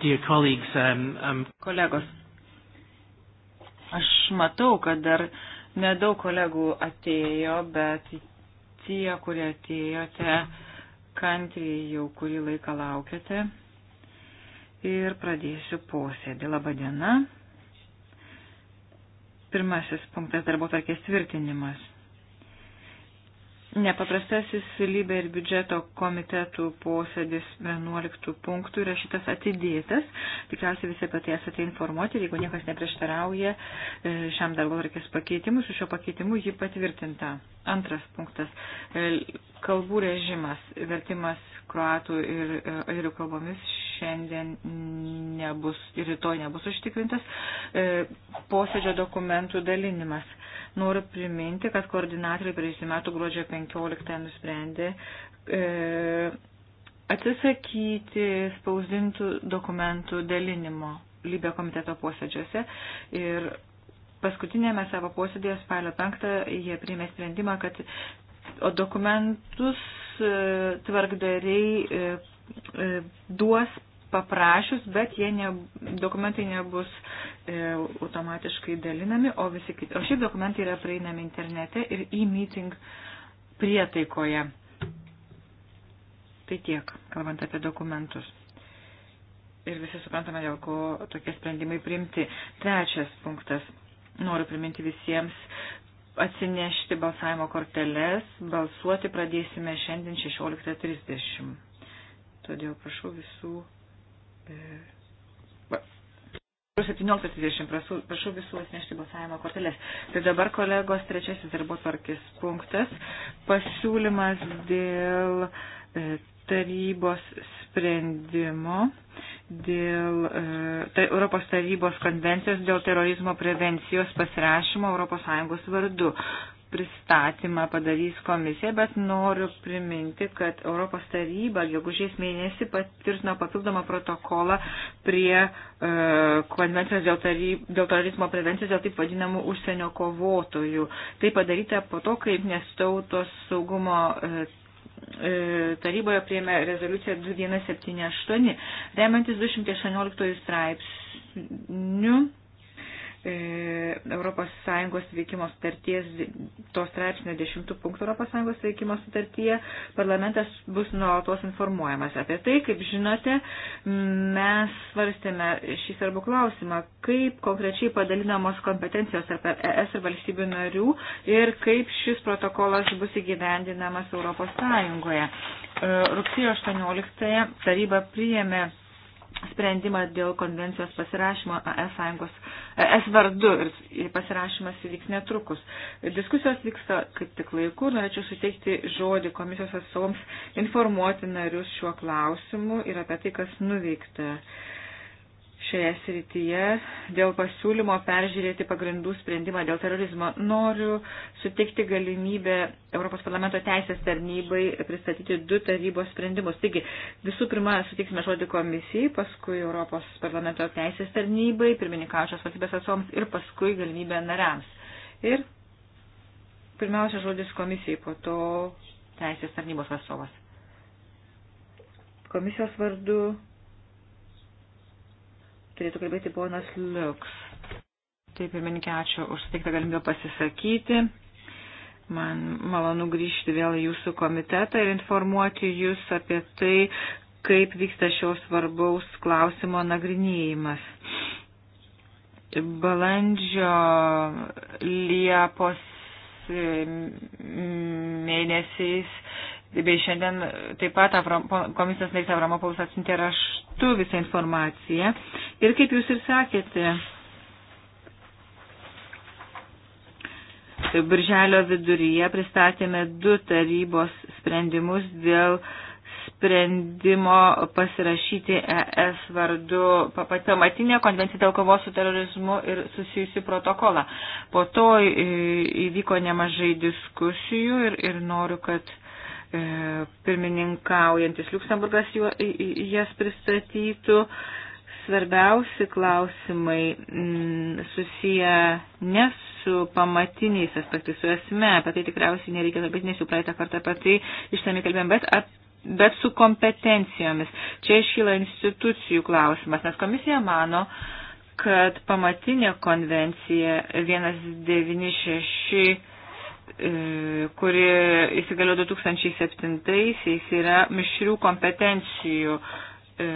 Dear colleagues, um, um... Kolegos, aš matau, kad dar nedaug kolegų atėjo, bet tie, kurie atėjote, kantriai jau kurį laiką laukiate. Ir pradėsiu posėdį. Labadiena. Pirmasis punktas darbo tarkės tvirtinimas. Nepaprastasis lybė ir biudžeto komitetų posėdis 11 punktų yra šitas atidėtas. Tikriausiai visi apie tai esate informuoti ir jeigu niekas neprieštarauja e, šiam darbo reikės pakeitimui, su šio pakeitimu ji patvirtinta. Antras punktas. E, kalbų režimas, vertimas kroatų ir e, airių kalbomis šiandien nebus ir rytoj nebus užtikrintas e, posėdžio dokumentų dalinimas. Noriu priminti, kad koordinatoriai praėjusiu metu gruodžio 15 nusprendė e, atsisakyti spausdintų dokumentų dalinimo lybė komiteto posėdžiuose ir paskutinėme savo posėdėje spalio 5 jie priėmė sprendimą, kad o dokumentus e, tvarkdariai e, e, duos paprašius, bet jie ne, dokumentai nebus e, automatiškai dalinami, o visi kiti. O šie dokumentai yra prieinami internete ir e-meeting prietaikoje. Tai tiek, kalbant apie dokumentus. Ir visi suprantame, dėl ko tokie sprendimai priimti. Trečias punktas. Noriu priminti visiems atsinešti balsavimo korteles. Balsuoti pradėsime šiandien 16.30. Todėl prašau visų 17.30, prašau visų atnešti balsavimo korteles. Tai dabar kolegos trečiasis darbo tvarkis punktas, pasiūlymas dėl e, tarybos sprendimo, dėl tai, Europos tarybos konvencijos dėl terorizmo prevencijos pasirašymo ES vardu pristatymą padarys komisija, bet noriu priminti, kad Europos taryba gegužės mėnesį patvirtino papildomą protokolą prie e, konvencijos dėl, taryb, dėl terorizmo prevencijos dėl taip vadinamų užsienio kovotojų. Tai padaryta po to, kaip nestautos saugumo. E, e taryboje prieėmė rezoliuciją 2178, remiantis 218 straipsnių E, ES veikimo sutarties, to straipsnio 10 punktų ES veikimo sutartyje, parlamentas bus nuolatos informuojamas apie tai. Kaip žinote, mes svarstėme šį svarbų klausimą, kaip konkrečiai padalinamos kompetencijos tarp ES ir valstybių narių ir kaip šis protokolas bus įgyvendinamas ES. E, rugsėjo 18 taryba priėmė sprendimą dėl konvencijos pasirašymo ES sąjungos ES vardu ir pasirašymas įvyks netrukus. Diskusijos vyksta kaip tik laiku. Norėčiau suteikti žodį komisijos atstovams informuoti narius šiuo klausimu ir apie tai, kas nuveikta šioje srityje dėl pasiūlymo peržiūrėti pagrindų sprendimą dėl terorizmo. Noriu sutikti galimybę Europos parlamento teisės tarnybai pristatyti du tarybos sprendimus. Taigi, visų pirma, sutiksime žodį komisijai, paskui Europos parlamento teisės tarnybai, pirmininkaujančios valstybės atsoms ir paskui galimybę nariams. Ir pirmiausia žodis komisijai, po to teisės tarnybos atstovas. Komisijos vardu turėtų kalbėti ponas Liuks. Taip, pirmininkė, ačiū už suteiktą galimybę pasisakyti. Man malonu grįžti vėl į jūsų komitetą ir informuoti jūs apie tai, kaip vyksta šios svarbaus klausimo nagrinėjimas. Balandžio Liepos mėnesiais bei šiandien taip pat komisijos narys Avramopovas atsintė raštu visą informaciją. Ir kaip jūs ir sakėte, Birželio viduryje pristatėme du tarybos sprendimus dėl sprendimo pasirašyti ES vardu pamatinę konvenciją dėl kovos su terorizmu ir susijusi protokolą. Po to įvyko nemažai diskusijų ir, ir noriu, kad E, pirmininkaujantis Luksemburgas jas pristatytų. Svarbiausi klausimai mm, susiję ne su pamatiniais aspektais, su esme, apie tai tikriausiai nereikia kalbėti, nes jau praeitą kartą apie tai išsamei kalbėjom, bet apie bet su kompetencijomis. Čia iškyla institucijų klausimas, nes komisija mano, kad pamatinė konvencija 196 E, kuri įsigalio 2007-aisiais, yra mišrių kompetencijų e,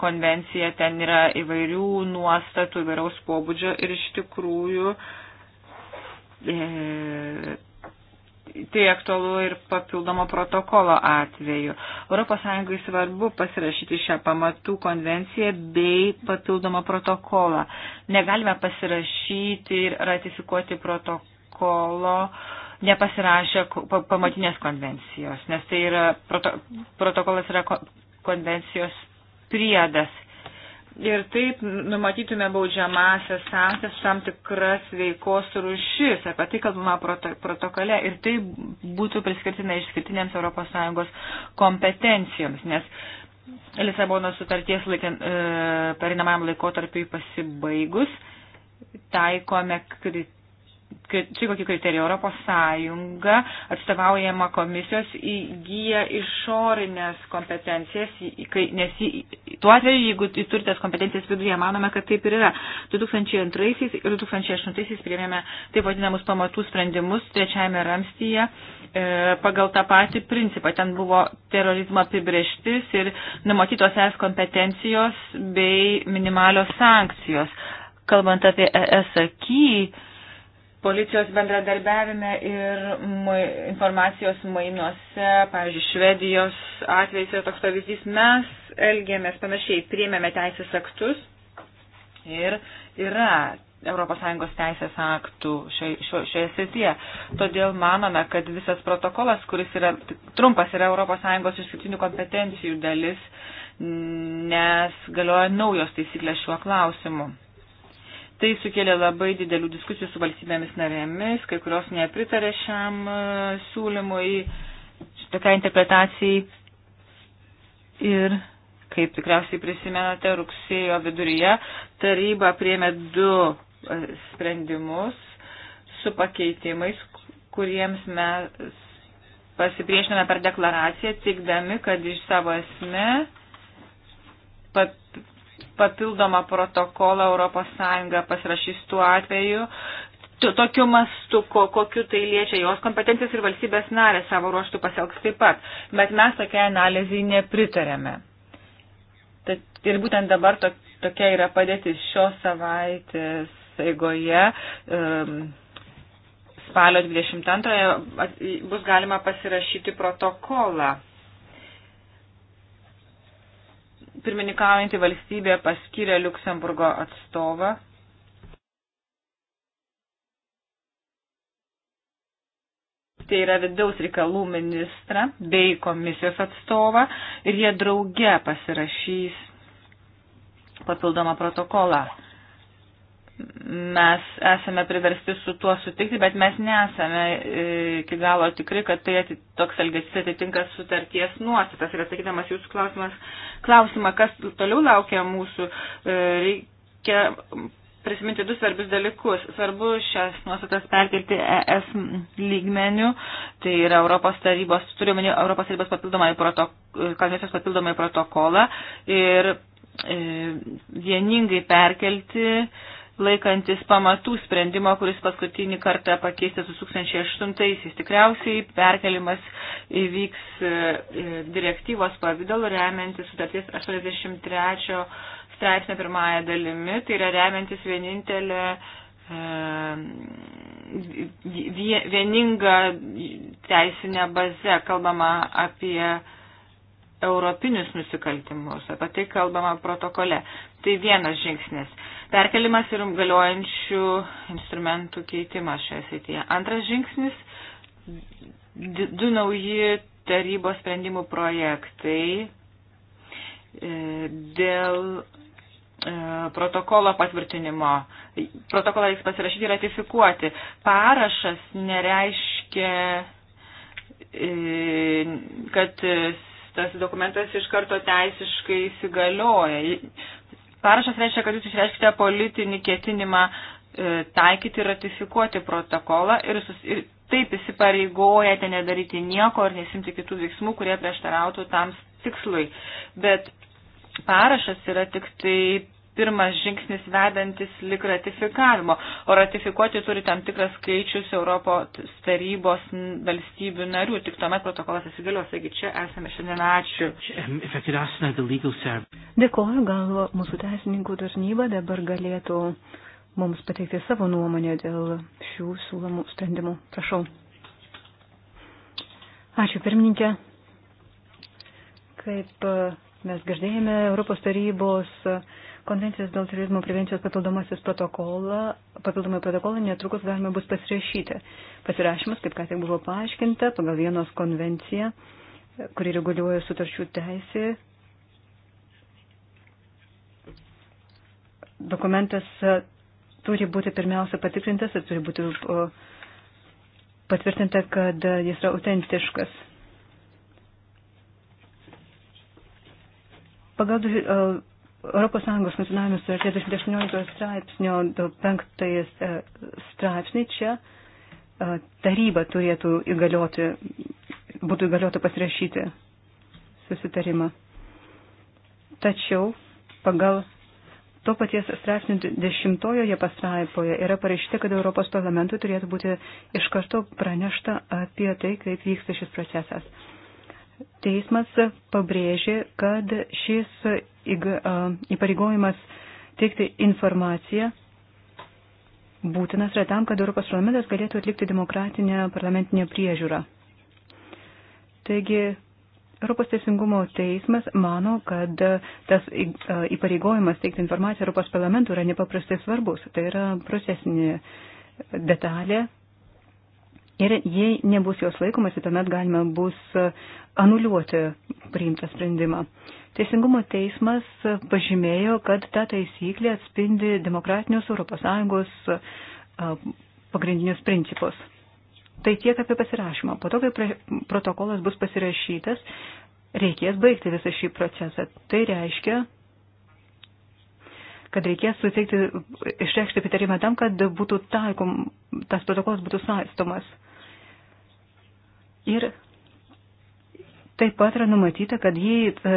konvencija, ten yra įvairių nuostatų, įvairiaus pobūdžio ir iš tikrųjų e, tai aktualu ir papildomo protokolo atveju. ES svarbu pasirašyti šią pamatų konvenciją bei papildomą protokolą. Negalime pasirašyti ir ratifikuoti protokolo protokolo, nepasirašė pamatinės konvencijos, nes tai yra proto, protokolas yra konvencijos priedas. Ir taip numatytume baudžiamasias sankcijas tam tikras veikos rušis, apie tai kalbama proto, protokole, ir tai būtų priskirtina išskirtinėms ES kompetencijoms, nes Lisabono sutarties laikin, e, perinamam laikotarpiui pasibaigus taikome kriterijus štai kokį kriterijų Europos Sąjunga atstovaujama komisijos įgyja išorinės kompetencijas, kai, nes tuo atveju, jeigu turite kompetencijas viduje, manome, kad taip ir yra. 2002 ir 2008 priėmėme taip vadinamus pamatų sprendimus trečiajame ramstyje e, pagal tą patį principą. Ten buvo terorizmo apibrieštis ir numatytos es kompetencijos bei minimalios sankcijos. Kalbant apie ES akį, policijos bendradarbiavime ir informacijos mainuose, pavyzdžiui, Švedijos atvejais yra toks pavyzdys, mes elgėmės panašiai, priėmėme teisės aktus ir yra ES teisės aktų šioje, šioje srityje. Todėl manome, kad visas protokolas, kuris yra trumpas, yra ES išskirtinių kompetencijų dalis, nes galioja naujos taisyklės šiuo klausimu. Tai sukėlė labai didelių diskusijų su valstybėmis narėmis, kai kurios nepritarė šiam e, siūlymui, tokiai interpretacijai. Ir, kaip tikriausiai prisimenate, rugsėjo viduryje taryba priemė du e, sprendimus su pakeitimais, kuriems mes pasipriešiname per deklaraciją, teikdami, kad iš savo esmė papildomą protokolą ES pasirašys tuo atveju, tokiu mastu, ko, kokiu tai liečia jos kompetencijas ir valstybės narė savo ruoštų pasielgs taip pat. Bet mes tokiai analizai nepritarėme. Tad, ir būtent dabar to, tokia yra padėtis šios savaitės eigoje. Um, spalio 22 bus galima pasirašyti protokolą. pirmininkaujantį valstybę paskyrė Luksemburgo atstovą. Tai yra vidaus reikalų ministra bei komisijos atstovą ir jie drauge pasirašys papildomą protokolą mes esame priversti su tuo sutikti, bet mes nesame e, iki galo tikri, kad tai ati, toks elgesys atitinka sutarties nuostatas. Ir atsakydamas jūsų klausimas, klausimą, kas toliau laukia mūsų, e, reikia prisiminti du svarbius dalykus. Svarbu šias nuostatas perkelti ES lygmenių, tai yra Europos tarybos, turiuomenį Europos tarybos papildomai protok, konvencijos papildomai protokolą ir e, vieningai perkelti e, laikantis pamatų sprendimo, kuris paskutinį kartą pakeistas 2008-aisiais. Tikriausiai perkelimas įvyks e, e, direktyvos pavydalu remiantis sutarties 83 straipsnio pirmąją dalimi, tai yra remiantis vienintelė e, vieninga teisinė baze, kalbama apie europinius nusikaltimus. Apie tai kalbama protokole. Tai vienas žingsnis. Perkelimas ir galiojančių instrumentų keitimas šioje srityje. Antras žingsnis - du nauji tarybos sprendimų projektai e, dėl e, protokolo patvirtinimo. Protokolą reiks pasirašyti ir ratifikuoti. Parašas nereiškia e, kad tas dokumentas iš karto teisiškai įsigalioja. Parašas reiškia, kad jūs išreiškite politinį ketinimą e, taikyti, ratifikuoti protokolą ir, sus, ir taip įsipareigojate nedaryti nieko ir nesimti kitų veiksmų, kurie prieštarautų tam tikslui. Bet parašas yra tik tai pirmas žingsnis vedantis lik ratifikavimo, o ratifikuoti turi tam tikras skaičius Europos tarybos valstybių narių, tik tuomet protokolas įsigalios, taigi čia esame šiandien ačiū. Dėkuoju, gal mūsų teisininkų tarnyba dabar galėtų mums pateikti savo nuomonę dėl šių siūlomų sprendimų. Prašau. Ačiū pirmininkė. Kaip e, mes girdėjome, Europos tarybos uh, konvencijos dėl terorizmo prevencijos papildomasis protokolą, papildomai protokolą netrukus galima bus pasirašyti. Pasirašymas, kaip ką tik buvo paaiškinta, pagal vienos konvenciją, kuri reguliuoja sutarčių teisį. Dokumentas e, turi būti pirmiausia patikrintas ir tai turi būti patvirtinta, kad e, jis yra autentiškas. Pagal e, Europos Sąjungos nacionalinių sutarties 28 straipsnio 5 e, straipsnį čia e, taryba turėtų įgalioti, būtų įgaliota pasirašyti susitarimą. Tačiau pagal to paties straipsnių dešimtojoje pastraipoje yra parašyta, kad Europos parlamentui turėtų būti iš karto pranešta apie tai, kaip vyksta šis procesas teismas pabrėžė, kad šis įpareigojimas teikti informaciją būtinas yra tam, kad Europos parlamentas galėtų atlikti demokratinę parlamentinę priežiūrą. Taigi, Europos teisingumo teismas mano, kad tas įpareigojimas teikti informaciją Europos parlamentui yra nepaprastai svarbus. Tai yra procesinė detalė, Ir jei nebus jos laikomasi, tuomet galima bus e, anuliuoti priimtą sprendimą. Teisingumo teismas pažymėjo, kad ta taisyklė atspindi demokratinius ES e, pagrindinius principus. Tai tiek apie pasirašymą. Po to, kai protokolas bus pasirašytas, reikės baigti visą šį procesą. Tai reiškia, kad reikės suteikti, išreikšti pritarimą tam, kad būtų taikom, tas protokolas būtų saistomas. Ir Taip pat yra numatyta, kad jei e,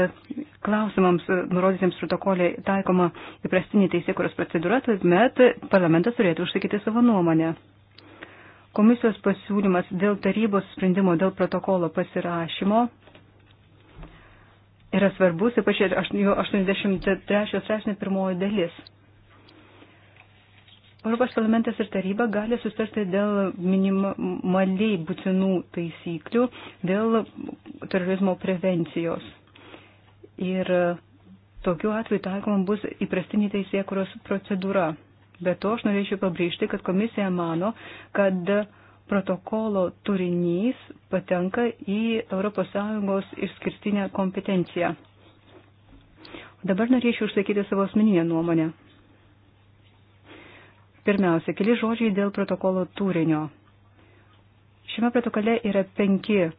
klausimams e, nurodytiems protokolė taikoma įprastinė teisėkuros procedūra, tuomet parlamentas turėtų užsakyti savo nuomonę. Komisijos pasiūlymas dėl tarybos sprendimo dėl protokolo pasirašymo yra svarbus, ypač 83 straipsnio pirmoji dalis. Europos parlamentas ir taryba gali sustarti dėl minimaliai būtinų taisyklių, dėl terorizmo prevencijos. Ir tokiu atveju taikoma bus įprastinė teisėkuros procedūra. Be to, aš norėčiau pabrėžti, kad komisija mano, kad protokolo turinys patenka į ES išskirtinę kompetenciją. Dabar norėčiau išsakyti savo asmeninę nuomonę. Pirmiausia, keli žodžiai dėl protokolo turinio. Šiame protokole yra penki e,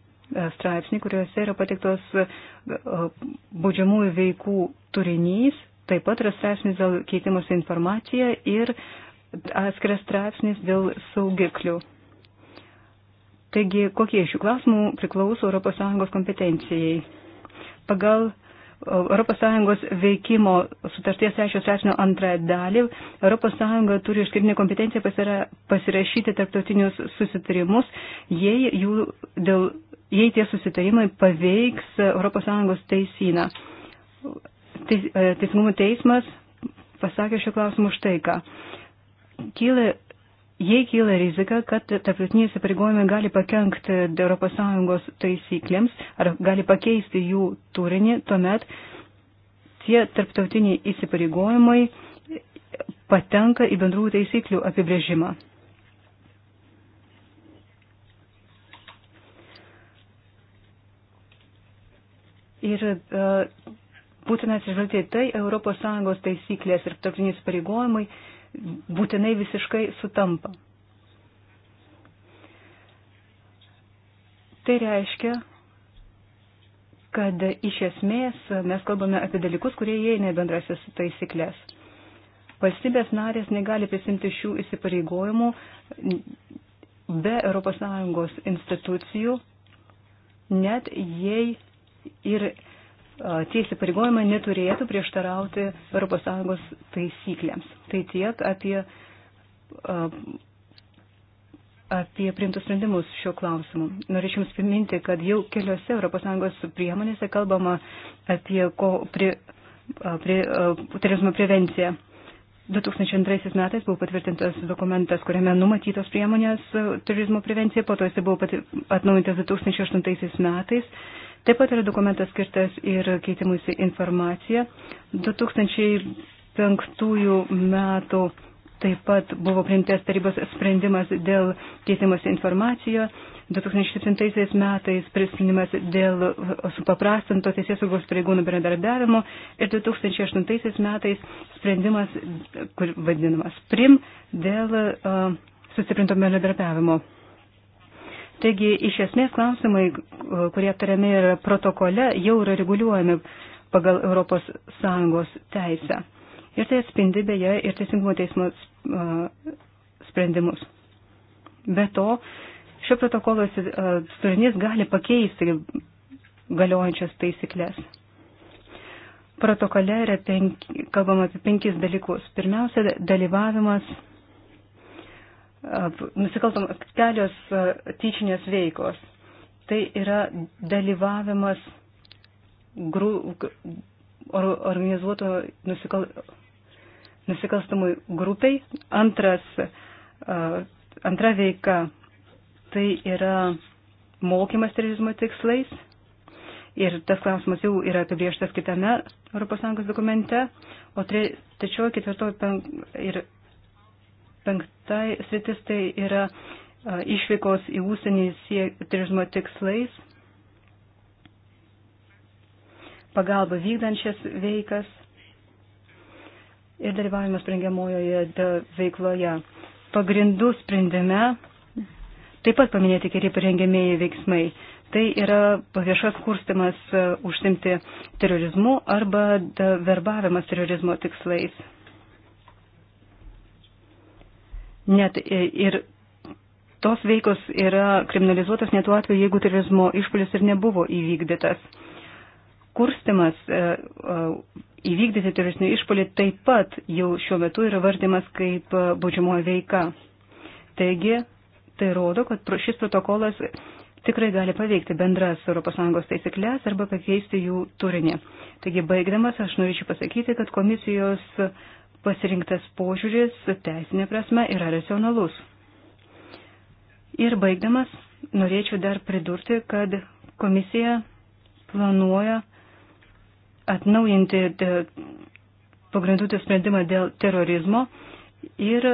straipsniai, kuriuose yra patiktos e, e, baudžiamųjų veikų turinys, taip pat yra straipsnis dėl keitimus informaciją ir atskiras straipsnis dėl saugiklių. Taigi, kokie iš šių klausimų priklauso ES kompetencijai? Pagal ES veikimo sutarties 6 straipsnio antrąją dalį, ES turi išskirtinę kompetenciją pasira, pasirašyti tarptautinius susitarimus, jei, jų, dėl, jei tie susitarimai paveiks ES teisyną. Teis, e, teisingumo teismas pasakė šio klausimu štai ką. Kyla jei kyla rizika, kad tarptautiniai įsipareigojimai gali pakengti ES taisyklėms ar gali pakeisti jų turinį, tuomet tie tarptautiniai įsipareigojimai patenka į bendrųjų taisyklių apibrėžimą. Ir uh, būtina atsižvelgti į tai ES taisyklės ir tarptautiniai įsipareigojimai uh, būtinai visiškai sutampa. Tai reiškia, kad iš esmės mes kalbame apie dalykus, kurie įeina į bendrasis taisyklės. Valstybės narės negali prisimti šių įsipareigojimų be ES institucijų, net jei ir tie įsipareigojimai neturėtų prieštarauti ES taisyklėms. Tai tiek apie, apie priimtus sprendimus šiuo klausimu. Norėčiau Jums priminti, kad jau keliose ES priemonėse kalbama apie ko, prie, prie, terorizmo prevenciją. 2002 metais buvo patvirtintas dokumentas, kuriame numatytos priemonės terorizmo prevencija, po to jis buvo atnaujintas 2008 metais Taip pat yra dokumentas skirtas ir keitimusi informacija. 2005 metų taip pat buvo priimtas tarybos sprendimas dėl keitimusi informacijoje. 2007 metais prisiminimas dėl supaprastinto teisėsaugos pareigūnų bendradarbiavimo ir 2008 metais sprendimas, kur vadinamas PRIM, dėl uh, sustiprinto bendradarbiavimo. Taigi, iš esmės klausimai, kurie aptariami yra protokole, jau yra reguliuojami pagal ES teisę. Ir tai atspindi beje ir Teisingumo teismo sprendimus. Be to, šio protokolo turinys gali pakeisti galiojančias taisyklės. Protokole yra penk, kalbama apie penkis dalykus. Pirmiausia, dalyvavimas nusikaltamos kelios tyčinės veikos. Tai yra dalyvavimas gru, or, organizuoto nusikal, nusikalstamui grupiai. Antras, antra veika tai yra mokymas terorizmo tikslais. Ir tas klausimas jau yra apibrieštas kitame ES dokumente. O tre, trečioji, ketvirtoji ir Penktai sritis tai yra išvykos į ūsienį turizmo tikslais, pagalba vykdančias veikas ir dalyvavimas sprengiamojoje veikloje. Pagrindų sprendime taip pat paminėti keli parengiamieji veiksmai. Tai yra viešas kurstimas užsimti terorizmu arba verbavimas terorizmo tikslais. Net ir tos veikos yra kriminalizuotas net tuo atveju, jeigu terorizmo išpolis ir nebuvo įvykdytas. Kurstimas e, e, įvykdyti teroristinį išpolį taip pat jau šiuo metu yra vardimas kaip e, baudžiamoji veika. Taigi, tai rodo, kad šis protokolas tikrai gali paveikti bendras ES taisyklės arba pakeisti jų turinį. Taigi, baigdamas, aš norėčiau pasakyti, kad komisijos pasirinktas požiūris teisinė prasme yra racionalus. Ir baigdamas, norėčiau dar pridurti, kad komisija planuoja atnaujinti e, pagrindų sprendimą dėl terorizmo ir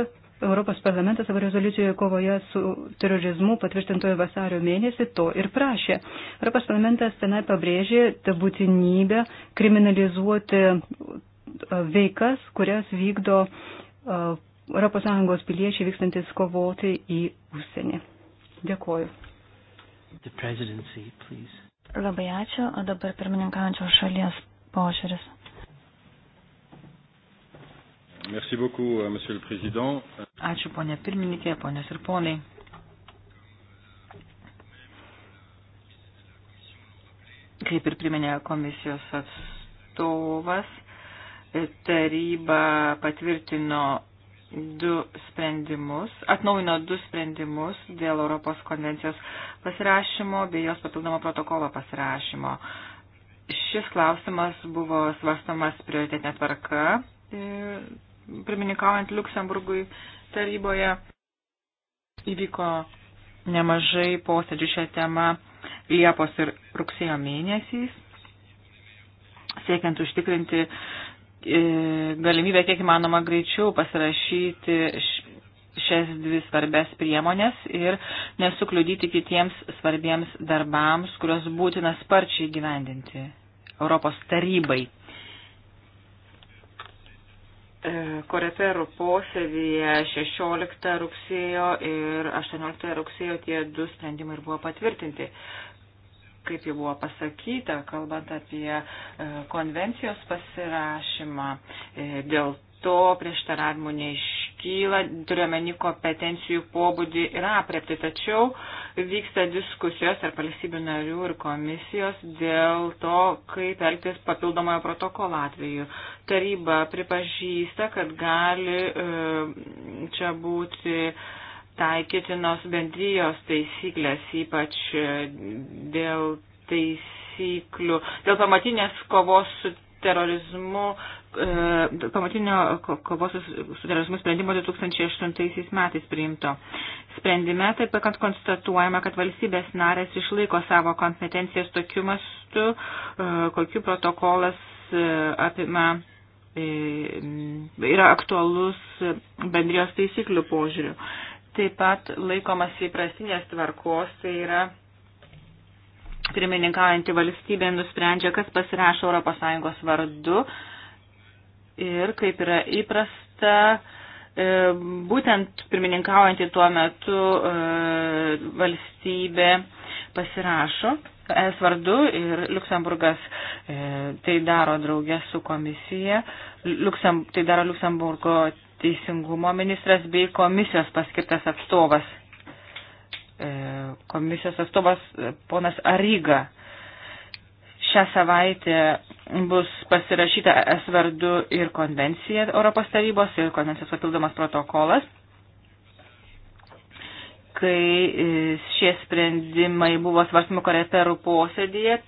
Europos parlamentas savo rezoliucijoje kovoje su terorizmu patvirtintoje vasario mėnesį to ir prašė. Europos parlamentas tenai pabrėžė tą būtinybę kriminalizuoti veikas, kurias vykdo ES piliečiai vykstantis kovoti į užsienį. Dėkuoju. Labai ačiū, o dabar pirmininkaujančios šalies požiūris. Merci beaucoup, euh, Monsieur le Président. Ačiū ponė pirmininkė, ponės ir ponai. Kaip ir priminė komisijos atstovas, taryba patvirtino du sprendimus, atnaujino du sprendimus dėl Europos konvencijos pasirašymo bei jos papildomo protokolo pasirašymo. Šis klausimas buvo svarstamas prioritetinė tvarka, e, pirmininkaujant Luksemburgui taryboje įvyko nemažai posėdžių šią temą Liepos ir rugsėjo mėnesiais, siekiant užtikrinti e, galimybę kiek įmanoma greičiau pasirašyti šias dvi svarbės priemonės ir nesukliudyti kitiems svarbiems darbams, kurios būtina sparčiai gyvendinti Europos tarybai. E, Koreperų posėdėje 16 rugsėjo ir 18 rugsėjo tie du sprendimai ir buvo patvirtinti. Kaip jau buvo pasakyta, kalbant apie e, konvencijos pasirašymą, e, dėl to prieštaravimų neiškyla, turiuomenį kompetencijų pobūdį ir aprepti, tačiau uh, vyksta diskusijos tarp valstybių narių ir komisijos dėl to, kaip elgtis papildomojo protokolo atveju. Taryba pripažįsta, kad gali e, čia būti taikytinos bendrijos taisyklės, ypač e, dėl taisyklių, dėl pamatinės kovos su terorizmu E, pamatinio kovos su terorizmu sprendimo 2008 metais priimto. Sprendime taip pat konstatuojama, kad valstybės narės išlaiko savo kompetencijas tokiu mastu, e, kokiu protokolas e, apima yra aktualus bendrijos taisyklių požiūrių. Taip pat laikomas įprastinės tvarkos, tai yra pirmininkaujantį valstybę nusprendžia, kas pasirašo ES vardu ir kaip yra įprasta, e, būtent pirmininkaujantį tuo metu e, valstybė pasirašo es vardu ir Luksemburgas e, tai daro draugė su komisija, Luksem, tai daro Luksemburgo teisingumo ministras bei komisijos paskirtas atstovas. Komisijos atstovas ponas Aryga. Šią savaitę bus pasirašyta es vardu ir konvencija Europos tarybos ir konvencijos papildomas protokolas kai e, šie sprendimai buvo svarstami koreperų posėdėje,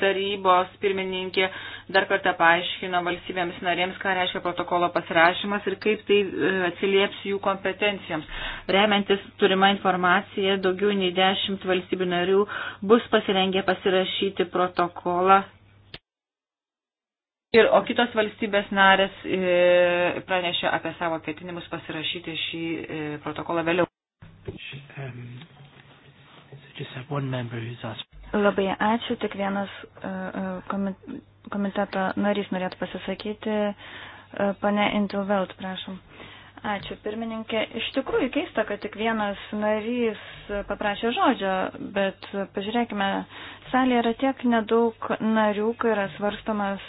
tarybos pirmininkė dar kartą paaiškino valstybėms narėms, ką reiškia protokolo pasirašymas ir kaip tai e, atsilieps jų kompetencijoms. Remiantis turima informacija, daugiau nei dešimt valstybių narių bus pasirengę pasirašyti protokolą Ir, o kitos valstybės narės e, pranešė apie savo ketinimus pasirašyti šį e, protokolą vėliau. Labai ačiū, tik vienas e, komiteto narys norėtų pasisakyti. Pane Intilvelt, prašom. Ačiū, pirmininkė. Iš tikrųjų keista, kad tik vienas narys paprašė žodžio, bet pažiūrėkime, salėje yra tiek nedaug narių, kai yra svarstamas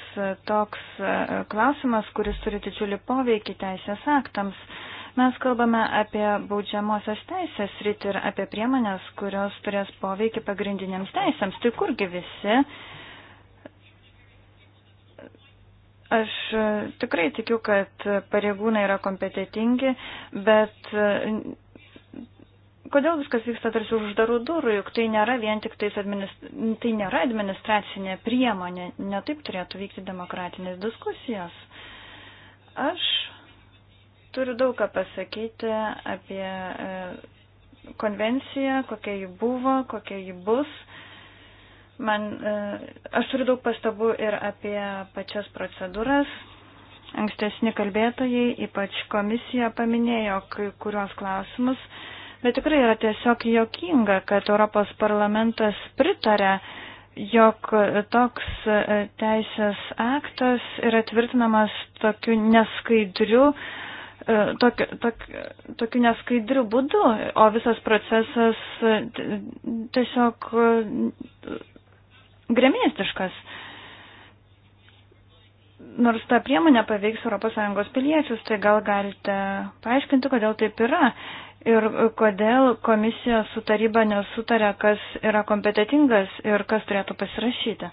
toks e, klausimas, kuris turi didžiulį poveikį teisės aktams. Mes kalbame apie baudžiamosios teisės rytį ir apie priemonės, kurios turės poveikį pagrindiniams teisėms. Tai kurgi visi? Aš e, tikrai tikiu, kad pareigūnai yra kompetitingi, bet e, kodėl viskas vyksta tarsi už uždarų durų, juk tai nėra vien tik tais administ... tai nėra administracinė priemonė, netaip turėtų vykti demokratinės diskusijos. Aš turiu daug ką pasakyti apie e, konvenciją, kokia ji buvo, kokia ji bus. Man, e, aš turiu daug pastabų ir apie pačias procedūras. Ankstesni kalbėtojai, ypač komisija, paminėjo kai kuriuos klausimus, bet tikrai yra tiesiog jokinga, kad Europos parlamentas pritarė, jog toks e, teisės aktas yra tvirtinamas tokiu neskaidriu, e, tok, tok, tokiu neskaidriu būdu, o visas procesas tiesiog gremėstiškas. Nors ta priemonė paveiks ES piliečius, tai gal galite paaiškinti, kodėl taip yra ir kodėl komisija su taryba nesutarė, kas yra kompetitingas ir kas turėtų pasirašyti.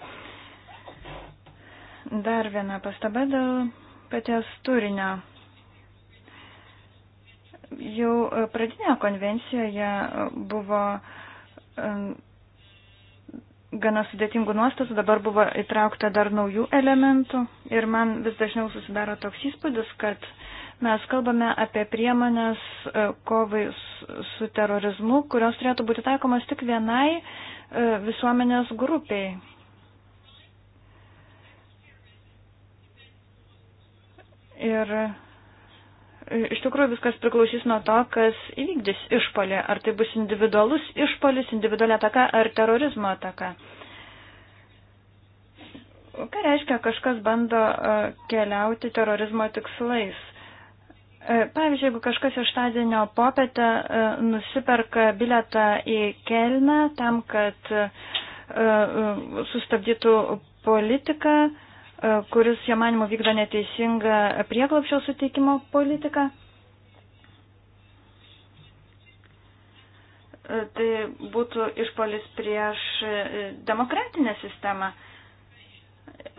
Dar viena pastaba dėl paties turinio. Jau pradinėje konvencijoje buvo gana sudėtingų nuostatų, dabar buvo įtraukta dar naujų elementų ir man vis dažniau susidaro toks įspūdis, kad mes kalbame apie priemonės e, kovai su terorizmu, kurios turėtų būti taikomas tik vienai e, visuomenės grupiai. Ir Iš tikrųjų viskas priklausys nuo to, kas įvykdys išpolį. Ar tai bus individualus išpolis, individuali ataka ar terorizmo ataka. Ką reiškia, kažkas bando e, keliauti terorizmo tikslais? E, pavyzdžiui, jeigu kažkas ištadienio popietę e, nusiperka biletą į Kelną tam, kad sustabdytų politiką, E, kuris, jo manimo, vykdo neteisingą prieglapšio suteikimo politiką. E, tai būtų išpolis prieš e, demokratinę sistemą.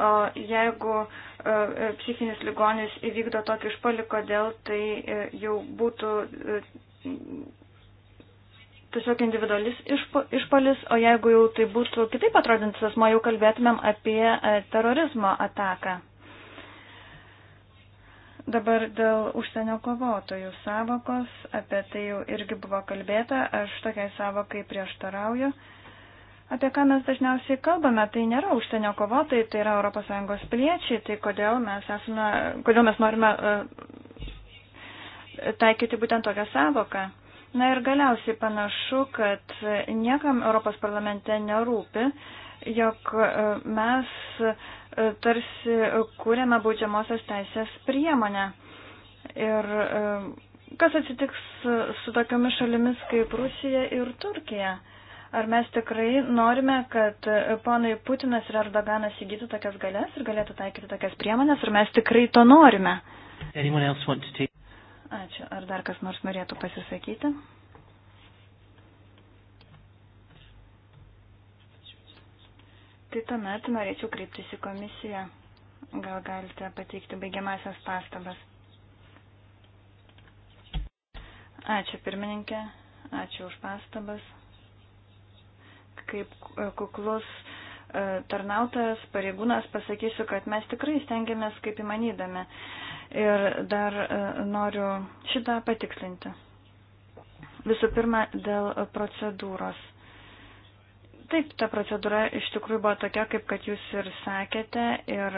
O jeigu psichinis ligonis įvykdo tokį išpolį, kodėl tai jau būtų tiesiog individualis išpo, išpalis, o jeigu jau tai būtų kitaip atrodantis asmo, jau kalbėtumėm apie e, terorizmo ataką. Dabar dėl užsienio kovotojų savokos, apie tai jau irgi buvo kalbėta, aš tokiai savokai prieštarauju. Apie ką mes dažniausiai kalbame, tai nėra užsienio kovotojai, tai yra ES piliečiai, tai kodėl mes, esame, kodėl mes norime uh, taikyti būtent tokią savoką. Na ir galiausiai panašu, kad niekam Europos parlamente nerūpi, jog e, mes e, tarsi kūrėme baudžiamosios teisės priemonę. Ir e, kas atsitiks su tokiamis šalimis kaip Rusija ir Turkija? Ar mes tikrai norime, kad ponai Putinas ir Erdoganas įgytų tokias galės ir galėtų taikyti tokias priemonės, ar mes tikrai to norime? Ačiū. Ar dar kas nors norėtų pasisakyti? Tai tuomet norėčiau kreiptis į komisiją. Gal galite pateikti baigiamasias pastabas. Ačiū pirmininkė, ačiū už pastabas. Kaip kuklus e, tarnautojas, pareigūnas pasakysiu, kad mes tikrai stengiamės kaip įmanydami. Ir dar e, noriu šitą patikslinti. Visų pirma, dėl procedūros. Taip, ta procedūra iš tikrųjų buvo tokia, kaip kad jūs ir sakėte, ir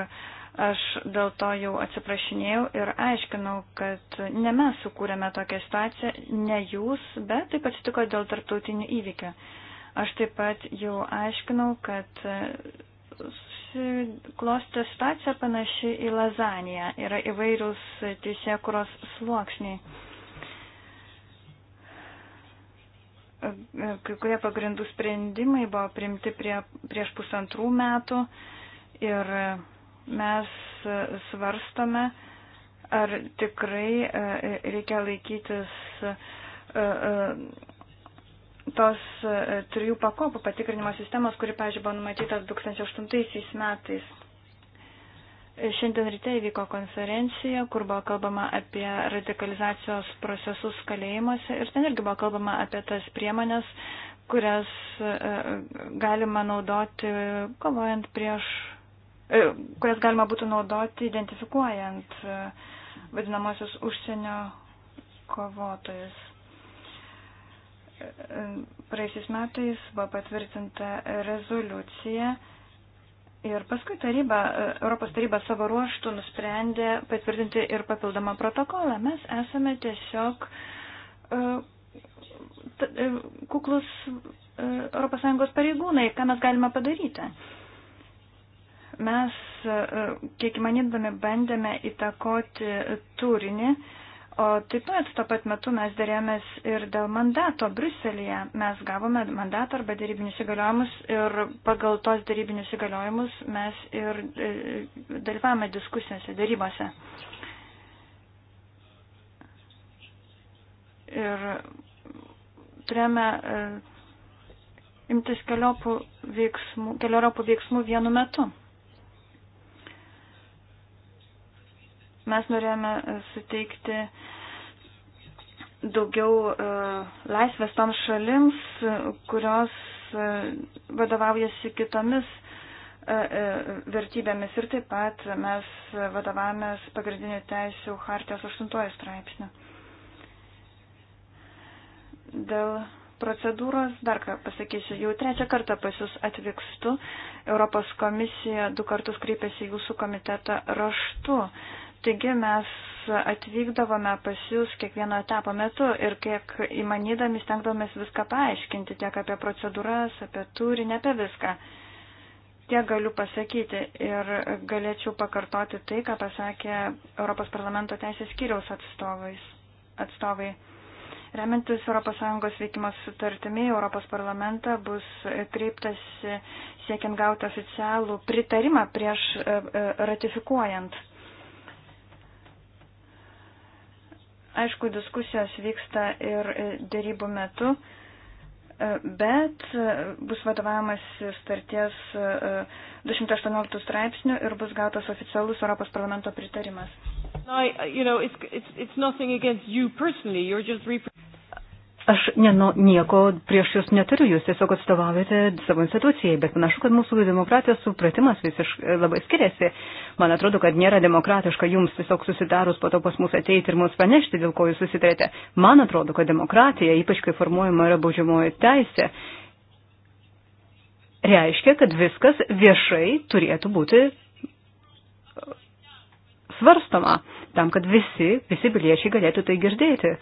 aš dėl to jau atsiprašinėjau ir aiškinau, kad ne mes sukūrėme tokią situaciją, ne jūs, bet taip atsitiko dėl tarptautinių įvykių. Aš taip pat jau aiškinau, kad susiklostė situacija panaši į lazaniją. Yra įvairius teisėkuros sluoksniai. Kai kurie pagrindų sprendimai buvo primti prie, prieš pusantrų metų ir mes svarstome, ar tikrai e, e, reikia laikytis e, tos e, trijų pakopų patikrinimo sistemos, kuri, pažiūrėjau, buvo numatyta 2008 metais. E, šiandien ryte įvyko konferencija, kur buvo kalbama apie radikalizacijos procesus kalėjimuose ir ten irgi buvo kalbama apie tas priemonės, kurias e, galima naudoti, kovojant prieš, kurias galima būtų naudoti, identifikuojant vadinamosius užsienio kovotojus praeisiais metais buvo patvirtinta rezoliucija ir paskui taryba, Europos taryba savo ruoštų nusprendė patvirtinti ir papildomą protokolą. Mes esame tiesiog e, e, kuklus e, ES pareigūnai, ką mes galime padaryti. Mes, kiek įmanydami, bandėme įtakoti turinį O taip pat tuo pat metu mes dėrėmės ir dėl mandato Bruselėje. Mes gavome mandatą arba dėrybinius įgaliojimus ir pagal tos dėrybinius įgaliojimus mes ir e, dalyvavome diskusijose, dėrybose. Ir turėjome e, imtis keliopų veiksmų, keliopų veiksmų vienu metu. Mes norėjome e, suteikti daugiau e, laisvės toms šalims, e, kurios vadovaujasi kitomis vertybėmis ir taip pat mes vadovavomės pagrindinių teisių hartijos 8 straipsnių. Dėl procedūros, dar ką pasakysiu, jau trečią kartą pas jūs atvykstu, Europos komisija du kartus kreipėsi jūsų komitetą raštu. Uh, Taigi mes atvykdavome pas jūs kiekvieno etapo metu ir kiek įmanydami stengdavomės viską paaiškinti, tiek apie procedūras, apie turinį, apie viską. Tiek galiu pasakyti ir galėčiau pakartoti tai, ką pasakė Europos parlamento teisės skyriaus atstovais. atstovai. Remiantis ES veikimo sutartimi, Europos parlamentą bus kreiptas siekiant gauti oficialų pritarimą prieš e, e, ratifikuojant Aišku, diskusijos vyksta ir dėrybų metu, bet bus vadovavimas starties 218 e, straipsnių ir bus gautas oficialus Europos parlamento pritarimas. I, you know, it's, it's, it's Aš nenu, nieko prieš jūs neturiu, jūs tiesiog atstovaujate savo institucijai, bet panašu, kad mūsų demokratijos supratimas visiškai labai skiriasi. Man atrodo, kad nėra demokratiška jums tiesiog susidarus po to pas mus ateiti ir mums pranešti, dėl ko jūs susitarėte. Man atrodo, kad demokratija, ypač kai formuojama yra baudžiamoji teisė, reiškia, kad viskas viešai turėtų būti svarstoma, tam, kad visi, visi piliečiai galėtų tai girdėti.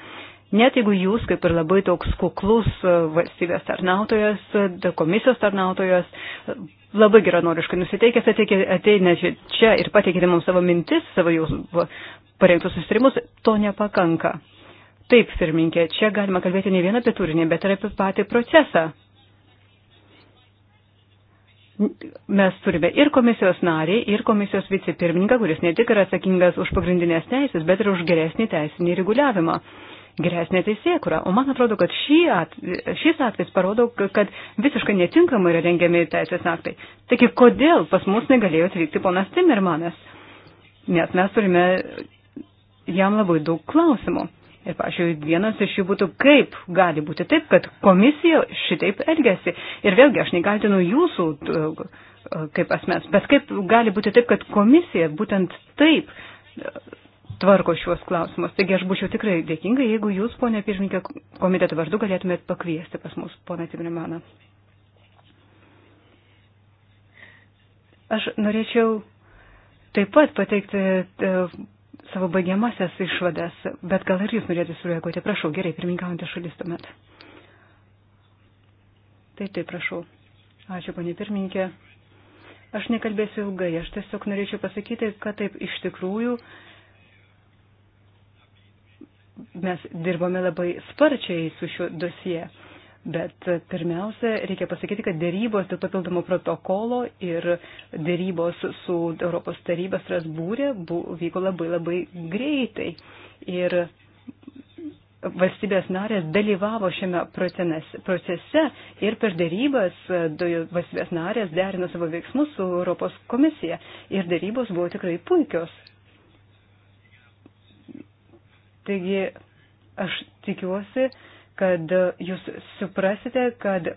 Net jeigu jūs, kaip ir labai toks kuklus e, valstybės tarnautojas, e, komisijos tarnautojas, e, labai geranoriškai nusiteikęs ateina čia ir pateikite mums savo mintis, savo jūsų parengtus susirimus, to nepakanka. Taip, pirminkė, čia galima kalbėti ne vieną apie turinį, bet ir apie patį procesą. Mes turime ir komisijos narį, ir komisijos vicepirmininką, kuris ne tik yra atsakingas už pagrindinės teisės, bet ir už geresnį teisinį reguliavimą geresnė teisėkura. O man atrodo, kad šį at, šis atvejs parodo, kad visiškai netinkamai yra rengiami teisės aktai. Taigi, kodėl pas mus negalėjo atvykti ponas Timirmanas? Nes mes turime jam labai daug klausimų. Ir, pažiūrėjau, vienas iš jų būtų, kaip gali būti taip, kad komisija šitaip elgesi. Ir vėlgi, aš negaltinu jūsų kaip asmens, bet kaip gali būti taip, kad komisija būtent taip tvarko šiuos klausimus. Taigi aš būčiau tikrai dėkinga, jeigu jūs, ponė pirmininkė, komiteto vardu galėtumėt pakviesti pas mus, ponė Tigrimimaną. Aš norėčiau taip pat pateikti uh, savo baigiamasias išvadas, bet gal ir jūs norėtumėte sureaguoti. Prašau, gerai, pirmininkaujantė šalis tuomet. Taip, taip, prašau. Ačiū, ponė pirmininkė. Aš nekalbėsiu ilgai, aš tiesiog norėčiau pasakyti, kad taip iš tikrųjų uh, mes dirbame labai sparčiai su šiuo dosie. Bet pirmiausia, reikia pasakyti, kad dėrybos dėl papildomo protokolo ir dėrybos su Europos taryba Strasbūrė vyko labai labai greitai. Ir valstybės narės dalyvavo šiame procese ir per dėrybas valstybės narės derino savo veiksmus su Europos komisija. Ir dėrybos buvo tikrai puikios. Taigi aš tikiuosi, kad jūs suprasite, kad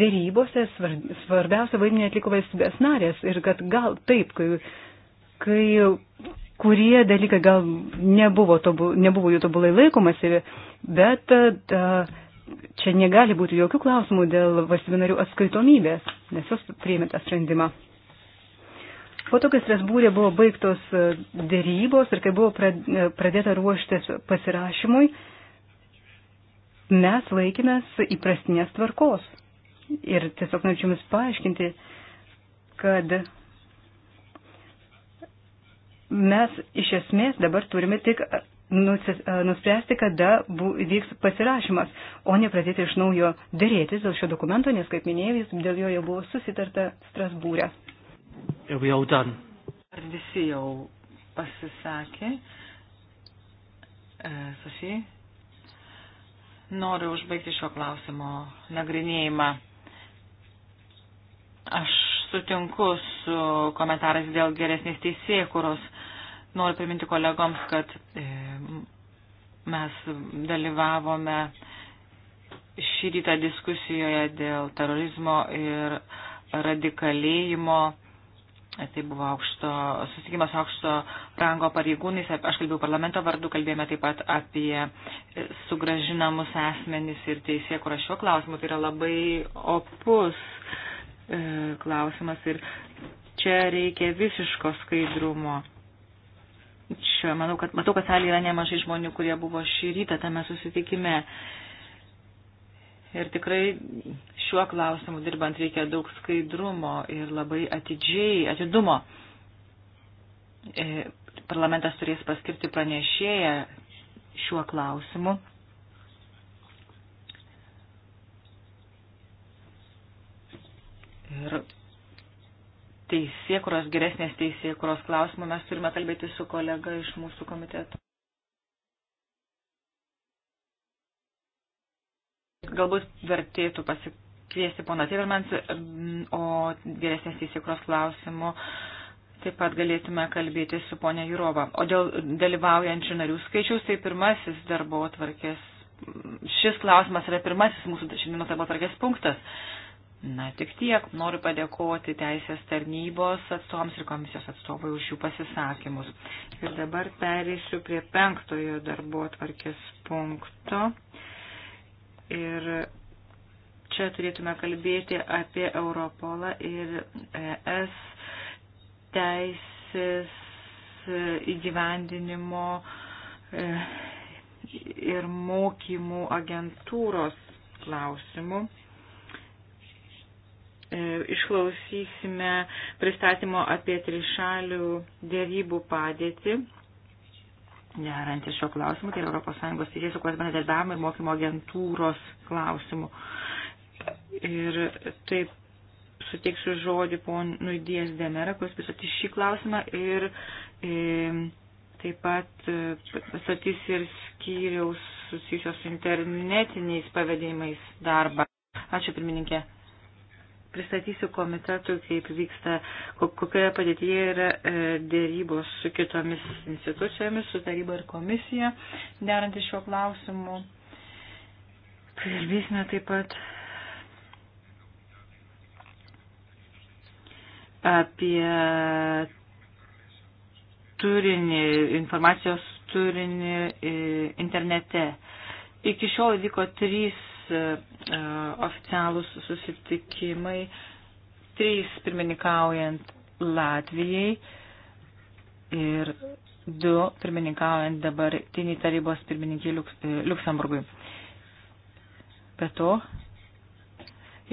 dėrybose svarbiausia vaidmenį atliko valstybės narės ir kad gal taip, kai, kai kurie dalykai gal nebuvo, tobu, nebuvo jų tobulai laikomasi, bet ta, čia negali būti jokių klausimų dėl valstybių narių atskaitomybės, nes jos priėmė tą sprendimą. Po to, kai Strasbūrė buvo baigtos e, dėrybos ir kai buvo e, pradėta ruoštis pasirašymui, mes laikėmės įprastinės tvarkos. Ir tiesiog norėčiau Jums paaiškinti, kad mes iš esmės dabar turime tik e, nuspręsti, kada vyks pasirašymas, o ne pradėti iš naujo dėrėtis dėl šio dokumento, nes, kaip minėjau, dėl jo jau buvo susitarta Strasbūrė. Are we all done? Ar visi jau pasisakė? E, Sofija? Noriu užbaigti šio klausimo nagrinėjimą. Aš sutinku su komentarais dėl geresnės teisėkuros. Noriu priminti kolegoms, kad e, mes dalyvavome šį rytą diskusijoje dėl terorizmo ir radikalėjimo Tai buvo aukšto, susitikimas aukšto rango pareigūnais, aš kalbėjau parlamento vardu, kalbėjome taip pat apie e, sugražinamus asmenys ir teisė, kur aš šiuo klausimu, tai yra labai opus e, klausimas ir čia reikia visiško skaidrumo. Čia, manau, kad, matau, kad salėje yra nemažai žmonių, kurie buvo šį rytą tame susitikime. E, Ir tikrai šiuo klausimu dirbant reikia daug skaidrumo ir labai atidžiai atidumo. E, parlamentas turės paskirti pranešėją šiuo klausimu. Ir teisėkuros, geresnės teisėkuros klausimų mes turime kalbėti su kolega iš mūsų komiteto. Galbūt vertėtų pasikviesti poną Tivermans, o geresnės įsikros klausimų taip pat galėtume kalbėti su ponia Jurova. O dėl dalyvaujančių narių skaičiaus, tai pirmasis darbo atvarkės, šis klausimas yra pirmasis mūsų šiandienos darbo atvarkės punktas. Na tik tiek, noriu padėkoti Teisės tarnybos atstovams ir komisijos atstovai už jų pasisakymus. Ir dabar perėsiu prie penktojo darbo atvarkės punkto. Ir čia turėtume kalbėti apie Europolą ir e, ES teisės įgyvendinimo e, ir mokymų agentūros klausimų. E, išklausysime pristatymo apie trišalių dėrybų padėtį derantis šio klausimu, tai yra ES teisės saugos bendradarbiavimo ir mokymo agentūros klausimų. Ir taip suteiksiu žodį ponui Dies Demera, kuris pristatys šį klausimą ir e, taip pat e, pristatys ir skyriaus susijusios su internetiniais pavadinimais darbą. Ačiū pirmininkė pristatysiu komitetui, kaip vyksta, kokioje padėtyje yra e, dėrybos su kitomis institucijomis, su taryba ir komisija, derant iš šio klausimų. Kalbėsime taip pat apie turinį, informacijos turinį e, internete. Iki šiol vyko trys E, e, oficialūs susitikimai, trys pirmininkaujant Latvijai ir du pirmininkaujant dabartinį tarybos pirmininkį Luksemburgui. E, Be to,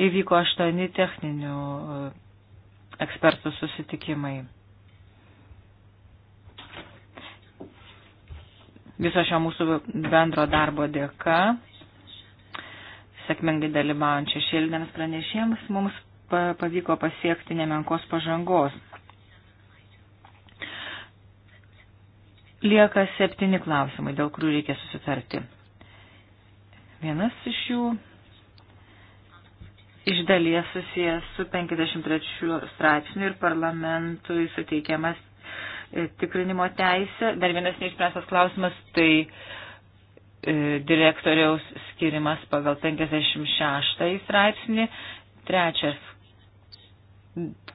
įvyko aštuoni techninių ekspertų susitikimai. Viso šio mūsų bendro darbo dėka sėkmingai dalyvaujant šešėliniams pranešėjams, mums pavyko pasiekti nemenkos pažangos. Lieka septyni klausimai, dėl kurių reikia susitarti. Vienas iš jų iš dalies susijęs su 53 straipsniu ir parlamentui suteikiamas e, tikrinimo teisė. Dar vienas neišspręstas klausimas, tai uh, E, direktoriaus skirimas pagal 56 straipsnį. Trečias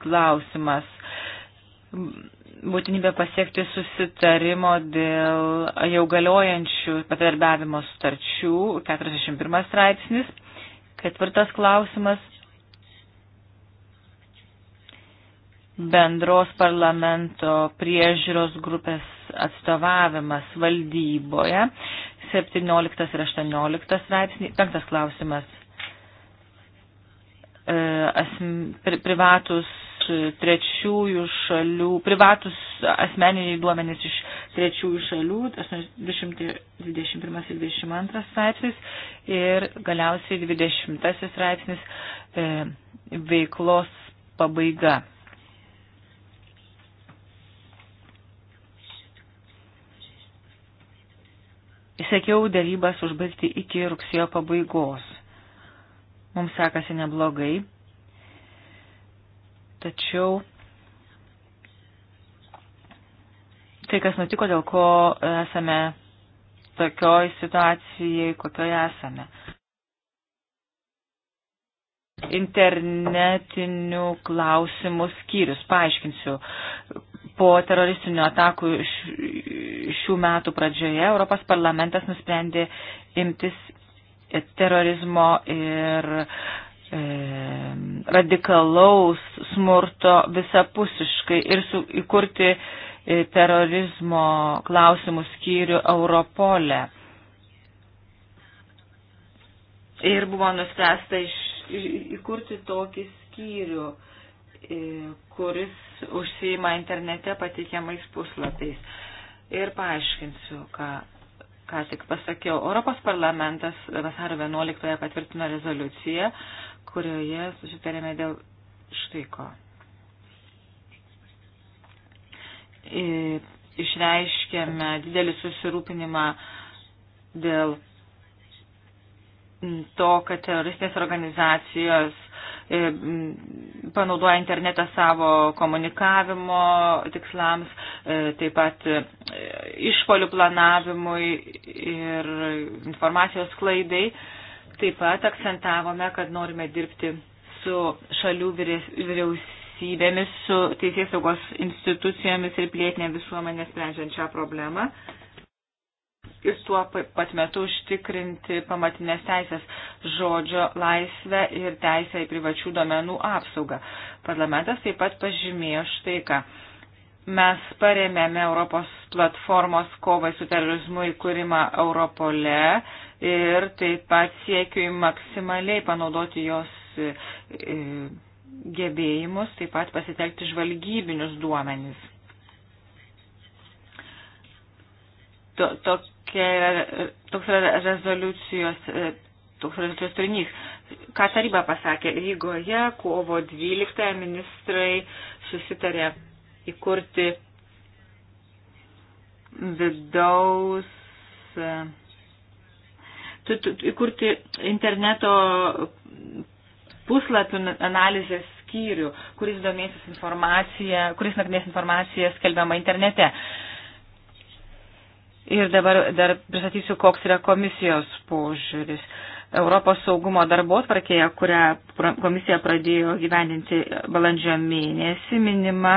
klausimas. Būtinybė pasiekti susitarimo dėl jau galiojančių patarbiavimo starčių, 41 straipsnis. Ketvirtas klausimas. Bendros parlamento priežiūros grupės atstovavimas valdyboje. 17 ir 18 straipsnį. Penktas klausimas. E, pri, privatus trečiųjų šalių, privatus asmeniniai duomenys iš trečiųjų šalių, 221 ir 22 straipsnis ir galiausiai 20 straipsnis e, veiklos pabaiga. Įsekiau dėrybas užbaigti iki rugsėjo pabaigos. Mums sekasi neblogai, tačiau tai, kas nutiko, dėl ko esame tokioj situacijai, kokioje esame. Internetinių klausimų skyrius, paaiškinsiu, po teroristinių atakų šių metų pradžioje Europos parlamentas nusprendė imtis terorizmo ir e, radikalaus smurto visapusiškai ir su, įkurti e, terorizmo klausimų skyrių Europole. Ir buvo nuspręsta iš, iš, įkurti tokį skyrių. E, kuris užsijima internete patikiamais puslapiais. Ir paaiškinsiu, ką, ką tik pasakiau. Europos parlamentas vasario 11 patvirtino rezoliuciją, kurioje susitarėme dėl štai ko. Išreiškėme didelį susirūpinimą dėl to, kad teroristinės organizacijos E, panaudoja internetą savo komunikavimo tikslams, e, taip pat e, išpolių planavimui ir informacijos klaidai. Taip pat akcentavome, kad norime dirbti su šalių vyriausybėmis, su teisės saugos institucijomis ir plėtinė visuomenė sprendžiant šią problemą ir tuo pat metu užtikrinti pamatinės teisės žodžio laisvę ir teisę į privačių domenų apsaugą. Parlamentas taip pat pažymėjo štai ką. Mes paremėme Europos platformos kovai su terorizmu įkūrimą Europole ir taip pat siekiu maksimaliai panaudoti jos e, e, gebėjimus, taip pat pasitelkti žvalgybinius duomenys. To, to, tokia yra, toks yra rezoliucijos, e, toks rezoliucijos turinys. Ką taryba pasakė, Rygoje kovo 12 ministrai susitarė įkurti vidaus e, įkurti interneto puslapių analizės skyrių, kuris domėsis informaciją, kuris nagrinės informaciją skelbiamą internete. Uh, Ir dabar dar pristatysiu, koks yra komisijos požiūris. Europos saugumo darbo tvarkėje, kurią komisija pradėjo gyvendinti balandžio mėnesį, minima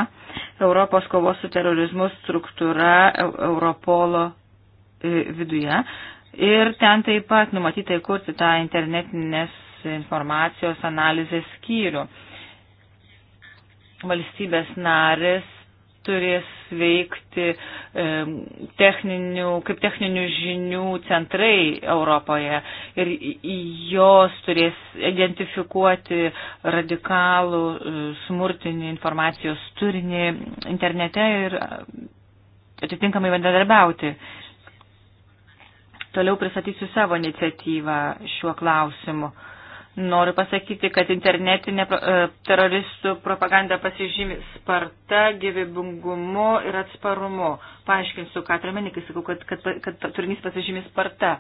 Europos kovos su terorizmu struktūra Europolo e, viduje. Ir ten taip pat numatyta įkurti tą internetinės informacijos analizės skyrių. Valstybės narės turės veikti e, techninių, kaip techninių žinių centrai Europoje ir jos turės identifikuoti radikalų e, smurtinį informacijos turinį internete ir e, atitinkamai bendradarbiauti. Toliau pristatysiu savo iniciatyvą šiuo klausimu. E, Noriu pasakyti, kad internetinė e, teroristų propaganda pasižymi sparta, gyvybingumu ir atsparumu. Paaiškinsiu, ką turiu meni, kai sakau, kad, kad, kad turinys pasižymi sparta.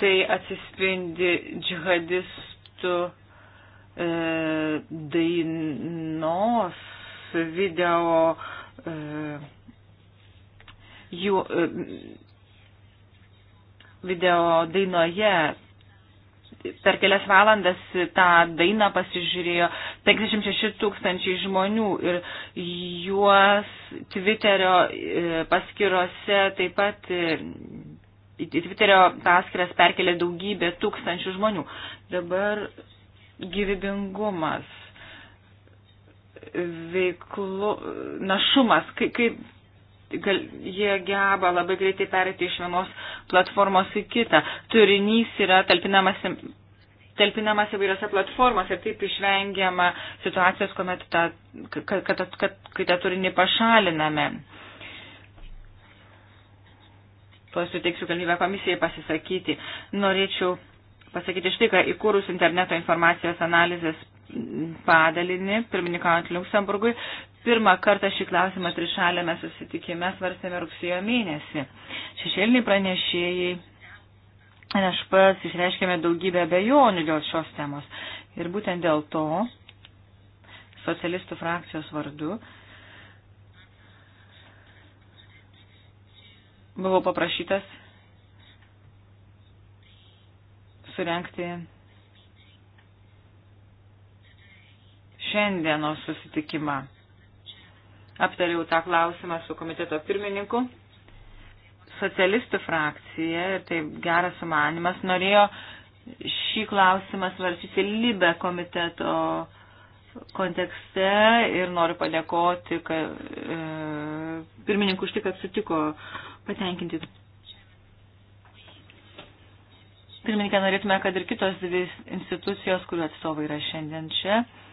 Tai atsispindi džihadistų e, dainos video. E, jų e, video dainoje per kelias valandas tą dainą pasižiūrėjo 56 tūkstančiai žmonių ir juos Twitterio e, paskirose taip pat e, į Twitterio paskiras perkelė daugybė tūkstančių žmonių. Dabar gyvybingumas, veiklu, našumas, kaip, kaip gal, jie geba labai greitai perėti iš vienos platformos į kitą. Turinys yra talpinamas talpinamas įvairiose platformose ir taip išvengiama situacijos, kuomet tą, kad, kad, kad, kai tą turinį pašaliname. Tuo suteiksiu galimybę komisijai pasisakyti. Norėčiau pasakyti štai, kad įkūrus interneto informacijos analizės padalinį, pirmininkaujant Luxemburgui, Pirmą kartą šį klausimą trišalėme susitikime svarstėme rugsėjo mėnesį. Šešėliniai pranešėjai ir aš pats išreiškėme daugybę abejonių dėl šios temos. Ir būtent dėl to socialistų frakcijos vardu buvau paprašytas surenkti šiandienos susitikimą. Aptariau tą klausimą su komiteto pirmininku. Socialistų frakcija, ir tai geras sumanimas, norėjo šį klausimą svarstyti Libe komiteto kontekste ir noriu padėkoti kad, e, pirmininkų už tai, kad sutiko patenkinti. Pirmininkė, norėtume, kad ir kitos dvi institucijos, kurių atstovai yra šiandien čia, e,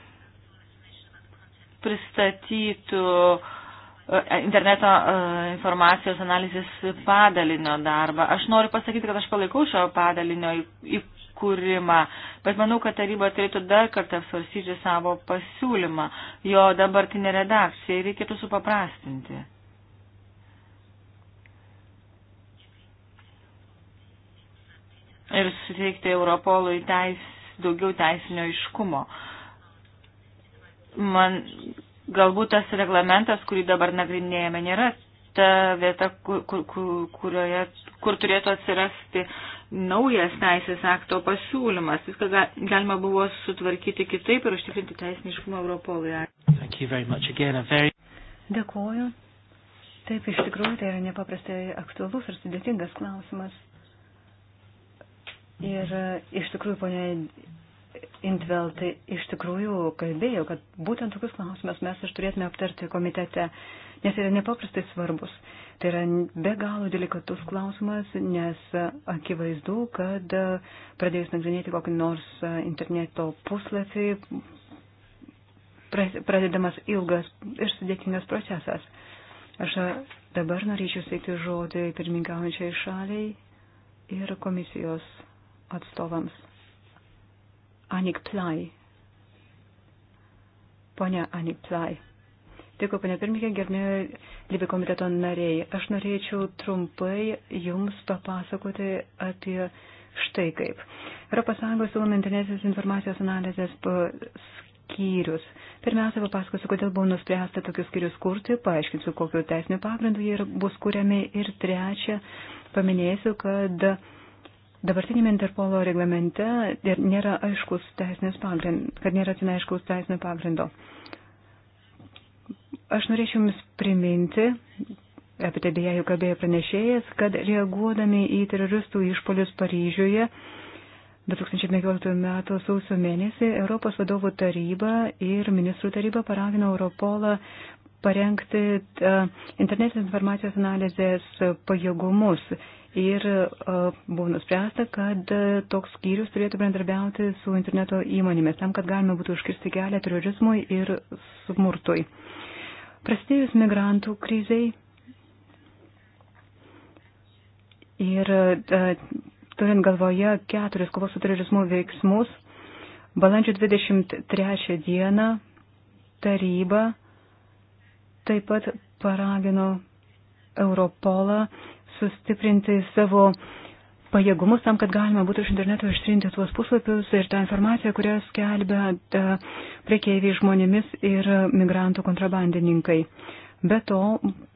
pristatytų e, interneto e, informacijos analizės padalinio darbą. Aš noriu pasakyti, kad aš palaikau šio padalinio įkūrimą, bet manau, kad taryba turėtų dar kartą apsvarsyti savo pasiūlymą. Jo dabartinė redakcija reikėtų supaprastinti. Ir suteikti Europolui teis, daugiau teisinio iškumo. Uh, man galbūt tas reglamentas, kurį dabar nagrinėjame, nėra ta vieta, kur, kur, kurioje, kur turėtų atsirasti naujas teisės akto pasiūlymas. Viską galima buvo sutvarkyti kitaip ir užtikrinti teisniškumą Europolui. Very... Dėkuoju. Taip, iš tikrųjų, tai yra nepaprastai aktualus ir sudėtingas klausimas. Ir e, iš tikrųjų, ponė Intvelt iš tikrųjų kalbėjo, kad būtent tokius klausimus mes ir turėtume aptarti komitete, nes yra nepaprastai svarbus. Tai yra be galo delikatus klausimas, nes akivaizdu, kad pradėjus nagrinėti kokį nors interneto puslapį, pradedamas ilgas ir sudėtingas procesas. Aš dabar norėčiau steigti žodį pirmininkaujančiai šaliai ir komisijos atstovams. Anik Plai. Pone Anik Plai. Dėkui, ponė pirmininkė, gerbėjai Libi komiteto nariai. Aš norėčiau trumpai jums papasakoti apie štai kaip. Europos Sąjungos siūlomintinėsis informacijos analizės skyrius. Pirmiausia, papasakosiu, kodėl buvo nuspręsta tokius skyrius kurti, paaiškinsiu, kokiu teisiniu pagrindu jie bus kuriami ir trečia, paminėsiu, kad dabartinėme Interpolo reglamente nėra aiškus teisinės pagrindas, kad nėra ten aiškus teisinio pagrindo. Aš norėčiau Jums priminti, apie tai beje jau kalbėjo pranešėjas, kad reaguodami į teroristų išpolius Paryžiuje 2015 m. sausio mėnesį Europos vadovų taryba ir ministrų taryba paragino Europolą parengti e, internetinės informacijos analizės pajėgumus ir buvo nuspręsta, kad toks skyrius turėtų bendradarbiauti su interneto įmonėmis tam, kad galima būtų užkirsti kelią terorizmui ir smurtui. Prasidėjus migrantų kriziai ir turint galvoje keturis kovos su terorizmu veiksmus, balandžio 23 dieną taryba taip pat paragino Europolą sustiprinti savo pajėgumus tam, kad galima būtų iš interneto ištrinti tuos puslapius ir tą informaciją, kurią skelbia e, priekeiviai žmonėmis ir migrantų kontrabandininkai. Be to,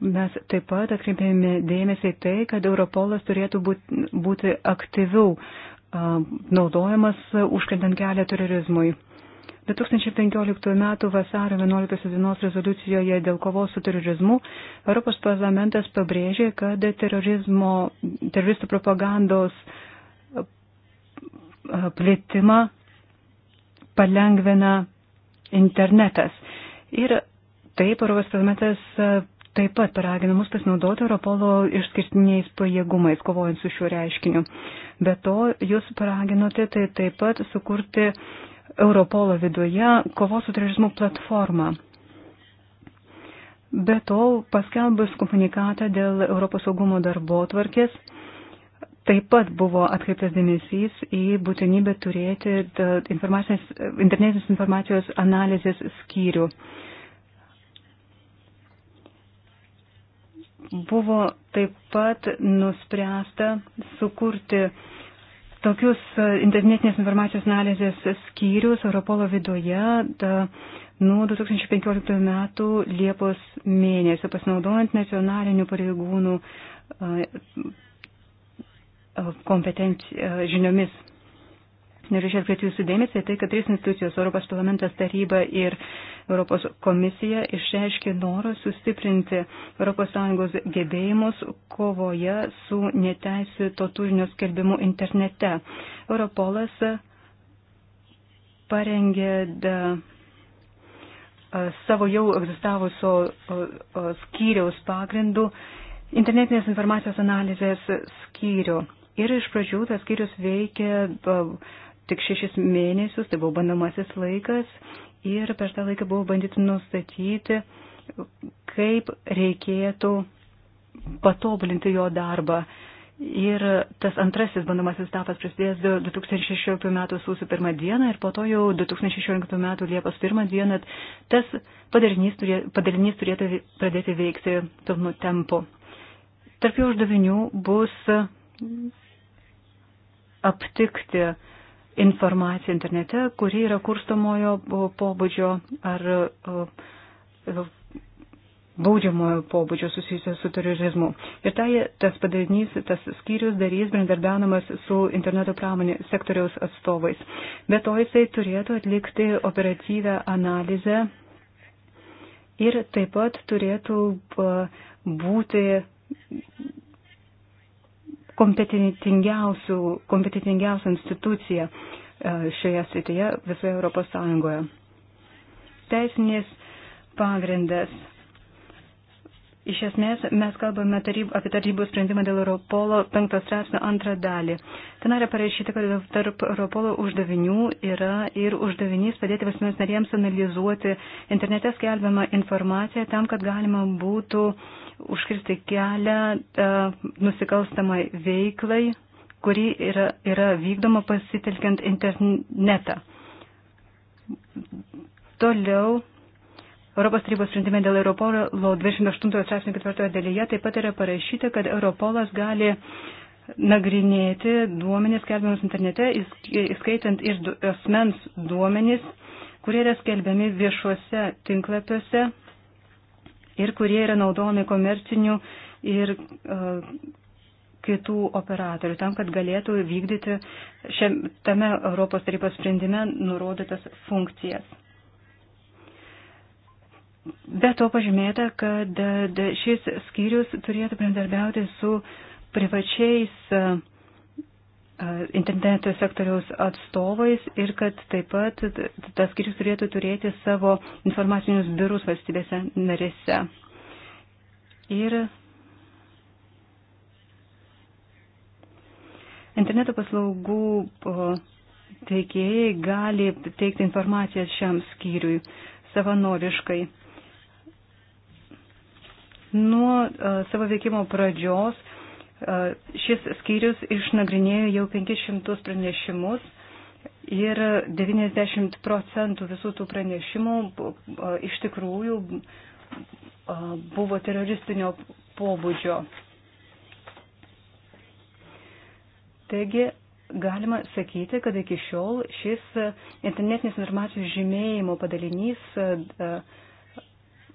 mes taip pat atkreipėme dėmesį tai, kad Europolas turėtų būti aktyviau e, naudojamas užkardant kelią terorizmui. 2015 m. vasaro 11 dienos rezoliucijoje dėl kovos su terorizmu Europos parlamentas pabrėžė, kad teroristų propagandos plėtimą palengvina internetas. Ir taip Europos parlamentas taip pat paragina mus pasinaudoti Europolo išskirtiniais pajėgumais, kovojant su šiuo reiškiniu. Be to, jūs paraginote tai taip pat sukurti uh, Europolo viduje kovos su terorizmu platformą. Be to, paskelbus komunikatą dėl Europos saugumo darbo tvarkės, taip pat buvo atkreiptas dėmesys į būtinybę turėti internetinės informacijos analizės skyrių. Buvo taip pat nuspręsta sukurti uh, Tokius e, internetinės informacijos analizės skyrius Europolo viduje da, nuo 2015 metų Liepos mėnesio pasinaudojant nacionalinių pareigūnų e, kompetenci... E, žiniomis Norėčiau atkreipti jūsų dėmesį tai, kad trys institucijos - Europos parlamentas taryba ir Europos komisija - išreiškė norą sustiprinti ES gebėjimus kovoje su neteisėto turinio skelbimu internete. Europolas parengė da, savo jau egzistavusio skyriaus pagrindų internetinės informacijos analizės skyrių. Ir iš pradžių tas skyrius veikė. Da, tik šešis mėnesius, tai buvo bandomasis laikas ir per tą laiką buvo bandyti nustatyti, kaip reikėtų patobulinti jo darbą. Ir tas antrasis bandomasis etapas prasidės 2016 m. sausio 1 dieną ir po to jau 2016 m. Liepos 1 dieną tas padarinys, turė, padarinys turėtų pradėti veikti pilnu tempu. Tarp jų uždavinių bus aptikti uh, informacija internete, kuri yra kurstomojo pobūdžio ar baudžiamojo pobūdžio susijusio su terorizmu. Ir tai, tas padarinys, tas skyrius darys bendarbiavimas su interneto pramonės sektoriaus atstovais. Be to jisai turėtų atlikti operatyvę analizę ir taip pat turėtų būti kompetitingiausia institucija e, šioje srityje visoje Europos Sąjungoje. Teisinės pagrindas Iš esmės, mes kalbame taryb, apie tarybų sprendimą dėl Europolo penktos straipsnio antrą dalį. Ten yra parašyta, kad tarp Europolo uždavinių yra ir uždavinys padėti valstybės narėms analizuoti internete skelbiamą informaciją tam, kad galima būtų užkirsti kelią e, nusikalstamai veiklai, kuri yra, yra vykdoma pasitelkiant internetą. Toliau Europos tarybos sprendime dėl Europolo 28 straipsnio 4 dalyje taip pat yra parašyta, kad Europolas gali nagrinėti duomenis skelbiamus internete, įskaitant ir asmens duomenis, kurie yra skelbiami viešuose tinklapiuose ir kurie yra naudojami komercinių ir uh, kitų operatorių, tam, kad galėtų vykdyti šiam, tame Europos tarybos sprendime nurodytas funkcijas. Be to pažymėta, kad šis skyrius turėtų bendarbiauti su privačiais e, e, interneto sektoriaus atstovais ir kad taip pat tas skyrius turėtų turėti savo informacinius biurus valstybėse narėse. Ir interneto paslaugų teikėjai gali teikti informaciją šiam skyriui savanoriškai. Nuo e, savo veikimo pradžios e, šis skyrius išnagrinėjo jau 500 pranešimus ir 90 procentų visų tų pranešimų e, iš tikrųjų buvo teroristinio pobūdžio. Taigi galima sakyti, kad iki šiol šis internetinis informacijos žymėjimo padalinys uh,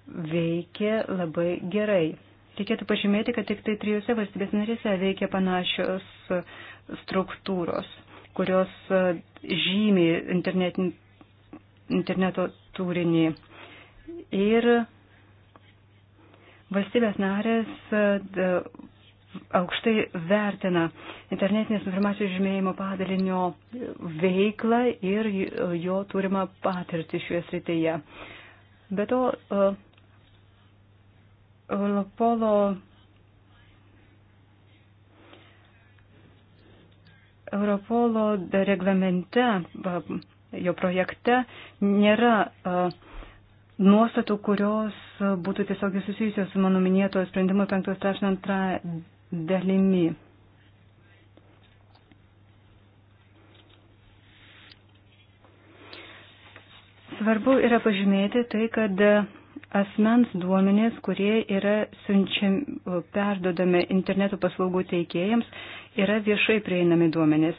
veikia labai gerai. Reikėtų pažymėti, kad tik tai trijose valstybės narėse veikia panašios struktūros, kurios e, žymi internet, interneto turinį. Ir valstybės narės e, aukštai vertina internetinės informacijos žymėjimo padalinio veiklą ir jo turimą patirtį šioje srityje. Be to, e, Europolo Europolo reglamente, jo projekte nėra nuostatų, kurios būtų tiesiog susijusios su mano minėto sprendimo 5.2 dalimi. Svarbu yra pažymėti tai, kad asmens duomenės, kurie yra siunčiam, perdodami interneto paslaugų teikėjams, yra viešai prieinami duomenės.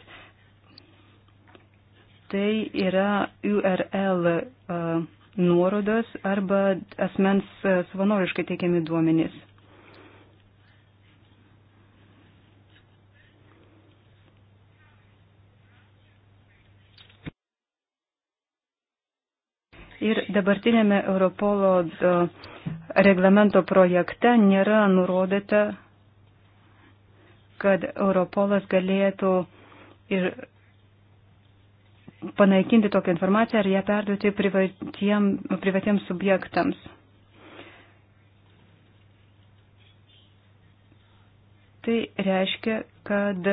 Tai yra URL e, nuorodos arba asmens e, savanoriškai teikiami duomenys. Ir dabartinėme Europolo e, reglamento projekte nėra nurodyta, kad Europolas galėtų ir panaikinti tokią informaciją ar ją perduoti privatiem, privatiems subjektams. Tai reiškia, kad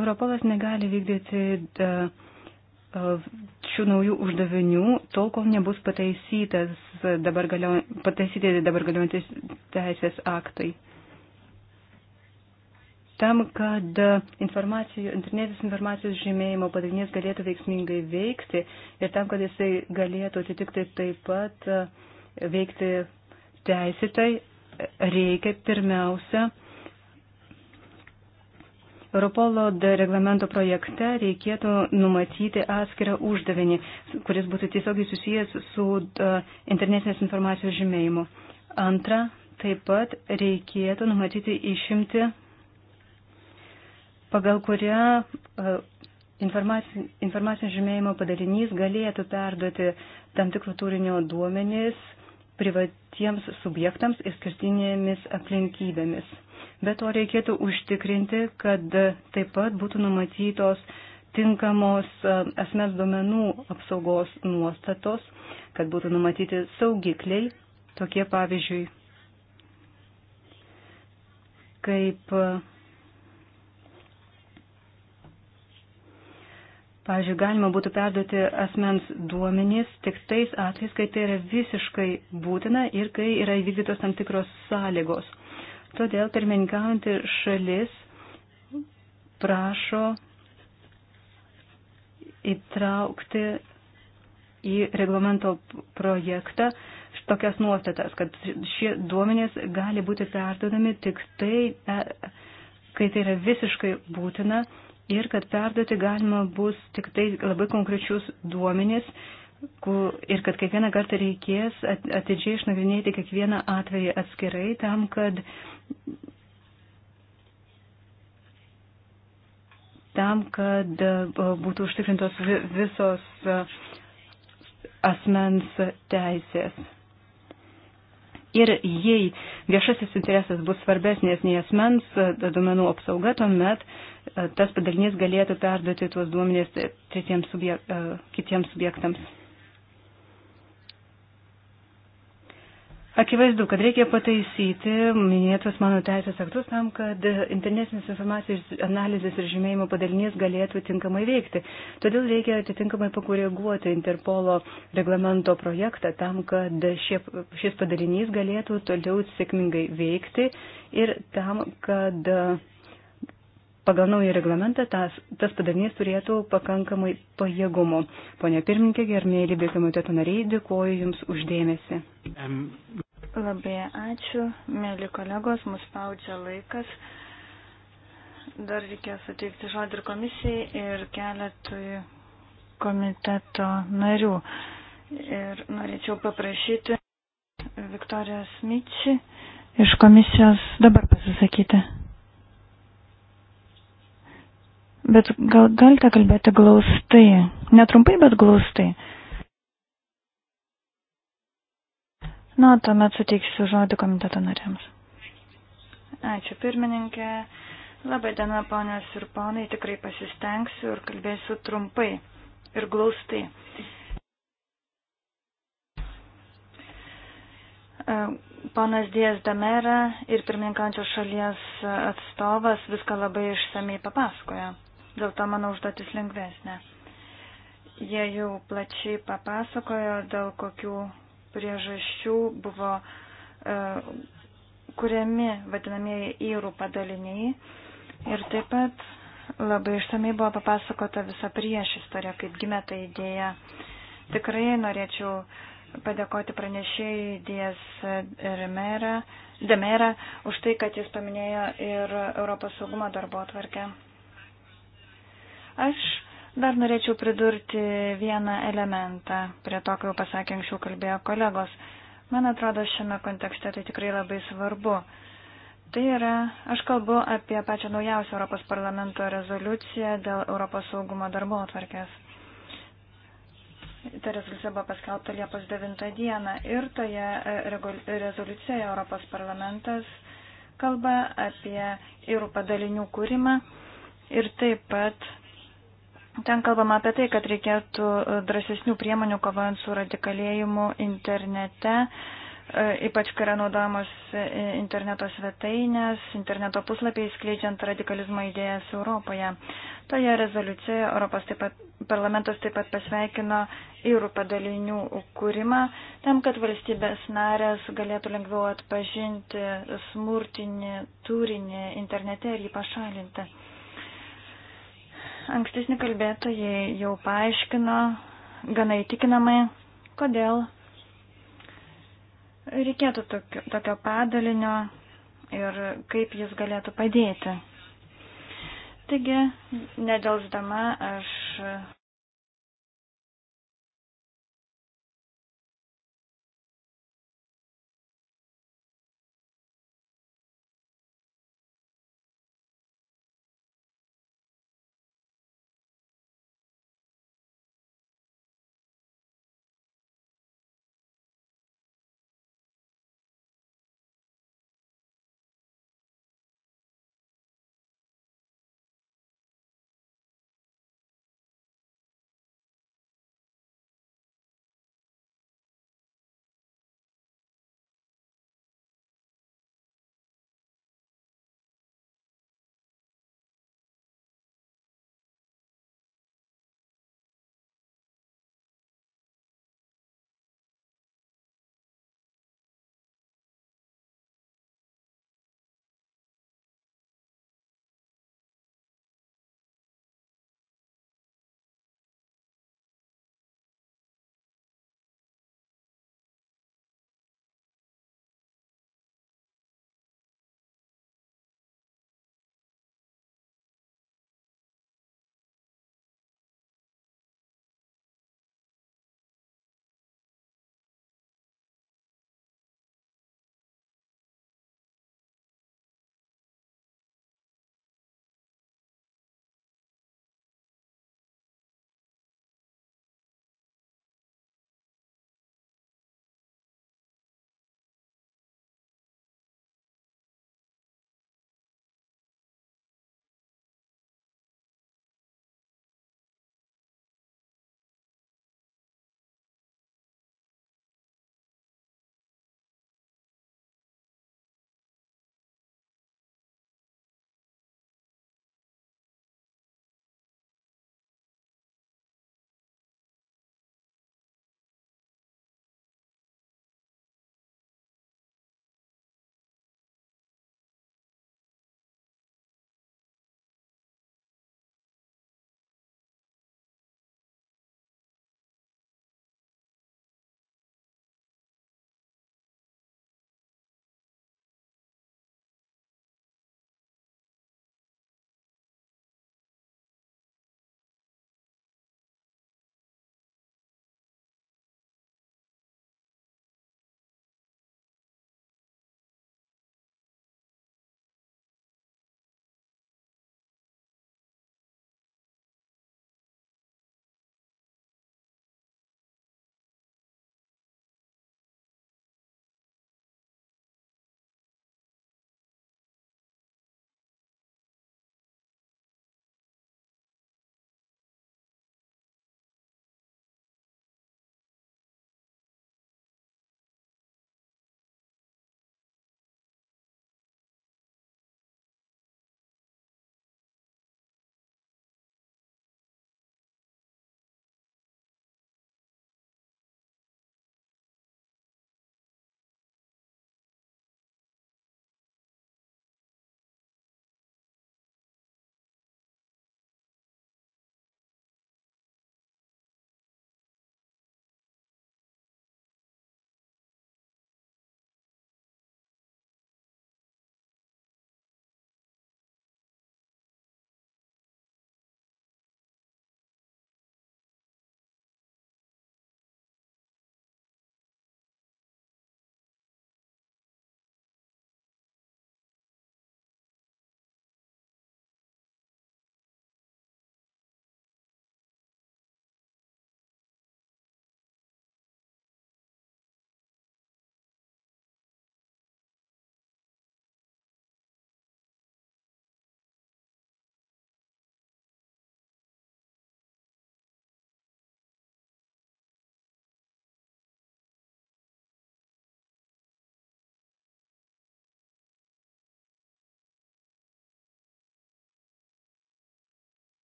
Europolas negali vykdyti da, e, uh, E, šių naujų uždavinių, tol kol nebus pataisytas dabar galio, pataisyti dabar galiojantis teisės aktai. Tam, kad informacijų, internetinės informacijos žymėjimo padarinys galėtų veiksmingai veikti ir tam, kad jisai galėtų atitikti taip pat e, veikti teisėtai, reikia pirmiausia Europolo reglamento projekte reikėtų numatyti atskirą uždavinį, kuris būtų tiesiogiai susijęs su e, internetinės informacijos žymėjimu. Antra, taip pat reikėtų numatyti išimti, pagal kurią e, informacijos žymėjimo padalinys galėtų perduoti tam tikrų turinio duomenys privat, tiems subjektams ir skirtinėmis aplinkybėmis. Be to reikėtų užtikrinti, kad taip pat būtų numatytos tinkamos e, asmens duomenų apsaugos nuostatos, kad būtų numatyti saugikliai, tokie pavyzdžiui, kaip e, Pavyzdžiui, galima būtų perduoti asmens duomenys tik tais atvejais, kai tai yra visiškai būtina ir kai yra įvykdytos tam tikros sąlygos. Todėl pirmininkaujantį šalis prašo įtraukti į reglamento projektą tokias nuostatas, kad šie duomenys gali būti perdodami tik tai, e, kai tai yra visiškai būtina ir kad perduoti galima bus tik tai labai konkrečius duomenis ir kad kiekvieną kartą reikės atidžiai išnagrinėti kiekvieną atvejį atskirai tam, kad tam, kad e, būtų užtikrintos visos e, asmens teisės. Ir jei viešasis interesas bus svarbesnės nei asmens e, duomenų apsauga, tuomet e, tas padalinys galėtų perduoti tuos duomenys tretiems subjek, e, kitiems subjektams. Akivaizdu, kad reikia pataisyti minėtus mano teisės aktus tam, kad internetinės informacijos analizės ir žymėjimo padalinys galėtų tinkamai veikti. Todėl reikia atitinkamai pakoreguoti Interpolo reglamento projektą tam, kad šie, šis padalinys galėtų toliau sėkmingai veikti ir tam, kad pagal naują reglamentą tas, tas padarinys turėtų pakankamai pajėgumų. Pone pirmininkė, gerbėjai, lybė komiteto nariai, dėkuoju Jums uždėmesi. Um. Labai ačiū, mėly kolegos, mus spaudžia laikas. Dar reikės suteikti žodį ir komisijai ir keletui komiteto narių. Ir norėčiau paprašyti Viktorijos Miči iš komisijos dabar pasisakyti. Bet gal galite kalbėti glaustai, netrumpai, bet glaustai. Na, tuomet suteiksiu žodį komiteto nariams. Ačiū pirmininkė. Labai diena, ponės ir ponai. Tikrai pasistengsiu ir kalbėsiu trumpai ir glaustai. E, ponas Dijas Damera ir pirmininkančios šalies atstovas viską labai išsamei papasakoja. Dėl to mano užduotis lengvesnė. Jie jau plačiai papasakojo, dėl kokių priežasčių buvo uh, kuriami vadinamieji įrų padaliniai ir taip pat labai išsamei buvo papasakota visa prieš istorija, kaip gimė ta idėja. Tikrai norėčiau padėkoti pranešėjai Dijas Remera, Demera už tai, kad jis paminėjo ir Europos saugumo darbo atvarkę. Aš Dar norėčiau pridurti vieną elementą prie to, ką jau pasakė anksčiau kalbėjo kolegos. Man atrodo, šiame kontekste tai tikrai labai svarbu. Tai yra, aš kalbu apie pačią naujausią Europos parlamento rezoliuciją dėl Europos saugumo darbo atvarkės. Ta rezoliucija buvo paskelbta Liepos 9 dieną ir toje e, rezoliucijoje Europos parlamentas kalba apie įrų padalinių kūrimą ir taip pat Ten kalbama apie tai, kad reikėtų e, drąsesnių priemonių kovojant su radikalėjimu internete, e, ypač kai yra naudojamos e, interneto svetainės, interneto puslapiai skleidžiant radikalizmo idėjas Europoje. Toje rezoliucijoje Europos taip pat, parlamentas taip pat pasveikino įrų padalinių kūrimą, tam, kad valstybės narės galėtų lengviau atpažinti smurtinį turinį internete ir jį pašalinti ankstesni kalbėtojai jau paaiškino gana įtikinamai, kodėl reikėtų tokio, tokio padalinio ir kaip jis galėtų padėti. Taigi, nedelsdama aš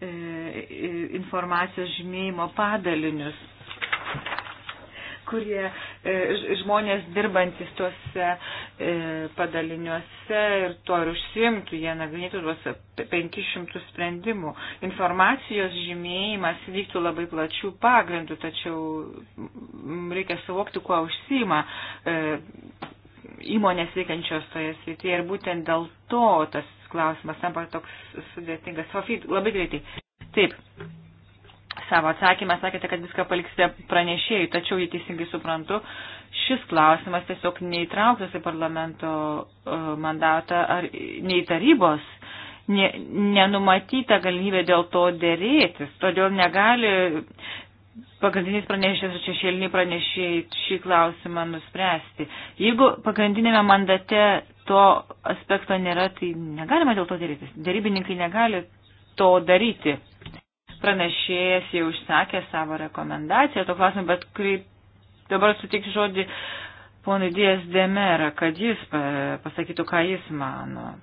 E, informacijos žymėjimo padalinius, kurie e, žmonės dirbantis tuose e, padaliniuose ir to ir užsimtų, jie nagrinėtų tuos 500 sprendimų. Informacijos žymėjimas vyktų labai plačių pagrindų, tačiau reikia suvokti, kuo užsima įmonės veikiančios toje srityje ir būtent dėl to tas klausimas tampa toks sudėtingas. Sofija, labai greitai. Taip, savo atsakymą sakėte, kad viską paliksite pranešėjai, tačiau jį teisingai suprantu, šis klausimas tiesiog neįtrauktas į parlamento e, mandatą ar nei tarybos. Ne, nenumatyta galimybė dėl to dėrėtis, todėl negali pagrindinis pranešėjas ir šešėliniai pranešėjai šį klausimą nuspręsti. Jeigu pagrindinėme mandate to aspekto nėra, tai negalima dėl to dėrytis. Dėrybininkai negali to daryti. Pranešėjas jau išsakė savo rekomendaciją, to klausimu, bet kaip dabar sutiksiu žodį ponui Dijas Demera, kad jis e, pasakytų, ką jis mano.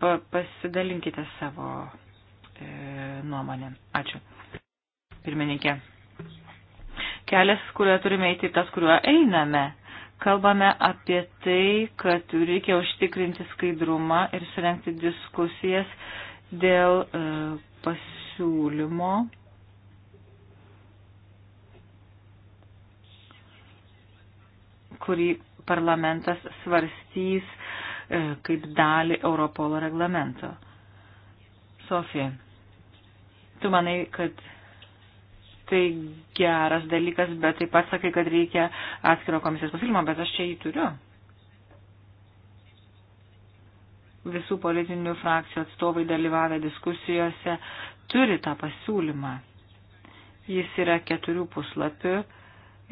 Pa, pasidalinkite savo e, nuomonę. Ačiū. Pirmininkė. Kelias, kuriuo turime eiti, tas, kuriuo einame kalbame apie tai, kad reikia užtikrinti skaidrumą ir surenkti diskusijas dėl e, pasiūlymo. kurį parlamentas svarstys e, kaip dalį Europolo reglamento. Sofija, tu manai, kad tai geras dalykas, bet taip pat sakai, kad reikia atskiro komisijos pasiūlymo, bet aš čia jį turiu. Visų politinių frakcijų atstovai dalyvavę diskusijose turi tą pasiūlymą. Jis yra keturių puslapių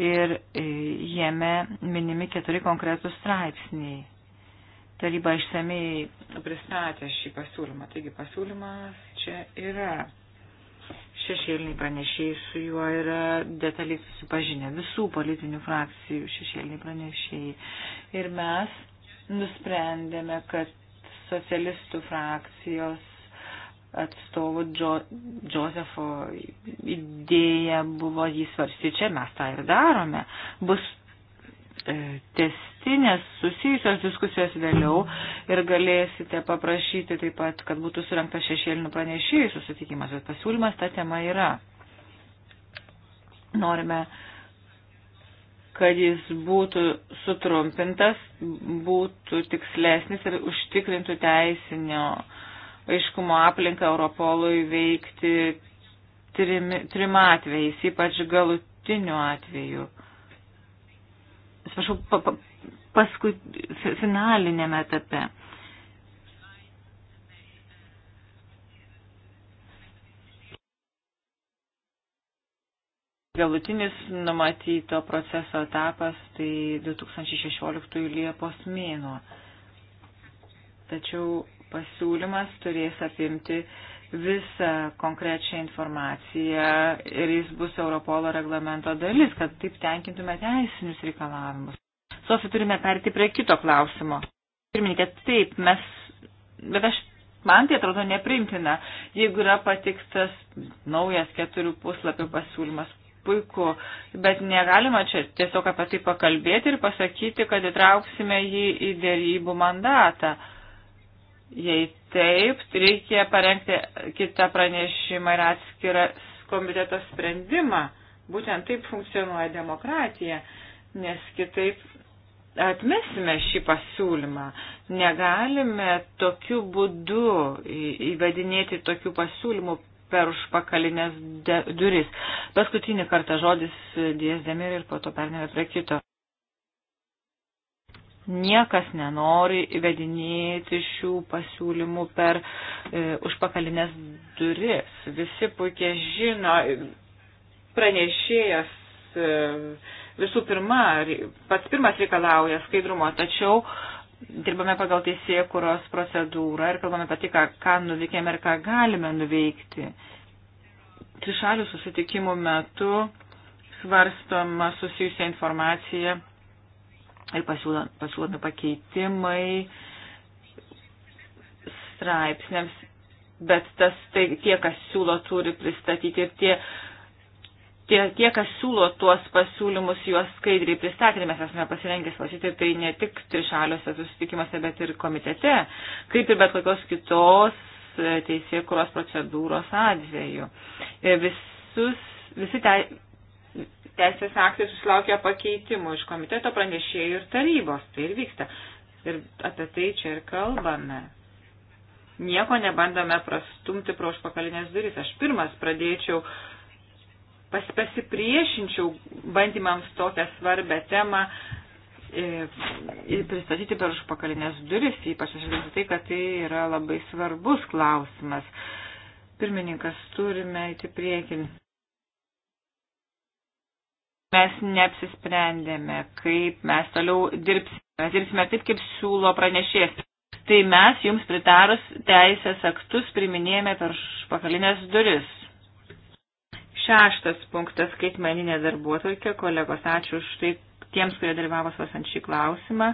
ir e, jame minimi keturi konkretūs straipsniai taryba išsamei pristatė šį pasiūlymą. Taigi pasiūlymas čia yra šešėliniai pranešėjai su juo yra detaliai susipažinę, visų politinių frakcijų šešėliniai pranešėjai. Ir mes nusprendėme, kad socialistų frakcijos atstovų Džo, Džozefo idėja buvo jį svarstyti, čia mes tą ir darome. Bus E, testinės susijusios diskusijos vėliau ir galėsite paprašyti taip pat, kad būtų surinktas šešėlinių pranešėjų susitikimas, bet pasiūlymas ta tema yra. Norime, kad jis būtų sutrumpintas, būtų tikslesnis ir užtikrintų teisinio aiškumo aplinką Europolui veikti trim, trim atvejais, ypač galutiniu atveju atsiprašau, pa, pa, paskui finalinėme etape. Galutinis numatyto proceso etapas tai 2016 Liepos mėnuo. Tačiau pasiūlymas turės apimti uh, visą konkrečią informaciją ir jis bus Europolo reglamento dalis, kad taip tenkintume teisinius reikalavimus. Sofija, turime perti prie kito klausimo. Pirmininkė, taip, mes, bet aš, man tai atrodo neprimtina, jeigu yra patiktas naujas keturių puslapių pasiūlymas, puiku, bet negalima čia tiesiog apie tai pakalbėti ir pasakyti, kad įtrauksime jį į dėrybų mandatą. Jei Taip, reikia parengti kitą pranešimą ir atskirą komiteto sprendimą. Būtent taip funkcionuoja demokratija, nes kitaip atmesime šį pasiūlymą. Negalime tokiu būdu įvedinėti tokių pasiūlymų per užpakalinės duris. Paskutinį kartą žodis dėsdami ir po to pernėme prie kito. Niekas nenori įvedinėti šių pasiūlymų per e, užpakalinės duris. Visi puikiai žino, pranešėjas e, visų pirma, pats pirmas reikalauja skaidrumo, tačiau dirbame pagal teisėjų kuros procedūrą ir kalbame apie tai, ką, ką nuveikėme ir ką galime nuveikti. Trišalių susitikimų metu svarstoma susijusia informacija ir pasiūlomi pakeitimai straipsniams, bet tas, tai, tie, kas siūlo, turi pristatyti ir tie, tie, tie, kas siūlo tuos pasiūlymus, juos skaidriai pristatė, mes esame pasirengę svarstyti tai ne tik trišaliuose susitikimuose, bet ir komitete, kaip ir bet kokios kitos teisėkuros procedūros atveju. Visus, visi, te, teisės aktai susilaukia pakeitimų iš komiteto pranešėjų ir tarybos. Tai ir vyksta. Ir apie tai čia ir kalbame. Nieko nebandome prastumti pro užpakalinės duris. Aš pirmas pradėčiau, pas, pasipriešinčiau bandymams tokią svarbę temą e, pristatyti per užpakalinės duris, ypač atsižvelgiant tai, kad tai yra labai svarbus klausimas. Pirmininkas, turime įti priekin mes neapsisprendėme, kaip mes toliau dirbsime. Mes dirbsime taip, kaip siūlo pranešės. Tai mes jums pritarus teisės aktus priminėjame per pakalinės duris. Šeštas punktas - skaitmeninė darbuotvarkė. Kolegos, ačiū už tai tiems, kurie dalyvavo svarstant šį klausimą.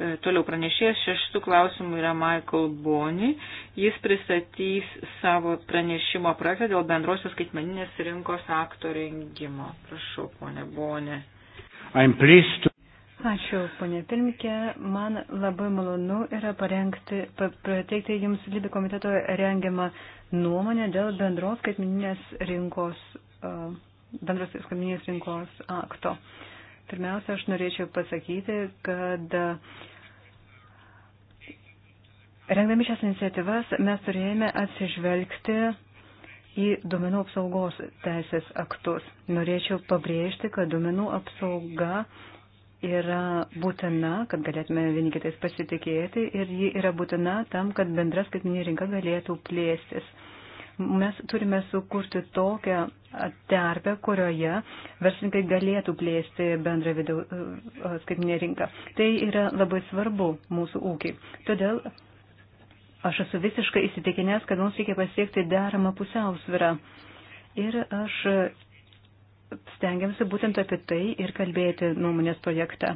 E, toliau pranešėjas šeštų klausimų yra Michael Boni. Jis pristatys savo pranešimo projektą dėl bendrosios skaitmeninės rinkos akto rengimo. Prašau, ponė Boni. To... Ačiū, ponė pirmikė. Man labai malonu yra parengti, pateikti Jums Libi komiteto rengiamą nuomonę dėl bendros skaitmeninės rinkos, e, bendros skaitmeninės rinkos akto. Uh, Pirmiausia, aš norėčiau pasakyti, kad rengdami šias iniciatyvas mes turėjome atsižvelgti į duomenų apsaugos teisės aktus. Norėčiau pabrėžti, kad duomenų apsauga yra būtina, kad galėtume vieni kitais pasitikėti ir ji yra būtina tam, kad bendras skaitminė rinka galėtų plėstis. Mes turime sukurti tokią terpę, kurioje verslininkai galėtų plėsti bendrą vidų e, skaitinę rinką. Tai yra labai svarbu mūsų ūkiai. Todėl aš esu visiškai įsitikinęs, kad mums reikia pasiekti deramą pusiausvyrą. Ir aš stengiamsi būtent apie tai ir kalbėti nuomonės projektą.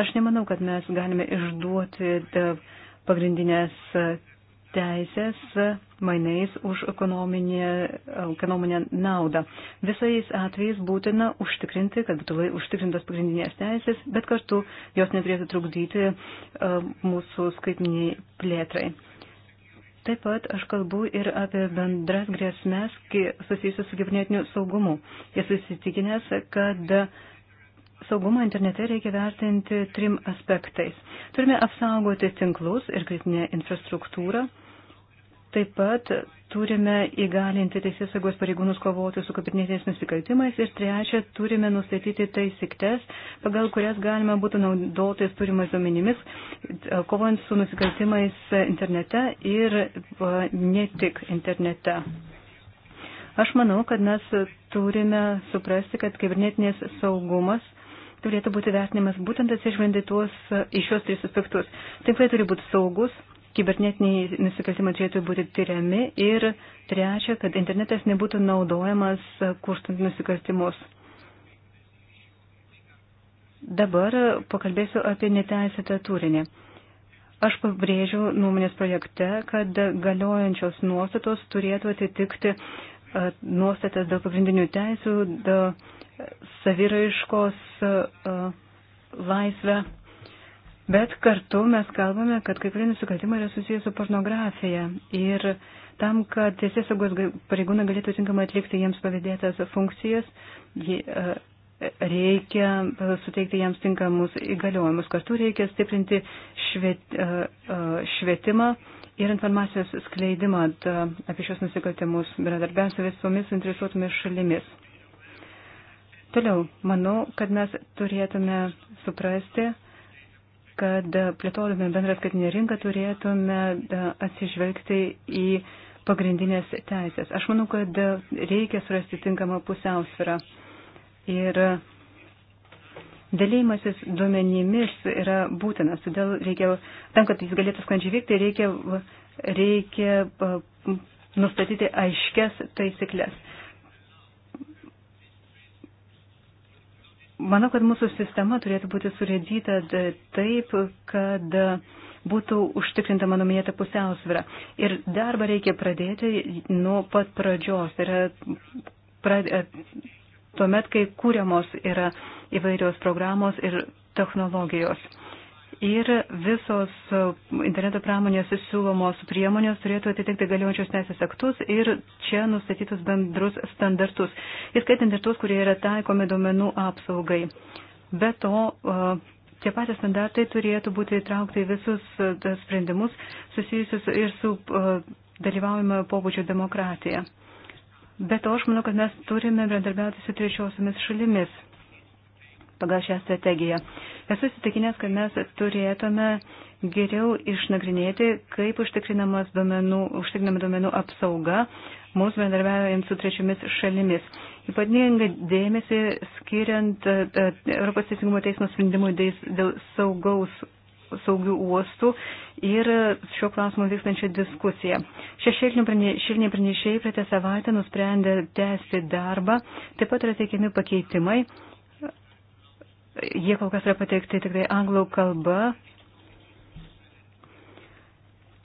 Aš nemanau, kad mes galime išduoti e, pagrindinės teisės mainais už ekonominę, ekonominę naudą. Visais atvejais būtina užtikrinti, kad būtų lai, užtikrintas pagrindinės teisės, bet kartu jos neturėtų trukdyti e, mūsų skaitminiai plėtrai. Taip pat aš kalbu ir apie bendras grėsmės susijusius su kibernetiniu saugumu. Esu įsitikinęs, kad saugumą internete reikia vertinti trim aspektais. Turime apsaugoti tinklus ir kritinę infrastruktūrą Taip pat turime įgalinti teisės saugos pareigūnus kovoti su kabinetiniais nusikaltimais ir trečia, turime nustatyti taisyklės, pagal kurias galima būtų naudotis turimais duomenimis, kovojant su nusikaltimais internete ir ne tik internete. Aš manau, kad mes turime suprasti, kad kibernetinės saugumas turėtų būti vertinimas būtent atsižvelgiant į šios tris aspektus. Tinklai turi būti saugus, kibernetiniai nusikaltimai turėtų būti tyriami ir trečia, kad internetas nebūtų naudojamas e, kurstant nusikaltimus. Dabar pakalbėsiu apie neteisėtą turinį. Aš pabrėžiu nuomonės projekte, kad galiojančios nuostatos turėtų atitikti e, nuostatas dėl pagrindinių teisų, dėl saviraiškos e, laisvę Bet kartu mes kalbame, kad kai kurie nusikaltimai yra susijęs su pornografija ir tam, kad tiesiog saugos pareigūnai galėtų tinkamai atlikti jiems pavydėtas funkcijas, e, reikia e, suteikti jiems tinkamus įgaliojimus. Kartu reikia stiprinti šviet, e, švietimą ir informacijos skleidimą apie šios nusikaltimus, bendradarbiavant su visomis interesuotomis šalimis. Toliau, manau, kad mes turėtume suprasti, kad plėtodami bendrą skaitinę rinką turėtume e, atsižvelgti į pagrindinės teisės. Aš manau, kad reikia surasti tinkamą pusiausvyrą. Ir dėlėjimasis duomenimis yra būtinas, todėl reikia, tam, kad jis galėtų sklandžiai vykti, reikia, reikia e, nustatyti aiškias taisyklės. Manau, kad mūsų sistema turėtų būti surėdyta taip, kad būtų užtikrinta mano minėta pusiausvyrą. Ir darbą reikia pradėti nuo pat pradžios. Tai yra prad... E, tuomet, kai kūriamos yra įvairios programos ir technologijos ir visos e, interneto pramonės siūlomos priemonės turėtų atitikti galiojančius teisės aktus ir čia nustatytus bendrus standartus, įskaitant ir tuos, kurie yra taikomi duomenų apsaugai. Be to, e, tie patys standartai turėtų būti įtraukti į visus e, sprendimus susijusius ir su dalyvaujama pobūdžio demokratija. Be to, aš manau, kad mes turime bendradarbiauti su trečiosiomis šalimis pagal šią strategiją. Esu įsitikinęs, kad mes turėtume geriau išnagrinėti, kaip užtikrinama duomenų, duomenų apsauga mūsų bendarbiaujant su trečiomis šalimis. Ypatingai dėmesį skiriant e, e, Europos teisingumo teismo sprendimui dėl saugaus saugių uostų ir šiuo klausimu vykstančią diskusiją. Šešėliniai pranešėjai praeitą savaitę nusprendė tęsti darbą, taip pat yra teikiami pakeitimai Jie kol kas yra pateikti tikrai anglų kalba.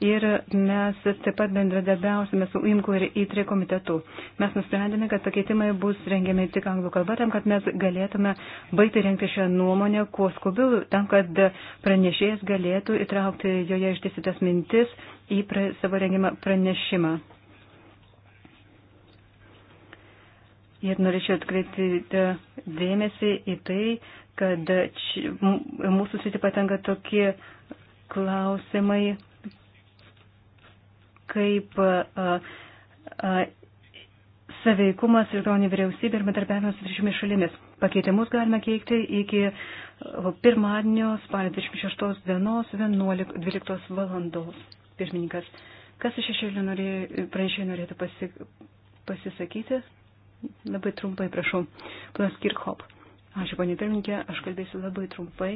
Ir mes taip pat bendradarbiausime su IMKU ir ITRE komitetu. Mes nusprendėme, kad pakeitimai bus rengiami tik anglų kalba, tam, kad mes galėtume baigti rengti šią nuomonę kuo skubiau, tam, kad pranešėjas galėtų įtraukti joje išdėstytas mintis į pra, savo rengimą pranešimą. Ir norėčiau atkreipti dėmesį į tai, kad či, mūsų sritį patenka tokie klausimai, kaip a, a, saveikumas regioninė vyriausybė ir bendarbiavimas su šiomis šalimis. Pakeitimus galime keikti iki pirmadienio spalio 26 dienos 11, 12 valandos. Pirmininkas, kas iš šešėlių norė, pranešėjų norėtų pasi, pasisakyti? Labai trumpai prašau. Panas Kirkhop. Ačiū, panė pirmininkė, aš kalbėsiu labai trumpai.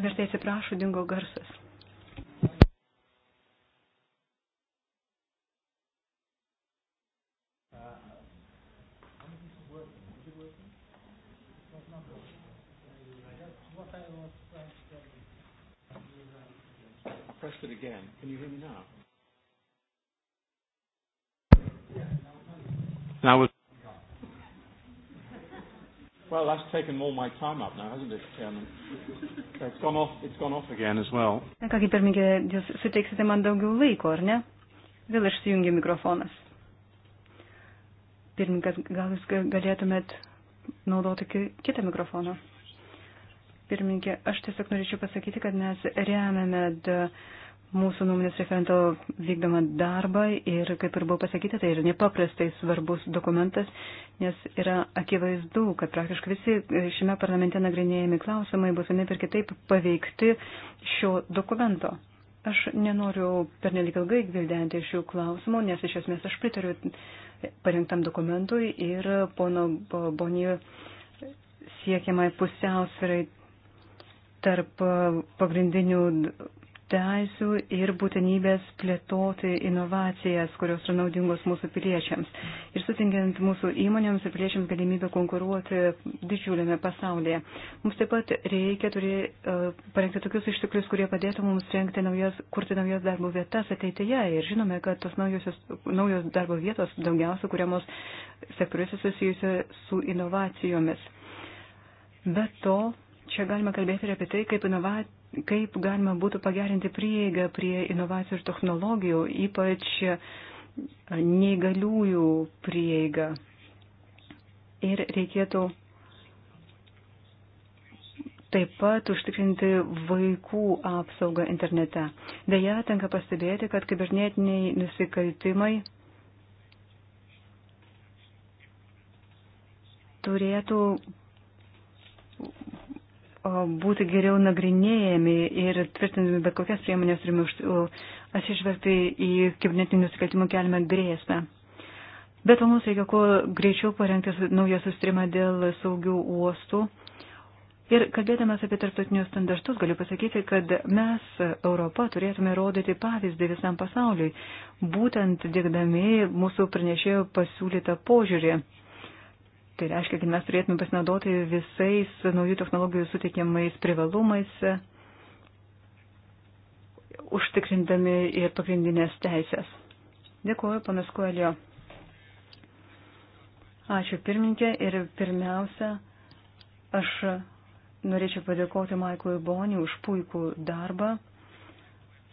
Vertai atsiprašau, dingo garsas. pressed it again. Can you hear me now? Now Well, that's taken all my time up now, hasn't it, Chairman? It's gone off, it's gone off again as well. Na kągi, pirmininkė, jūs suteiksite man daugiau laiko, ar ne? Vėl išsijungia mikrofonas. Pirmininkas, gal jūs galėtumėt naudoti kitą mikrofoną? Pirmininkė, aš tiesiog norėčiau pasakyti, kad mes remiame mūsų nuomonės referento vykdomą darbą ir, kaip ir buvo pasakyta, tai yra nepaprastai svarbus dokumentas, nes yra akivaizdu, kad praktiškai visi šiame parlamente nagrinėjami klausimai bus vienaip ir kitaip paveikti šio dokumento. Aš nenoriu pernelik ilgai gvildenti šių klausimų, nes iš esmės aš pritariu parengtam dokumentui ir pono Bonijų siekiamai pusiausvirai tarp pagrindinių teisų ir būtinybės plėtoti inovacijas, kurios yra naudingos mūsų piliečiams ir sutinkiant mūsų įmonėms ir piliečiams galimybę konkuruoti didžiuliame pasaulyje. Mums taip pat reikia turi, uh, parengti tokius išteklius, kurie padėtų mums rengti naujas, kurti naujas darbo vietas ateityje ir žinome, kad tos naujosios, naujos darbo vietos daugiausia kuriamos sektoriuose susijusi su inovacijomis. Be to, čia galima kalbėti ir apie tai, kaip inovacija kaip galima būtų pagerinti prieigą prie inovacijų ir technologijų, ypač e, neįgaliųjų prieigą. Ir reikėtų taip pat užtikrinti vaikų apsaugą internete. Deja, tenka pastebėti, kad kibernetiniai nusikaltimai turėtų būti geriau nagrinėjami ir tvirtinami bet kokias priemonės turime atsižvelgti į kibernetinių nusikaltimų keliamą grėsmę. Bet mums reikia kuo greičiau parengti naują sustrimą dėl saugių uostų. Ir kalbėdamas apie tarptautinius standartus, galiu pasakyti, kad mes, Europa, turėtume rodyti pavyzdį visam pasauliui, būtent dėkdami mūsų pranešėjo pasiūlytą požiūrį Tai reiškia, kad mes turėtume pasinaudoti visais naujų technologijų suteikiamais privalumais, užtikrindami ir pagrindinės teisės. Dėkuoju, panas Kuelio. Ačiū pirmininkė ir pirmiausia, aš norėčiau padėkoti Maikui Boniui už puikų darbą.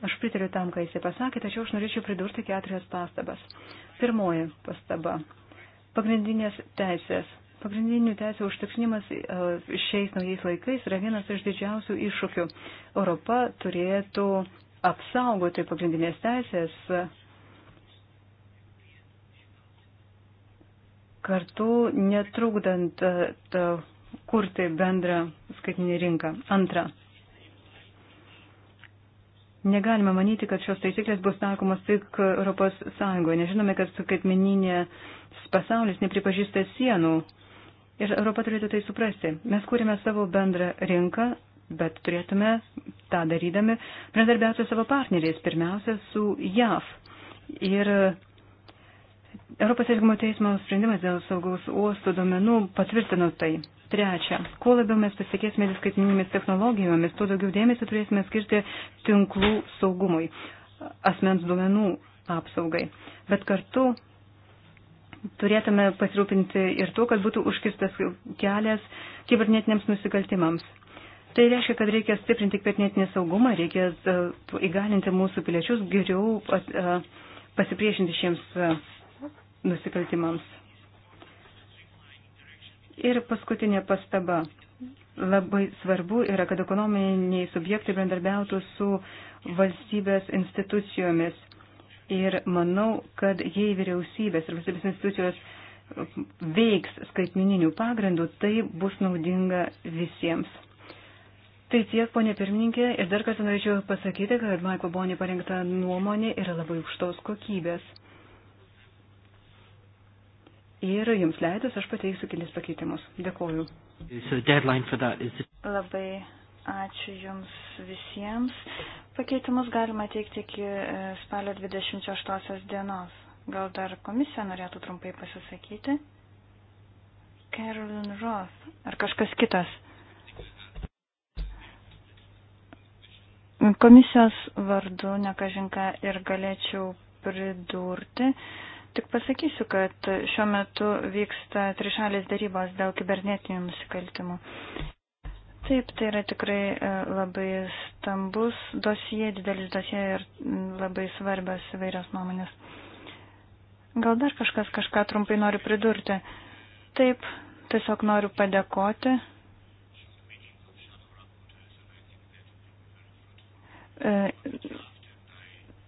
Aš pritariu tam, ką jisai pasakė, tačiau aš norėčiau pridurti keturias pastabas. Pirmoji pastaba Pagrindinės teisės. Pagrindinių teisų užtikrinimas e, šiais naujais laikais yra vienas iš didžiausių iššūkių. Europa turėtų apsaugoti pagrindinės teisės kartu netrukdant e, kurti bendrą skaitinį rinką. Antra, Negalime manyti, kad šios taisyklės bus taikomos tik Europos Sąjungoje. Nežinome, kad skaitmeninės pasaulis nepripažįsta sienų. Ir Europa turėtų tai suprasti. Mes kūrėme savo bendrą rinką, bet turėtume tą darydami bendradarbiauti savo partneriais, pirmiausia su JAV. Ir Europos Sąjungumo teismo sprendimas dėl saugaus uosto domenų patvirtino tai. Trečia, kuo labiau mes pasiekėsime skaitmininėmis technologijomis, tuo daugiau dėmesio turėsime skirti tinklų saugumui, asmens duomenų apsaugai. Bet kartu turėtume pasirūpinti ir tuo, kad būtų užkirstas kelias kibernetiniams nusikaltimams. Tai reiškia, kad reikia stiprinti kibernetinį saugumą, reikia e, įgalinti mūsų piliečius geriau e, e, pasipriešinti šiems nusikaltimams. Ir paskutinė pastaba. Labai svarbu yra, kad ekonominiai subjektai bendarbiautų su valstybės institucijomis. Ir manau, kad jei vyriausybės ir valstybės institucijos veiks skaitmininių pagrindų, tai bus naudinga visiems. Tai tiek, ponė pirmininkė, ir dar kartą norėčiau pasakyti, kad Maiko Boni parengta nuomonė yra labai aukštos kokybės. Ir jums leidus aš pateiksiu kelis pakeitimus. Dėkoju. So is... Labai ačiū jums visiems. Pakeitimus galima teikti iki e, spalio 28 dienos. Gal dar komisija norėtų trumpai pasisakyti? Carolyn Roth. Ar kažkas kitas? Komisijos vardu nekažinka ir galėčiau pridurti. Uh, Tik pasakysiu, kad šiuo metu vyksta trišalės darybos dėl kibernetinių nusikaltimų. Taip, tai yra tikrai e, labai stambus dosie, didelis dosie ir labai svarbios įvairios nuomonės. Gal dar kažkas kažką trumpai nori pridurti? Taip, tiesiog noriu padėkoti. E,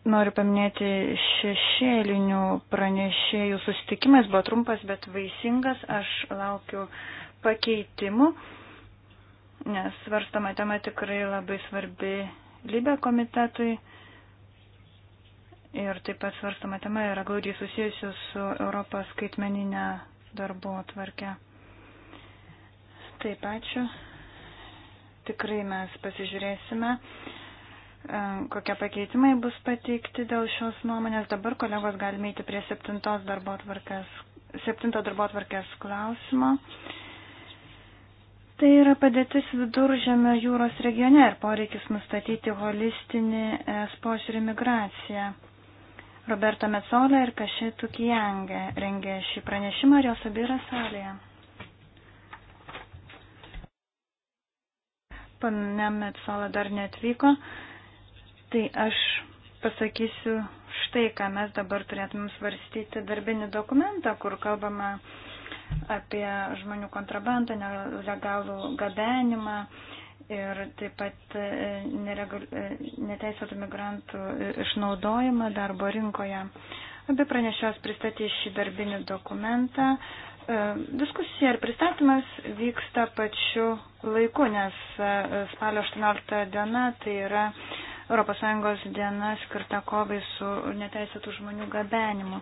Noriu paminėti šešėlinių pranešėjų susitikimas, buvo trumpas, bet vaisingas. Aš laukiu pakeitimų, nes svarstama tema tikrai labai svarbi Libė komitetui. Ir taip pat svarstama tema yra glaudžiai susijusi su Europos skaitmeninė darbo tvarkė. Taip, ačiū. Tikrai mes pasižiūrėsime. Uh, E, kokie pakeitimai bus pateikti dėl šios nuomonės. Dabar kolegos galime eiti prie septintos darbo atvarkės, septinto darbo atvarkės klausimo. Tai yra padėtis viduržėmio jūros regione ir poreikis nustatyti holistinį e, požiūrį migraciją. Roberta Metzola ir Kašėtų Kijangė rengė šį pranešimą ir jos abi yra salėje. Pane Metzola dar netvyko. Tai aš pasakysiu štai, ką mes dabar turėtumėm svarstyti darbinį dokumentą, kur kalbama apie žmonių kontrabandą, nelegalų gabenimą ir taip pat e, e, neteisėtų migrantų e, išnaudojimą darbo rinkoje. Abi pranešios pristatė šį darbinį dokumentą. Diskusija ir pristatymas vyksta pačiu laiku, nes spalio 18 diena tai yra ES diena skirta kovai su neteisėtų žmonių gabenimu.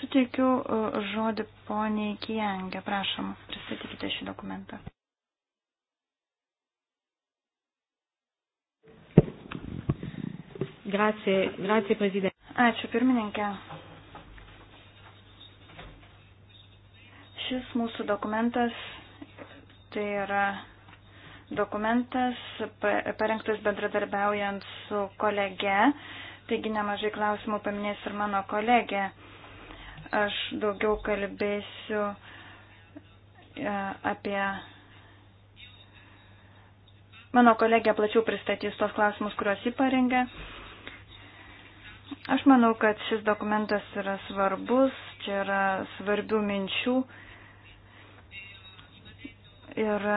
Suteikiu e, žodį poniai Kijangė, prašom, pristatykite šį dokumentą. Grazie, grazie Presidente. Ačiū pirmininkė. Šis mūsų dokumentas tai yra Dokumentas parengtas bendradarbiaujant su kolege, taigi nemažai klausimų paminės ir mano kolegė. Aš daugiau kalbėsiu e, apie mano kolegė plačiau pristatys tos klausimus, kuriuos jį parengė. Aš manau, kad šis dokumentas yra svarbus, čia yra svarbių minčių ir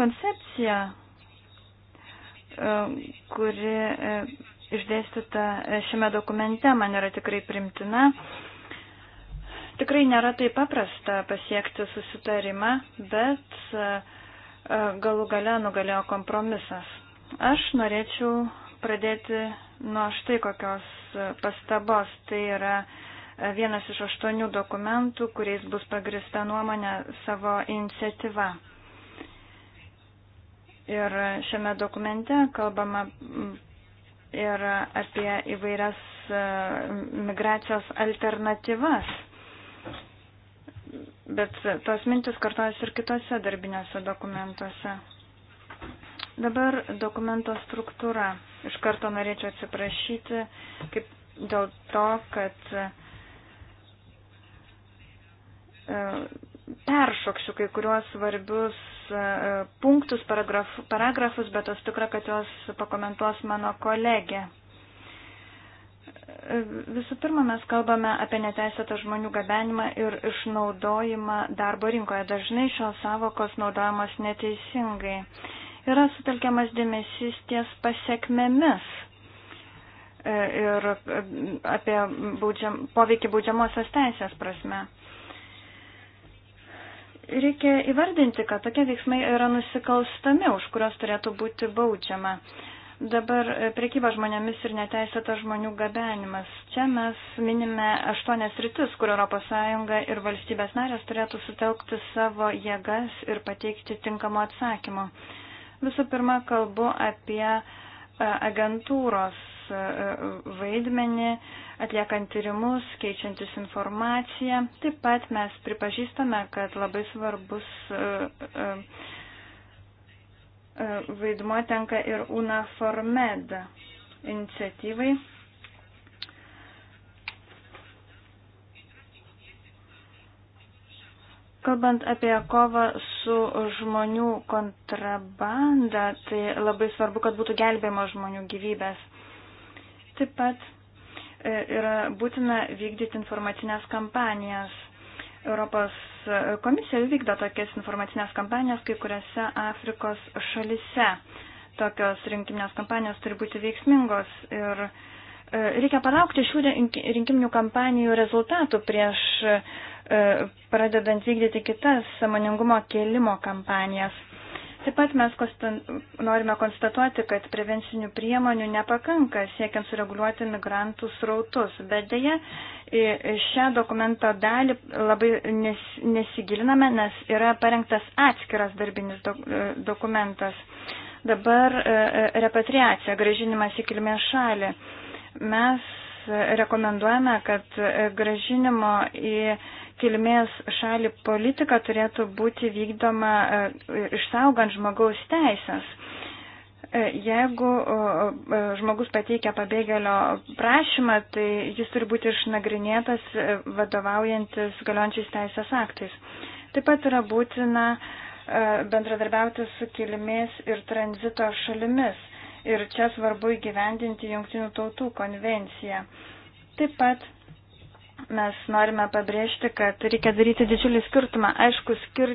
Koncepcija, e, kuri e, išdėstyta e, šiame dokumente, man yra tikrai primtina. Tikrai nėra taip paprasta pasiekti susitarimą, bet galų gale nugalėjo kompromisas. Aš norėčiau pradėti nuo štai kokios pastabos. Tai yra vienas iš aštuonių dokumentų, kuriais bus pagrista nuomonė savo iniciatyva. Ir šiame dokumente kalbama mm, ir apie įvairias e, migracijos alternatyvas. Bet tos mintis kartojasi ir kitose darbinėse dokumentuose. Dabar dokumento struktūra. Iš karto norėčiau atsiprašyti kaip dėl to, kad e, peršoksiu kai kuriuos svarbius e, punktus, paragraf, paragrafus, bet esu tikra, kad juos pakomentuos mano kolegė. E, visų pirma, mes kalbame apie neteisėtą žmonių gabenimą ir išnaudojimą darbo rinkoje. Dažnai šios savokos naudojamos neteisingai. Yra sutelkiamas dėmesys ties pasiekmėmis e, ir apie baudžiam, poveikį baudžiamosios teisės prasme. Reikia įvardinti, kad tokie veiksmai yra nusikalstami, už kurios turėtų būti baudžiama. Dabar e, priekyba žmonėmis ir neteisėtas žmonių gabenimas. Čia mes minime aštuonias rytis, kur ES ir valstybės narės turėtų sutelkti savo jėgas ir pateikti tinkamo atsakymo. Visų pirma, kalbu apie e, agentūros e, vaidmenį, atliekant tyrimus, keičiantis informaciją. Taip pat mes pripažįstame, kad labai svarbus e, e, e, vaidmuo tenka ir UNAFORMED iniciatyvai. Kalbant apie kovą su žmonių kontrabanda, tai labai svarbu, kad būtų gelbėjama žmonių gyvybės. Taip pat E, yra būtina vykdyti informacinės kampanijas. Europos e, komisija vykdo tokias informacinės kampanijas kai kuriuose Afrikos šalise. Tokios rinkiminės kampanijos turi būti veiksmingos ir e, reikia palaukti šių rinkiminių kampanijų rezultatų prieš pradedant vykdyti kitas samoningumo kėlimo kampanijas. Taip pat mes konstant, norime konstatuoti, kad prevencinių priemonių nepakanka siekiant sureguliuoti migrantų srautus, bet dėja šią dokumento dalį labai nes, nesigiliname, nes yra parengtas atskiras darbinis dok, e, dokumentas. Dabar e, e, repatriacija, gražinimas į kilmės šalį. Mes rekomenduojame, kad gražinimo į kilmės šalį politika turėtų būti vykdoma e, išsaugant žmogaus teisės. E, jeigu e, žmogus pateikia pabėgėlio prašymą, tai jis turi būti išnagrinėtas vadovaujantis galiončiais teisės aktais. Taip pat yra būtina bendradarbiauti su kilmės ir tranzito šalimis. Ir čia svarbu įgyvendinti Junktinių tautų konvenciją. Taip pat mes norime pabrėžti, kad reikia daryti didžiulį skirtumą. Aišku, skir,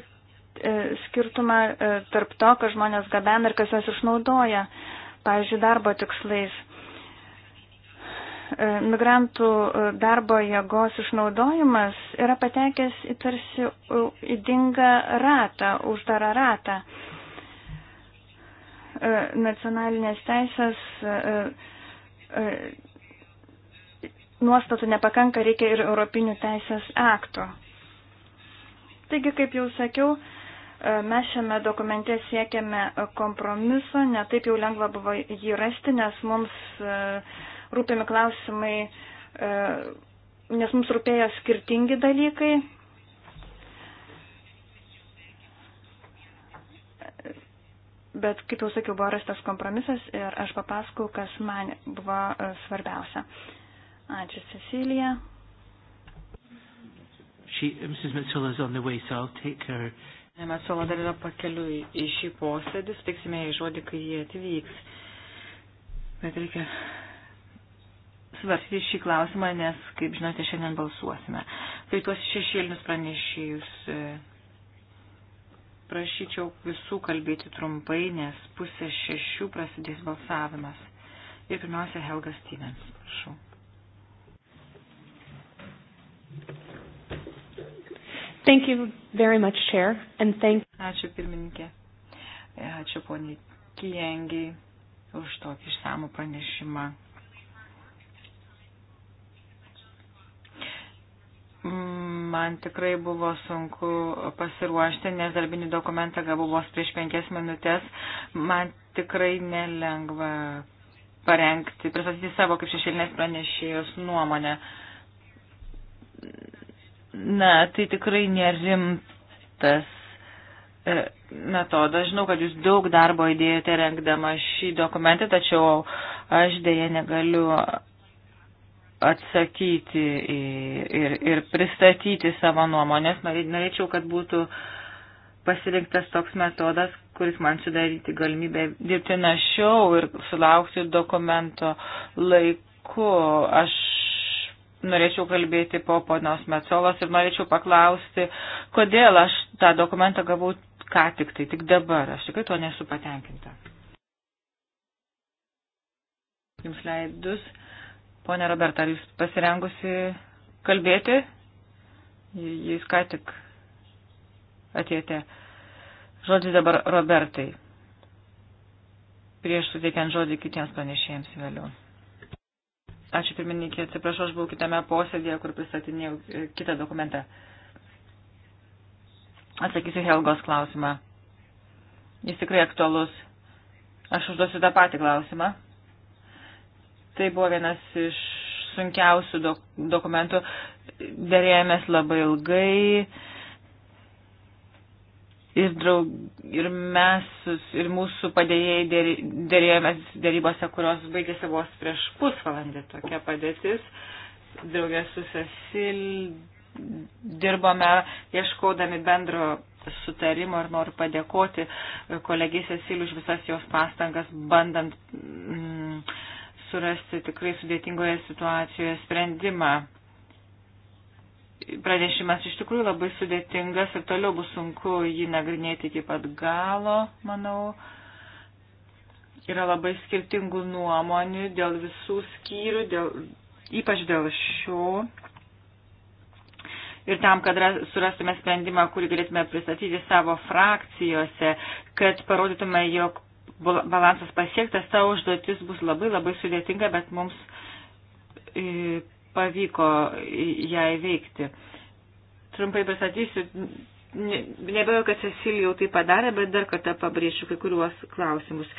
e, skirtumą e, tarp to, kad žmonės gabena ir kas juos išnaudoja, pavyzdžiui, darbo tikslais. E, migrantų darbo jėgos išnaudojimas yra patekęs į tarsi įdingą ratą, uždarą ratą. Nacionalinės teisės nuostatų nepakanka, reikia ir europinių teisės aktų. Taigi, kaip jau sakiau, e, mes šiame dokumente siekiame kompromiso, netaip jau lengva buvo jį rasti, nes mums e, rūpimi klausimai, e, nes mums rūpėjo skirtingi dalykai. Bet, kaip jau sakiau, buvo rastas kompromisas ir aš papasakau, kas man buvo svarbiausia. Ačiū, Cecilija. She, uh, Mrs. Metzola is on the way, so I'll take her. Metzola dar yra pakeliui į šį posėdį, sutiksime į žodį, kai jie atvyks. Bet reikia svarstyti šį klausimą, nes, kaip žinote, šiandien balsuosime. Tai tuos šešėlinius pranešėjus e, prašyčiau visų kalbėti trumpai, nes pusė šešių prasidės balsavimas. Ir pirmiausia, Helga Stevens, prašau. Thank you very much, Chair, and thank. Ačiū pirmininkė. Ačiū poniai Kiengiai už tokį išsamų pranešimą. Man tikrai buvo sunku pasiruošti, nes darbinį dokumentą gavau vos prieš penkias minutės. Man tikrai nelengva parengti, pristatyti savo kaip šešėlinės pranešėjos nuomonę. Uh, Na, tai tikrai nerimtas e, metodas. Žinau, kad jūs daug darbo įdėjote rengdama šį dokumentą, tačiau aš dėje negaliu atsakyti ir, ir pristatyti savo nuomonės. Norėčiau, kad būtų pasirinktas toks metodas, kuris man sudaryti galimybę dirbti našiau ir sulaukti dokumento laiku. Aš norėčiau kalbėti po ponios Metsolos ir norėčiau paklausti, kodėl aš tą dokumentą gavau ką tik tai, tik dabar. Aš tikrai to nesu patenkinta. Jums leidus. Pone Roberta, ar jūs pasirengusi kalbėti? Jūs ką tik atėjote. Žodis dabar Robertai. Prieš suteikiant žodį kitiems pranešėjams vėliau. Ačiū pirmininkė, atsiprašau, aš buvau kitame posėdėje, kur pristatinėjau e, kitą dokumentą. Atsakysiu Helgos klausimą. Jis tikrai aktualus. Aš užduosiu tą patį klausimą. Tai buvo vienas iš sunkiausių dok dokumentų. Dėrėjomės labai ilgai ir, draug, ir mes, ir mūsų padėjėjai dėrėjomės dėrybose, kurios baigėsi vos prieš pusvalandį tokia padėtis. Draugė su Cecil dirbome ieškodami bendro sutarimo ir noriu padėkoti kolegijai Cecil už visas jos pastangas, bandant mm, surasti tikrai sudėtingoje situacijoje sprendimą pranešimas iš tikrųjų labai sudėtingas ir toliau bus sunku jį nagrinėti iki pat galo, manau. Yra labai skirtingų nuomonių dėl visų skyrių, dėl, ypač dėl šio. Ir tam, kad surastume sprendimą, kurį galėtume pristatyti savo frakcijose, kad parodytume, jog balansas pasiektas, ta užduotis bus labai labai sudėtinga, bet mums e, pavyko ją įveikti. Trumpai pasakysiu, nebejoju, kad Cecilijau tai padarė, bet dar kartą pabrėšiu kai kuriuos klausimus.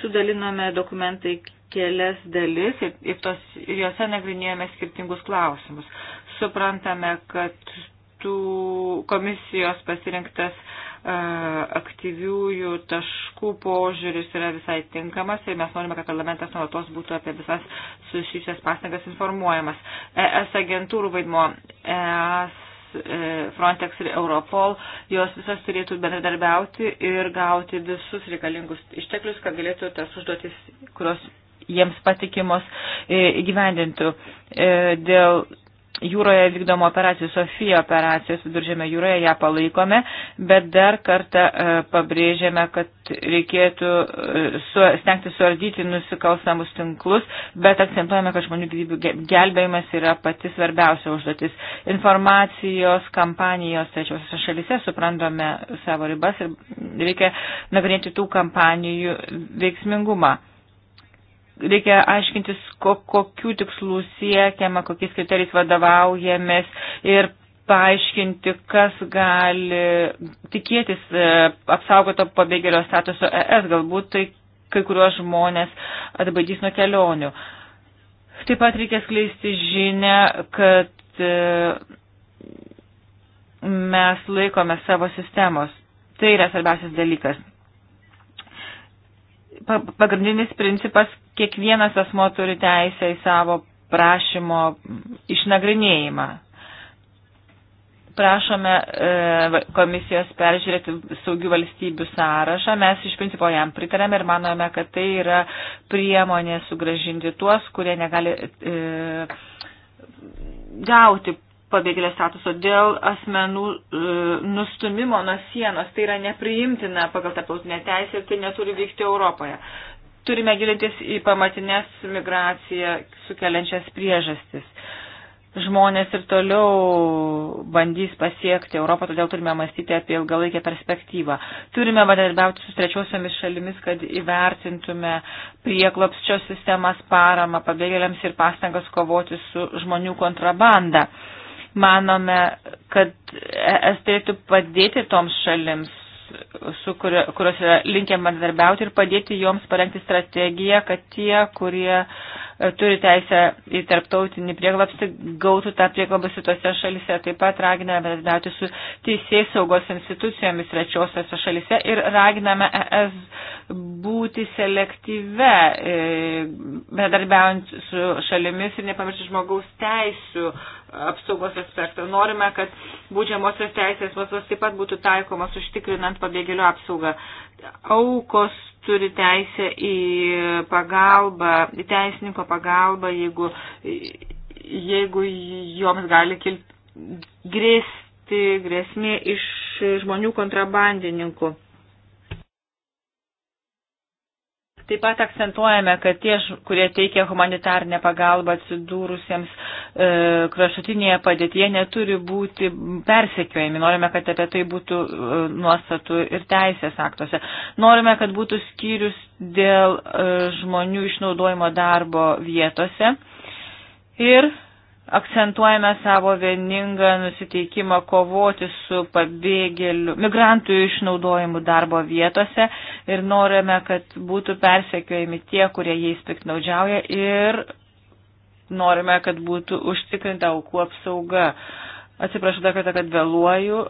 Sudalinome dokumentai kelias dalis ir, ir, tos, ir juose nagrinėjome skirtingus klausimus. Suprantame, kad tų komisijos pasirinktas uh, E, aktyviųjų taškų požiūris yra visai tinkamas ir mes norime, kad parlamentas nuolatos būtų apie visas susijusias pastangas informuojamas. ES agentūrų vaidmo ES e, Frontex ir Europol, jos visas turėtų bendradarbiauti ir gauti visus reikalingus išteklius, kad galėtų tas užduotis, kurios jiems patikimos, e, įgyvendintų. Dėl jūroje vykdomo operacijų, Sofija operacijos viduržėme jūroje ją palaikome, bet dar kartą e, pabrėžėme, kad reikėtų e, su, stengti suardyti nusikalstamus tinklus, bet akcentuojame, kad žmonių gyvybių gelbėjimas yra pati svarbiausia užduotis. Informacijos kampanijos trečiosios šalise suprantame savo ribas ir reikia nagrinėti tų kampanijų veiksmingumą reikia aiškintis, ko, kokių tikslų siekiama, kokiais kriterijais vadovaujamės ir paaiškinti, kas gali tikėtis e, apsaugoto pabėgėlio statuso ES, galbūt tai kai kuriuos žmonės atbaidys nuo kelionių. Taip pat reikia skleisti žinę, kad e, mes laikome savo sistemos. Tai yra svarbiausias dalykas. Pagrindinis principas kiekvienas asmo turi teisę į savo prašymo išnagrinėjimą. Prašome e, komisijos peržiūrėti saugių valstybių sąrašą. Mes iš principo jam pritarėme ir manome, kad tai yra priemonė sugražinti tuos, kurie negali e, gauti pabėgėlės statuso dėl asmenų e, nustumimo nuo sienos. Tai yra nepriimtina pagal tarptautinę teisę ir tai neturi vykti Europoje turime gilintis į pamatinės migraciją sukeliančias priežastis. Žmonės ir toliau bandys pasiekti Europą, todėl turime mąstyti apie ilgalaikę perspektyvą. Turime bendradarbiauti su trečiosiomis šalimis, kad įvertintume prieklapsčio sistemas paramą pabėgėliams ir pastangas kovoti su žmonių kontrabanda manome, kad es turėtų padėti toms šalims su kurio, kurios yra linkę bendradarbiauti ir padėti joms parengti strategiją, kad tie, kurie uh, E, turi teisę į tarptautinį prieglapstį, gautų tą prieglapstį tose šalise. Taip pat raginame bendradarbiauti su teisėjai saugos institucijomis trečiosiose šalise ir raginame ES būti selektyve, e, bendradarbiaujant su šalimis ir nepamiršti žmogaus teisų apsaugos aspektą. Norime, kad būdžiamosios teisės nuostatos taip pat būtų taikomos užtikrinant pabėgėlių apsaugą. Aukos turi teisę į pagalbą, į teisininko pagalbą, jeigu, jeigu joms gali kilti grėsti grėsmė iš žmonių kontrabandininkų. Taip pat akcentuojame, kad tie, kurie teikia humanitarnę pagalbą atsidūrusiems e, kraštutinėje padėtyje, neturi būti persekiojami. Norime, kad apie tai būtų e, nuostatų ir teisės aktuose. Norime, kad būtų skyrius dėl e, žmonių išnaudojimo darbo vietose. Ir akcentuojame savo vieningą nusiteikimą kovoti su pabėgėlių, migrantų išnaudojimu darbo vietose ir norime, kad būtų persekiojami tie, kurie jais piknaudžiauja ir norime, kad būtų užtikrinta aukų apsauga. Atsiprašau dar kartą, kad vėluoju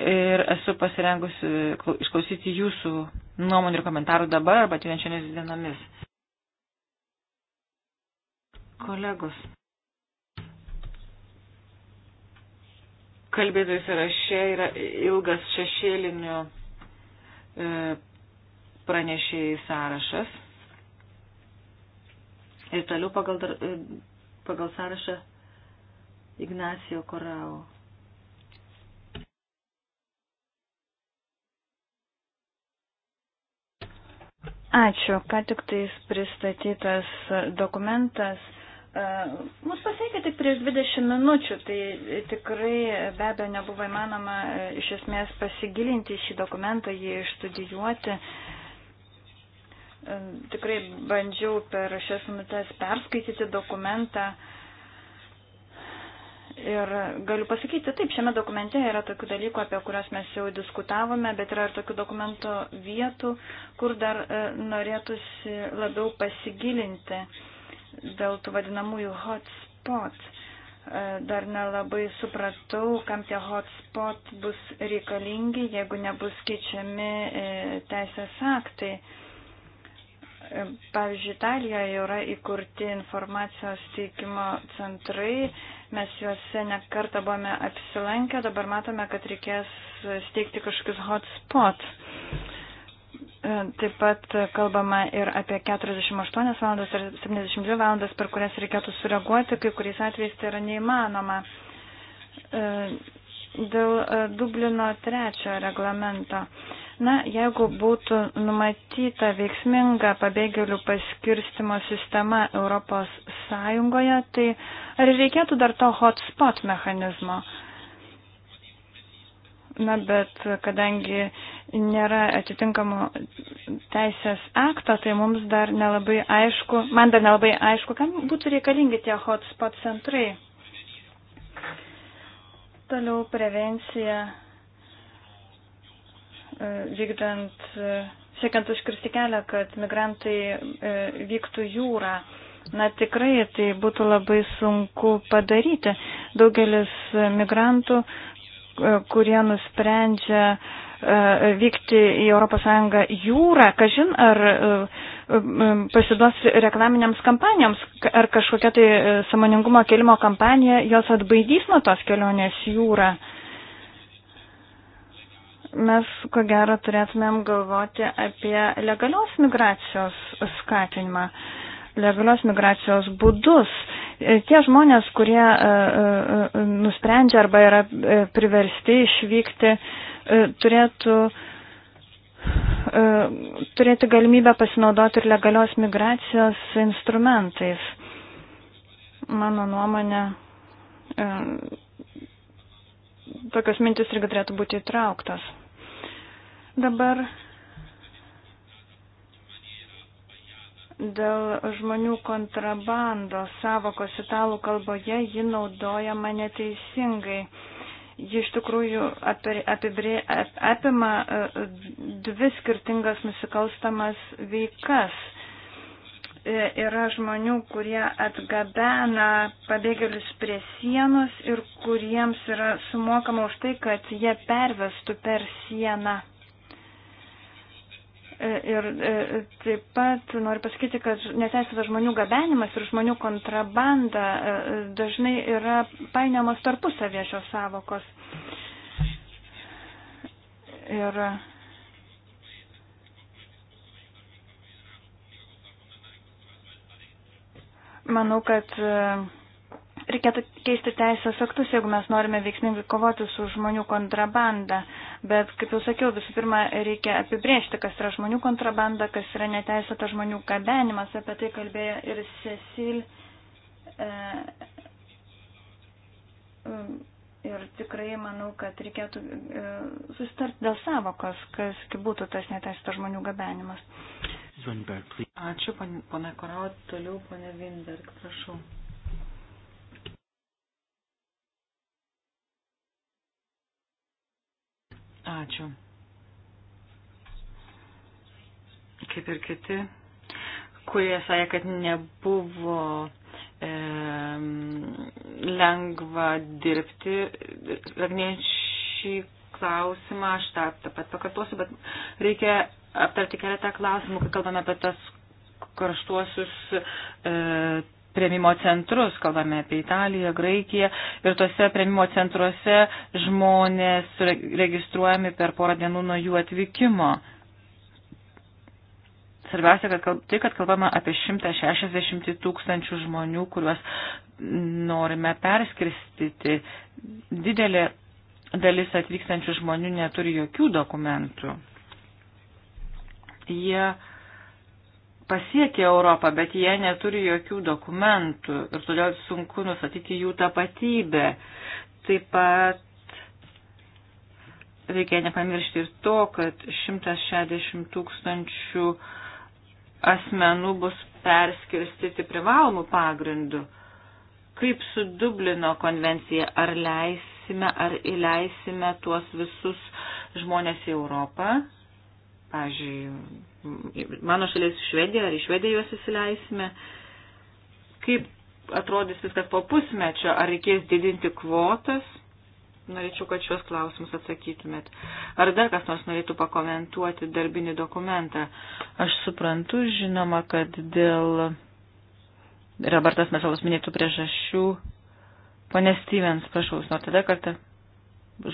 ir esu pasirengusi išklausyti jūsų nuomonių ir komentarų dabar arba ateinančiomis dienomis. Kolegos. kalbėtojų sąraše yra ilgas šešėlinių e, pranešėjų sąrašas. Ir toliau pagal, dar, e, pagal sąrašą Ignacio Korao. Ačiū, ką tik tais pristatytas dokumentas E, mus pasiekė tik prieš 20 minučių, tai tikrai be abejo nebuvo įmanoma e, iš esmės pasigilinti šį dokumentą, jį išstudijuoti. E, tikrai bandžiau per šias minutės perskaityti dokumentą. Ir galiu pasakyti, taip, šiame dokumente yra tokių dalykų, apie kuriuos mes jau diskutavome, bet yra ir tokių dokumento vietų, kur dar norėtųsi labiau pasigilinti dėl tų vadinamųjų hotspot. E, dar nelabai supratau, kam tie hotspot bus reikalingi, jeigu nebus keičiami e, teisės aktai. E, pavyzdžiui, Italijoje yra įkurti informacijos teikimo centrai, mes juose nekartą buvome apsilankę, dabar matome, kad reikės steigti kažkokius hotspot. E, taip pat kalbama ir apie 48 valandas ir 72 valandas, per kurias reikėtų sureaguoti, kai kuriais atvejais tai yra neįmanoma. E, dėl e, Dublino trečio reglamento. Na, jeigu būtų numatyta veiksminga pabėgėlių paskirstimo sistema Europos Sąjungoje, tai ar reikėtų dar to hotspot mechanizmo? Uh, Na, bet kadangi nėra atitinkamo teisės akto, tai mums dar nelabai aišku, man dar nelabai aišku, kam būtų reikalingi tie hotspot centrai. Toliau prevencija e, vykdant, e, siekiant užkirsti kelią, kad migrantai e, vyktų jūrą. Na tikrai tai būtų labai sunku padaryti. Daugelis migrantų uh, kurie nusprendžia e, vykti į ES jūrą, kažin ar e, e, pasiduos reklaminiams kampanijoms, ar kažkokia tai samoningumo kelimo kampanija jos atbaidys nuo tos kelionės jūrą. Mes, ko gero, turėtumėm galvoti apie legalios migracijos skatinimą. Uh, legalios migracijos būdus. E, tie žmonės, kurie e, e, nusprendžia arba yra priversti išvykti, turėtų turėti galimybę pasinaudoti ir legalios migracijos instrumentais. Mano nuomonė, tokios mintis irgi turėtų būti įtrauktos. Dabar dėl žmonių kontrabandos savokos italų kalboje, ji naudojama neteisingai. Ji iš tikrųjų apibrė, apima e, dvi skirtingas nusikalstamas veikas. E, yra žmonių, kurie atgabena pabėgėlius prie sienos ir kuriems yra sumokama už tai, kad jie pervestų per sieną E, ir e, taip pat noriu pasakyti, kad neteisėtas žmonių gabenimas ir žmonių kontrabanda e, dažnai yra painiamos tarpusavė šios savokos. Ir manau, kad reikėtų keisti teisės aktus, jeigu mes norime veiksmingai kovoti su žmonių kontrabanda. Bet, kaip jau sakiau, visų pirma, reikia apibriežti, kas yra žmonių kontrabanda, kas yra neteisėta žmonių gabenimas. Apie tai kalbėjo ir Cecil. E, e, ir tikrai manau, kad reikėtų e, susitarti dėl savokos, kas būtų tas neteisėtas žmonių gabenimas. Winberg, Ačiū, ponė Korau, toliau ponė Winberg, prašau. Ačiū. Kaip ir kiti, kurie sąja, kad nebuvo e, lengva dirbti. Šį klausimą aš tą ta, pat pakartosiu, bet reikia aptarti keletą klausimų, kai kalbame apie tas karštuosius e, prieimimo centrus, kalbame apie Italiją, Graikiją ir tose prieimimo centruose žmonės registruojami per porą dienų nuo jų atvykimo. Svarbiausia, kad tai, kad kalbama apie 160 tūkstančių žmonių, kuriuos norime perskirstyti, didelė dalis atvykstančių žmonių neturi jokių dokumentų. Jie pasiekė Europą, bet jie neturi jokių dokumentų ir todėl sunku nusatyti jų tapatybę. Taip pat reikia nepamiršti ir to, kad 160 tūkstančių asmenų bus perskirstyti privalomų pagrindų. Kaip su Dublino konvencija, ar leisime, ar įleisime tuos visus žmonės į Europą? Pavyzdžiui, mano šalis Švedija, ar į Švediją juos įsileisime, kaip atrodys viskas po pusmečio, ar reikės didinti kvotas, norėčiau, kad šios klausimus atsakytumėt. Ar dar kas nors norėtų pakomentuoti darbinį dokumentą? Aš suprantu, žinoma, kad dėl Robertas Mesalas minėtų priežasčių. Pane Stevens, prašau, nuo tada kartą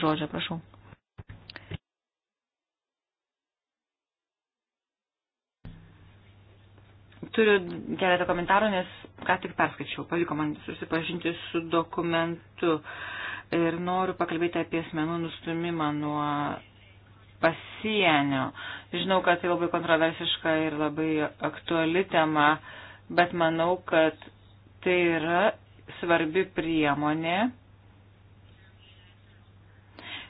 žodžio prašau. Turiu keletą komentarų, nes ką tik perskaičiau, pavyko man susipažinti su dokumentu ir noriu pakalbėti apie asmenų nustumimą nuo pasienio. Žinau, kad tai labai kontroversiška ir labai aktuali tema, bet manau, kad tai yra svarbi priemonė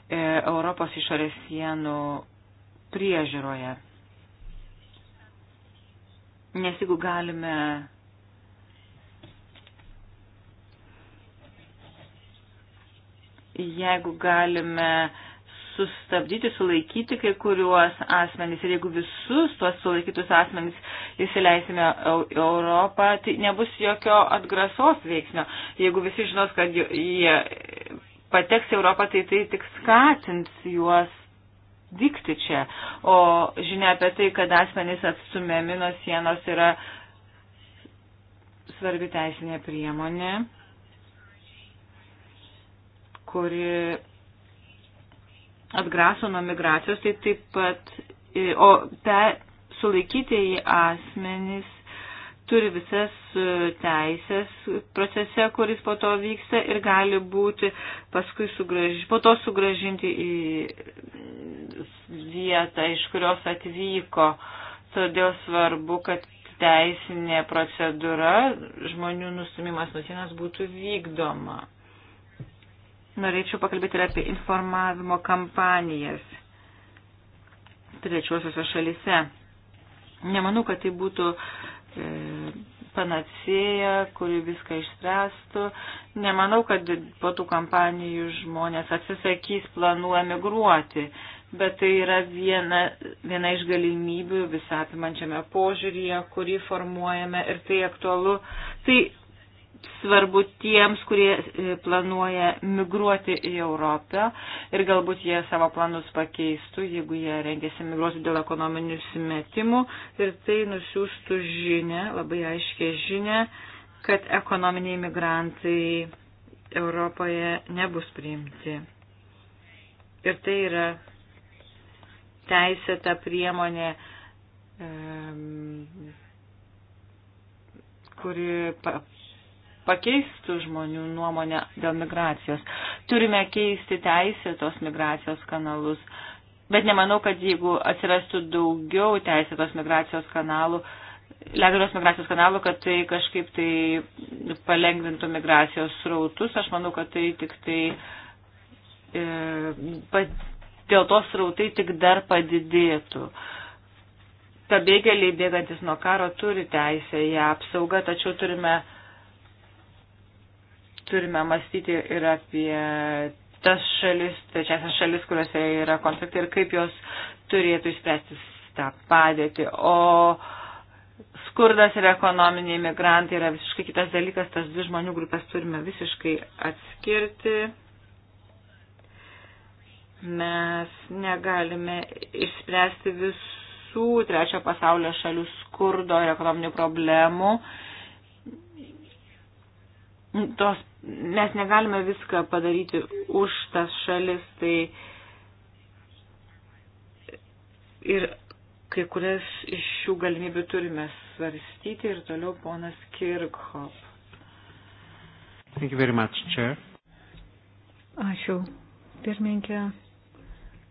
e, Europos išorės sienų priežiūroje. Nes jeigu galime jeigu galime sustabdyti, sulaikyti kai kuriuos asmenys ir jeigu visus tuos sulaikytus asmenys įsileisime Europą, tai nebus jokio atgrasos veiksnio. Jeigu visi žinos, kad jie pateks Europą, tai tai tik skatins juos vykti čia. O žinia apie tai, kad asmenys atstumiami nuo sienos yra svarbi teisinė priemonė, kuri atgraso nuo migracijos, tai taip pat, o pe, sulaikytieji asmenys turi visas e, teisės procese, kuris po to vyksta ir gali būti paskui sugraž... po to sugražinti į vietą, iš kurios atvyko. Todėl svarbu, kad teisinė procedūra žmonių nustumimas nusienas būtų vykdoma. Norėčiau pakalbėti ir apie informavimo kampanijas trečiosiuose šalise. Nemanau, kad tai būtų uh, E, panacėja, kuri viską išspręstų. Nemanau, kad po tų kampanijų žmonės atsisakys planų emigruoti, bet tai yra viena, viena iš galimybių visapimančiame požiūryje, kurį formuojame ir tai aktualu. Tai svarbu tiems, kurie e, planuoja migruoti į Europą ir galbūt jie savo planus pakeistų, jeigu jie rengėsi migruoti dėl ekonominių simetimų ir tai nusiųstų žinę, labai aiškiai žinę, kad ekonominiai migrantai Europoje nebus priimti. Ir tai yra teisėta priemonė. Um, kuri pakeistų žmonių nuomonę dėl migracijos. Turime keisti teisėtos migracijos kanalus. Bet nemanau, kad jeigu atsirastų daugiau teisėtos migracijos kanalų, legalios migracijos kanalų, kad tai kažkaip tai palengvintų migracijos srautus. Aš manau, kad tai tik tai e, pat, dėl to srautai tik dar padidėtų. Pabėgėliai bėgantis nuo karo turi teisę į apsaugą, tačiau turime turime mąstyti ir apie tas šalis, trečiasias šalis, kuriuose yra konfliktai ir kaip jos turėtų išspręsti tą padėtį. O skurdas ir ekonominiai migrantai yra visiškai kitas dalykas, tas dvi žmonių grupės turime visiškai atskirti. Mes negalime išspręsti visų trečio pasaulio šalių skurdo ir ekonominių problemų tos, mes negalime viską padaryti už tas šalis, tai ir kai kurias iš šių galimybių turime svarstyti ir toliau ponas Kirkhop. Thank you very much, Chair. Ačiū. Pirmininkė,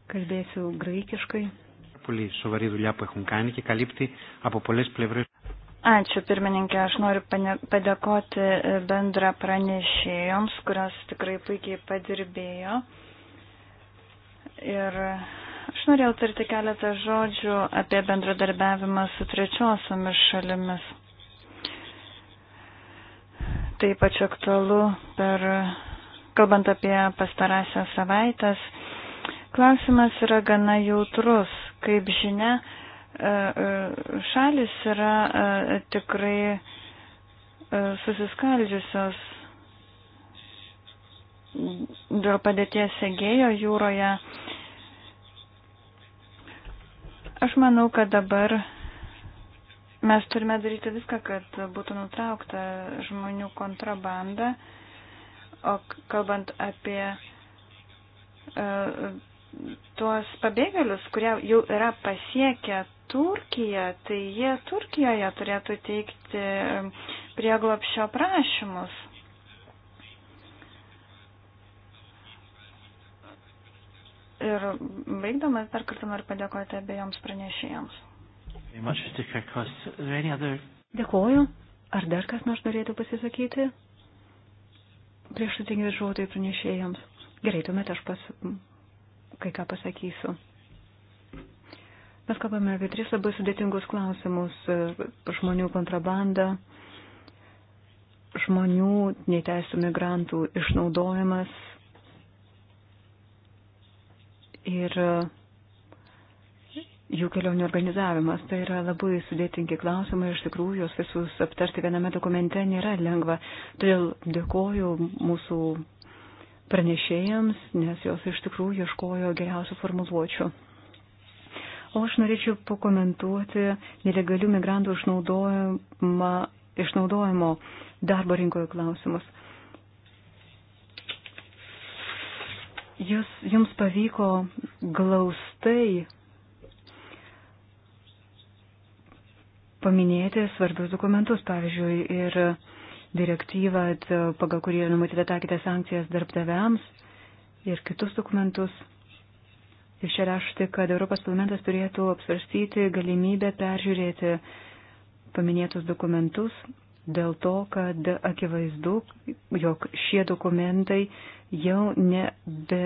kalbėsiu graikiškai. Πολύ σοβαρή δουλειά που έχουν κάνει και καλύπτει από πολλές πλευρές. Ačiū pirmininkė, aš noriu padėkoti e, bendra pranešėjoms, kurios tikrai puikiai padirbėjo. Ir aš norėjau tarti keletą žodžių apie bendradarbiavimą su trečiosiomis šalimis. Taip pat aktualu per, kalbant apie pastarąsias savaitės, klausimas yra gana jautrus. Kaip žinia, E, e, šalis yra e, tikrai susiskaldžiusios dėl padėties Egėjo jūroje. Aš manau, kad dabar mes turime daryti viską, kad būtų nutraukta žmonių kontrabanda. O kalbant apie uh, tuos pabėgėlius, kurie jau yra pasiekę Turkiją, tai jie Turkijoje turėtų teikti prieglopšio prašymus. Ir baigdamas dar kartą noriu padėkoti abiejoms pranešėjams. Dėkuoju. Ar dar kas nors norėtų pasisakyti? Prieš sutinkę žodį pranešėjams. Gerai, tuomet aš pas kai ką pasakysiu. Mes kalbame apie tris labai sudėtingus klausimus - žmonių kontrabandą, žmonių neteisų migrantų išnaudojimas ir jų kelionių organizavimas. Tai yra labai sudėtingi klausimai, iš tikrųjų juos visus aptarti viename dokumente nėra lengva. Todėl dėkoju mūsų pranešėjams, nes jos iš tikrųjų ieškojo geriausių formuluočių. O aš norėčiau pakomentuoti nelegalių migrantų išnaudojimo darbo rinkoje klausimus. Jūs, jums pavyko glaustai paminėti svarbius dokumentus, pavyzdžiui, ir direktyvą, pagal kurį numatyta taikyti sankcijas darbdaviams ir kitus dokumentus. Ir čia rašote, kad Europos parlamentas turėtų apsvarstyti galimybę peržiūrėti paminėtus dokumentus dėl to, kad akivaizdu, jog šie dokumentai jau nebe,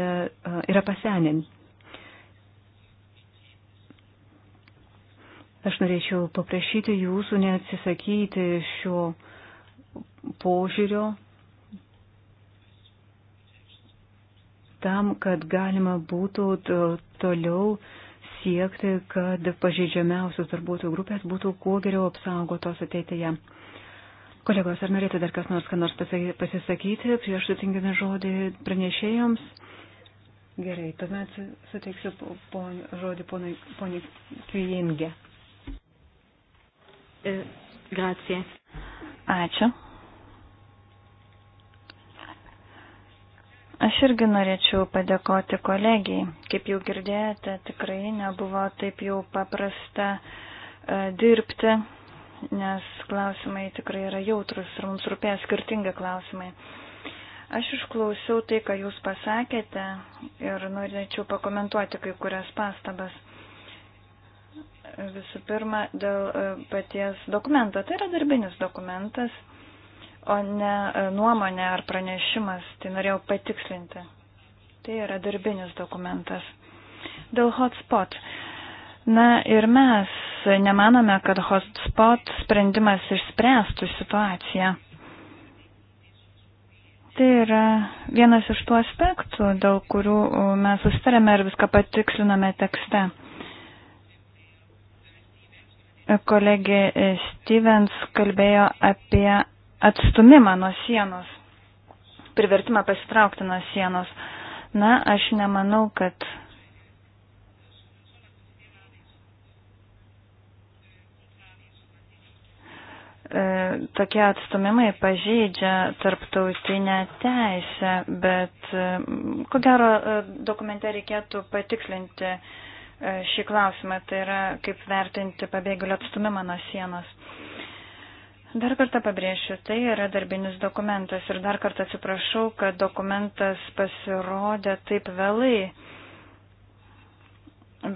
yra pasenin. Aš norėčiau paprašyti jūsų neatsisakyti šio požiūrio tam, kad galima būtų toliau siekti, kad pažeidžiamiausios darbuotojų grupės būtų kuo geriau apsaugotos ateityje. Kolegos, ar norėtų dar kas nors, ką nors pasisakyti prieš sutinkame žodį pranešėjams? Gerai, tuomet suteiksiu pon, žodį ponai, poniai Kvijingė. E, Gracija. Ačiū. Aš irgi norėčiau padėkoti kolegijai. Kaip jau girdėjote, tikrai nebuvo taip jau paprasta e, dirbti, nes klausimai tikrai yra jautrus ir mums rūpėjo skirtingi klausimai. Aš išklausiau tai, ką jūs pasakėte ir norėčiau pakomentuoti kai kurias pastabas. Visų pirma, dėl e, paties dokumento. Tai yra darbinis dokumentas o ne e, nuomonė ar pranešimas, tai norėjau patikslinti. Tai yra darbinis dokumentas. Dėl hotspot. Na ir mes nemanome, kad hotspot sprendimas išspręstų situaciją. Tai yra vienas iš tų aspektų, dėl kurių e, mes sustarėme ir viską patiksliname tekste kolegė Stevens kalbėjo apie atstumimą nuo sienos, privertimą pasitraukti nuo sienos. Na, aš nemanau, kad e, tokie atstumimai pažeidžia tarptautinę teisę, bet e, ko gero e, dokumente reikėtų patikslinti šį klausimą, tai yra kaip vertinti pabėgėlių atstumimą nuo sienos. Dar kartą pabrėšiu, tai yra darbinis dokumentas ir dar kartą atsiprašau, kad dokumentas pasirodė taip vėlai,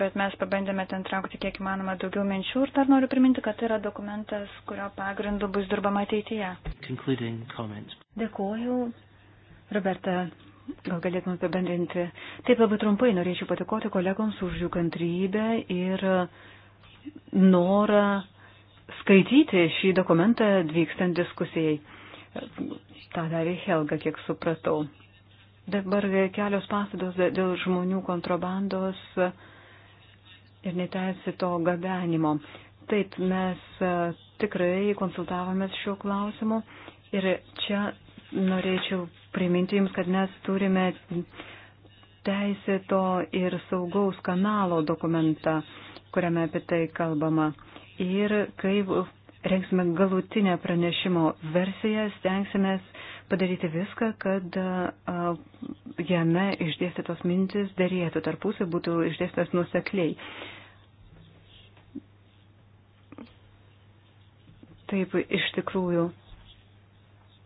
bet mes pabandėme ten traukti kiek įmanoma daugiau minčių ir dar noriu priminti, kad tai yra dokumentas, kurio pagrindu bus dirbama ateityje. Dėkuoju, Roberta. Gal galėtume apibendrinti. Taip labai trumpai norėčiau patikoti kolegoms už jų kantrybę ir norą uh, skaityti šį dokumentą vykstant diskusijai. Ta darė Helga, kiek supratau. Dabar kelios pasados dėl žmonių kontrabandos ir neteisėto gabenimo. Taip, mes e, tikrai konsultavomės šiuo klausimu ir čia norėčiau priminti Jums, kad mes turime teisėto ir saugaus kanalo dokumentą, kuriame apie tai kalbama ir kai rengsime galutinę pranešimo versiją, stengsimės padaryti viską, kad jame išdėstytos mintis dėrėtų tarpusai, būtų išdėstytas nusekliai. Taip, iš tikrųjų,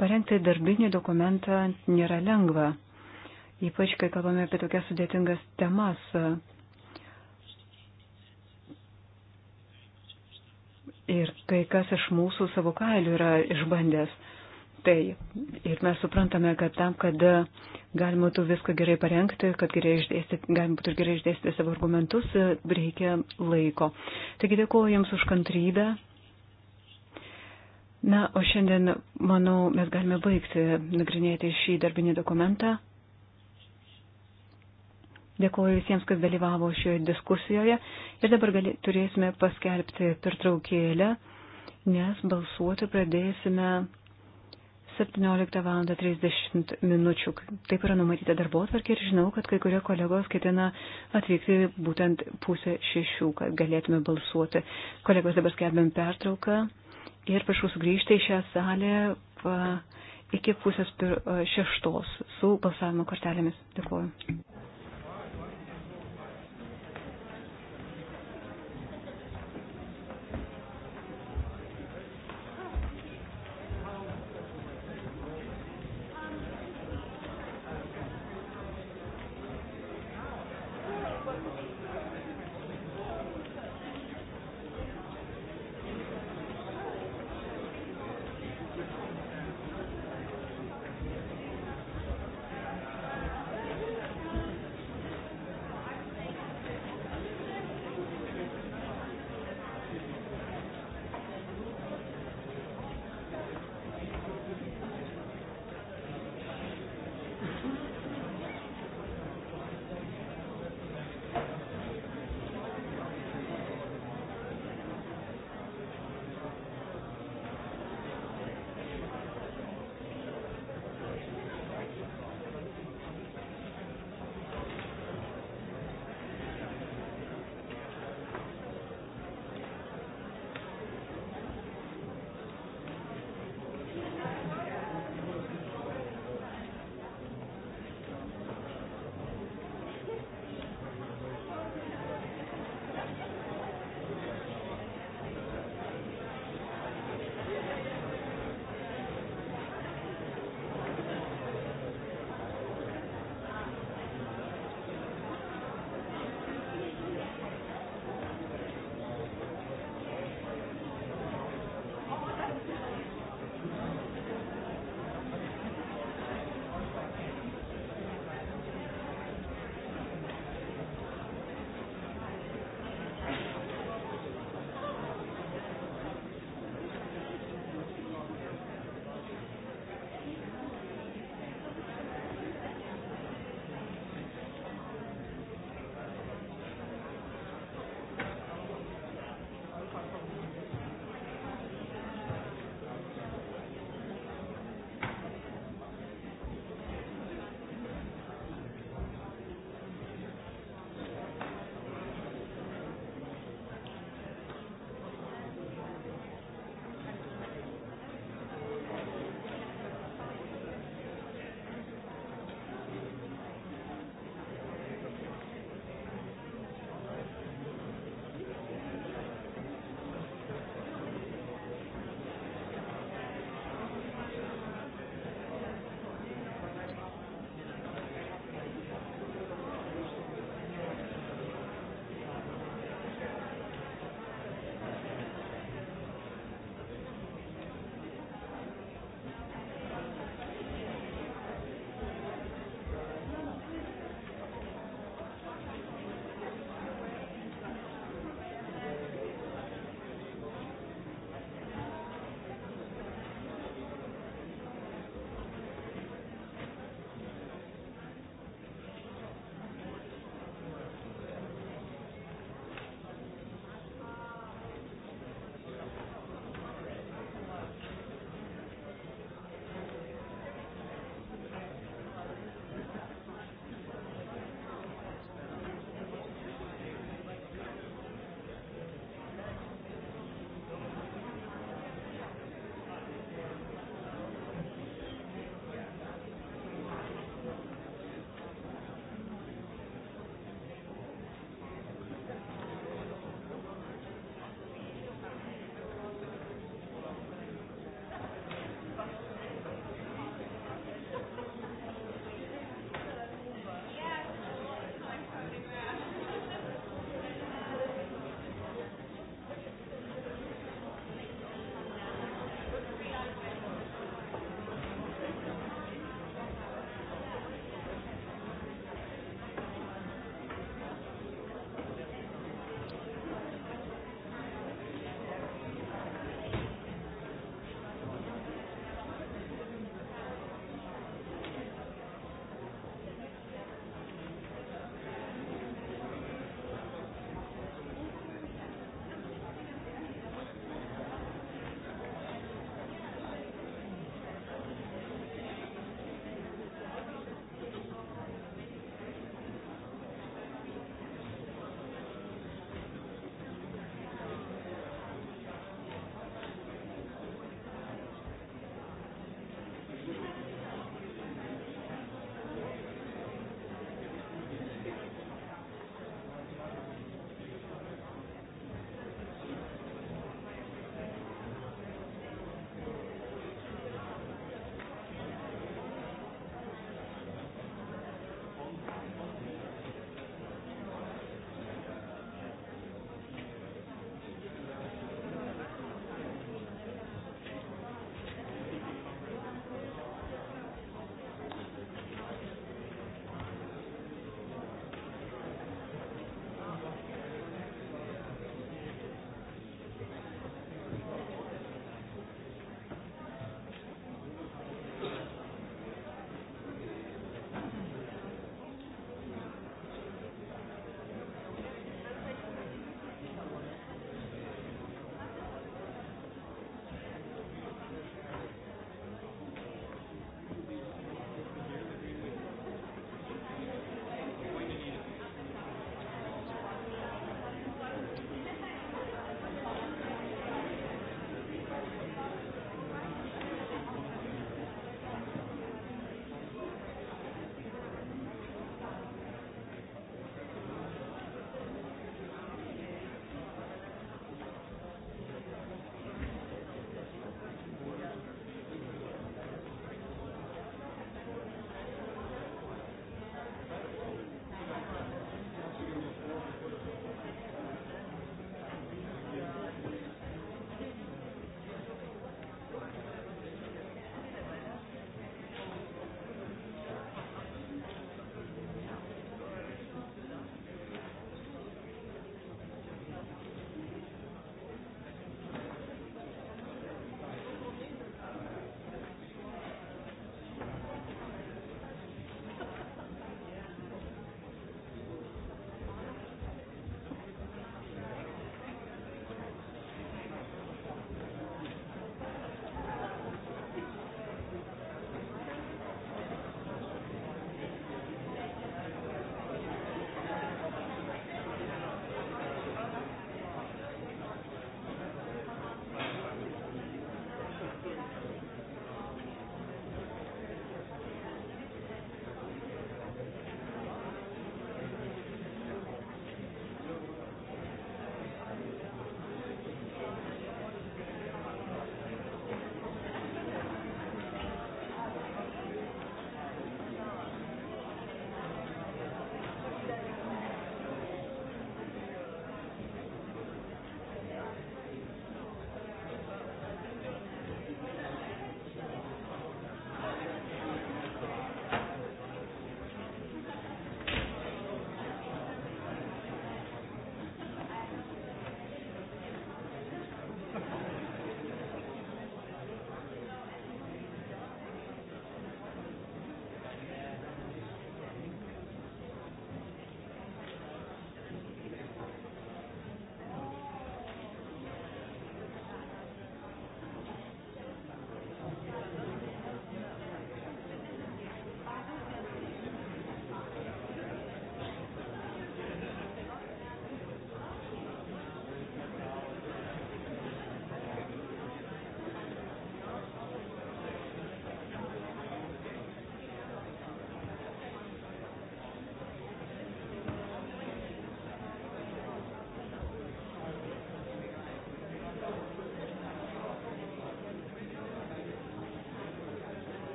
parengti darbinį dokumentą nėra lengva, ypač kai kalbame apie tokias sudėtingas temas, Ir kai kas iš mūsų savo kailių yra išbandęs. Tai ir mes suprantame, kad tam, kad galima būtų viską gerai parengti, kad gerai išdėstyti, galima būtų gerai išdėstyti savo argumentus, reikia laiko. Taigi dėkuoju Jums už kantrybę. Na, o šiandien, manau, mes galime baigti nagrinėti šį darbinį dokumentą. Dėkuoju visiems, kas dalyvavo šioje diskusijoje. Ir dabar gali, turėsime paskelbti pertraukėlę, nes balsuoti pradėsime 17 val. 30 minučių. Taip yra numatyta darbo atvarkė ir žinau, kad kai kurie kolegos ketina atvykti būtent pusę šešių, kad galėtume balsuoti. Kolegos dabar skelbiam pertrauką ir prašau sugrįžti į šią salę iki pusės šeštos su balsavimo kortelėmis. Dėkuoju.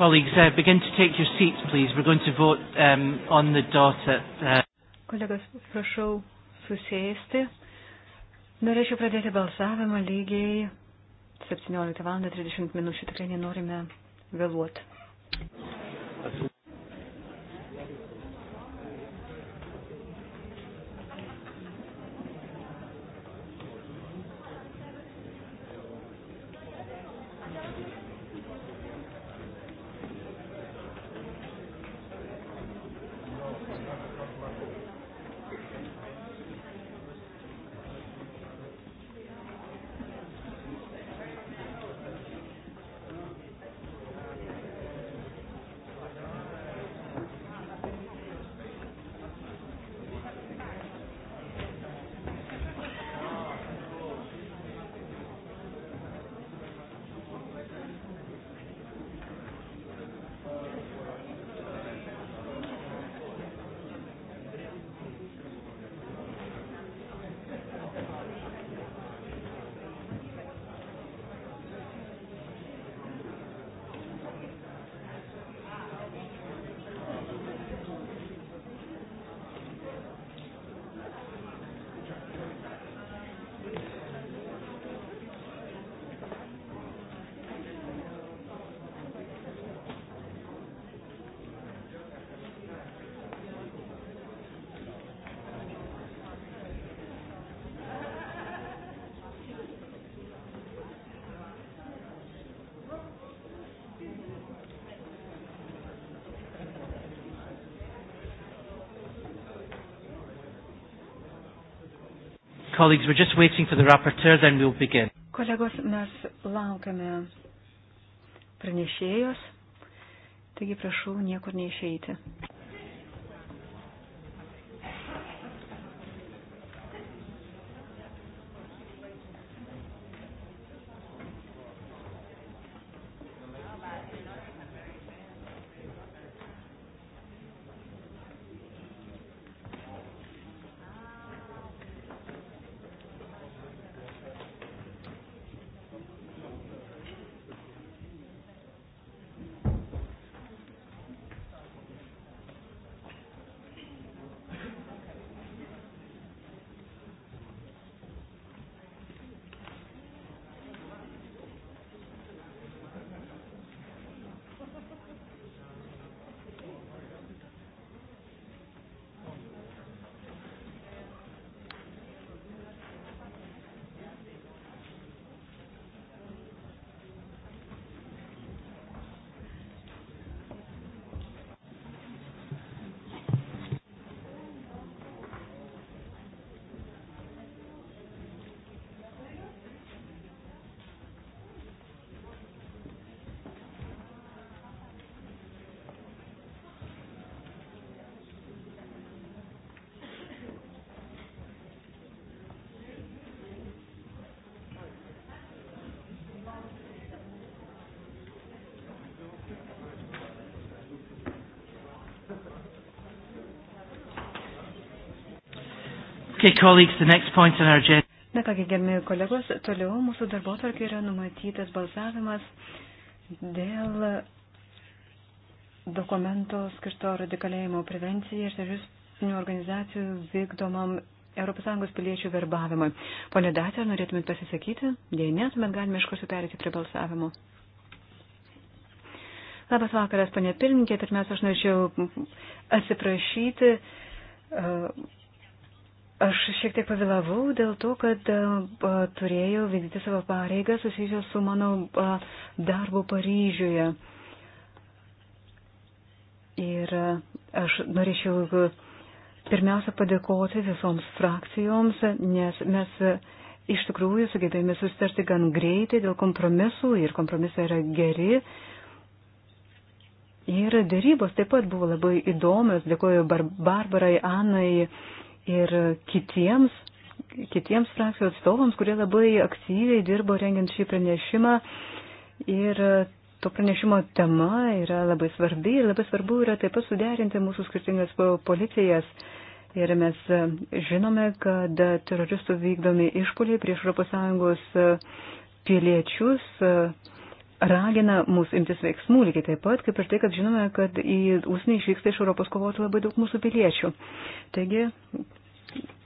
Colleagues, uh, begin to take your seats, please. We're going to vote um, on the dot at. Uh... Kolegos, prašau susėsti. Norėčiau pradėti balsavimą lygiai 17 val. 30 min. Tikrai nenorime vėluoti. colleagues, we're just waiting for the rapporteur, then we'll begin. Kolegos, mes laukiame pranešėjos, taigi prašau niekur neišeiti. Okay, colleagues, the next point on our agenda. Na kągi, gerbėjai kolegos, toliau mūsų darbo tarkai yra numatytas balsavimas dėl dokumento skirto radikalėjimo prevencijai ir teroristinių organizacijų vykdomam ES piliečių verbavimui. Pone Datė, norėtumėt pasisakyti? Jei ne, tuomet galime iš kursų perėti prie balsavimo. Labas vakaras, ponė pirmininkė. Pirmiausia, aš norėčiau atsiprašyti. Uh, Aš šiek tiek pavėlavau dėl to, kad e, a, turėjau vykdyti savo pareigą susijusią su mano a, darbu Paryžiuje. Ir a, e, aš norėčiau e, pirmiausia padėkoti visoms frakcijoms, nes mes iš tikrųjų sugebėjome susitarti gan greitai dėl kompromisų ir kompromisai yra geri. Ir dėrybos taip pat buvo labai įdomios. Dėkoju Bar Barbarai, Anai ir kitiems, kitiems frakcijų atstovams, kurie labai aktyviai dirbo rengiant šį pranešimą. Ir to pranešimo tema yra labai svarbi ir labai svarbu yra taip pat suderinti mūsų skirtingas policijas. Ir mes e, žinome, kad teroristų vykdomi išpoliai prieš ES e, piliečius e, ragina mus imtis veiksmų, lygiai taip pat kaip ir tai, kad žinome, kad į užsienį išvyksta iš Europos kovotų labai daug mūsų piliečių. Taigi,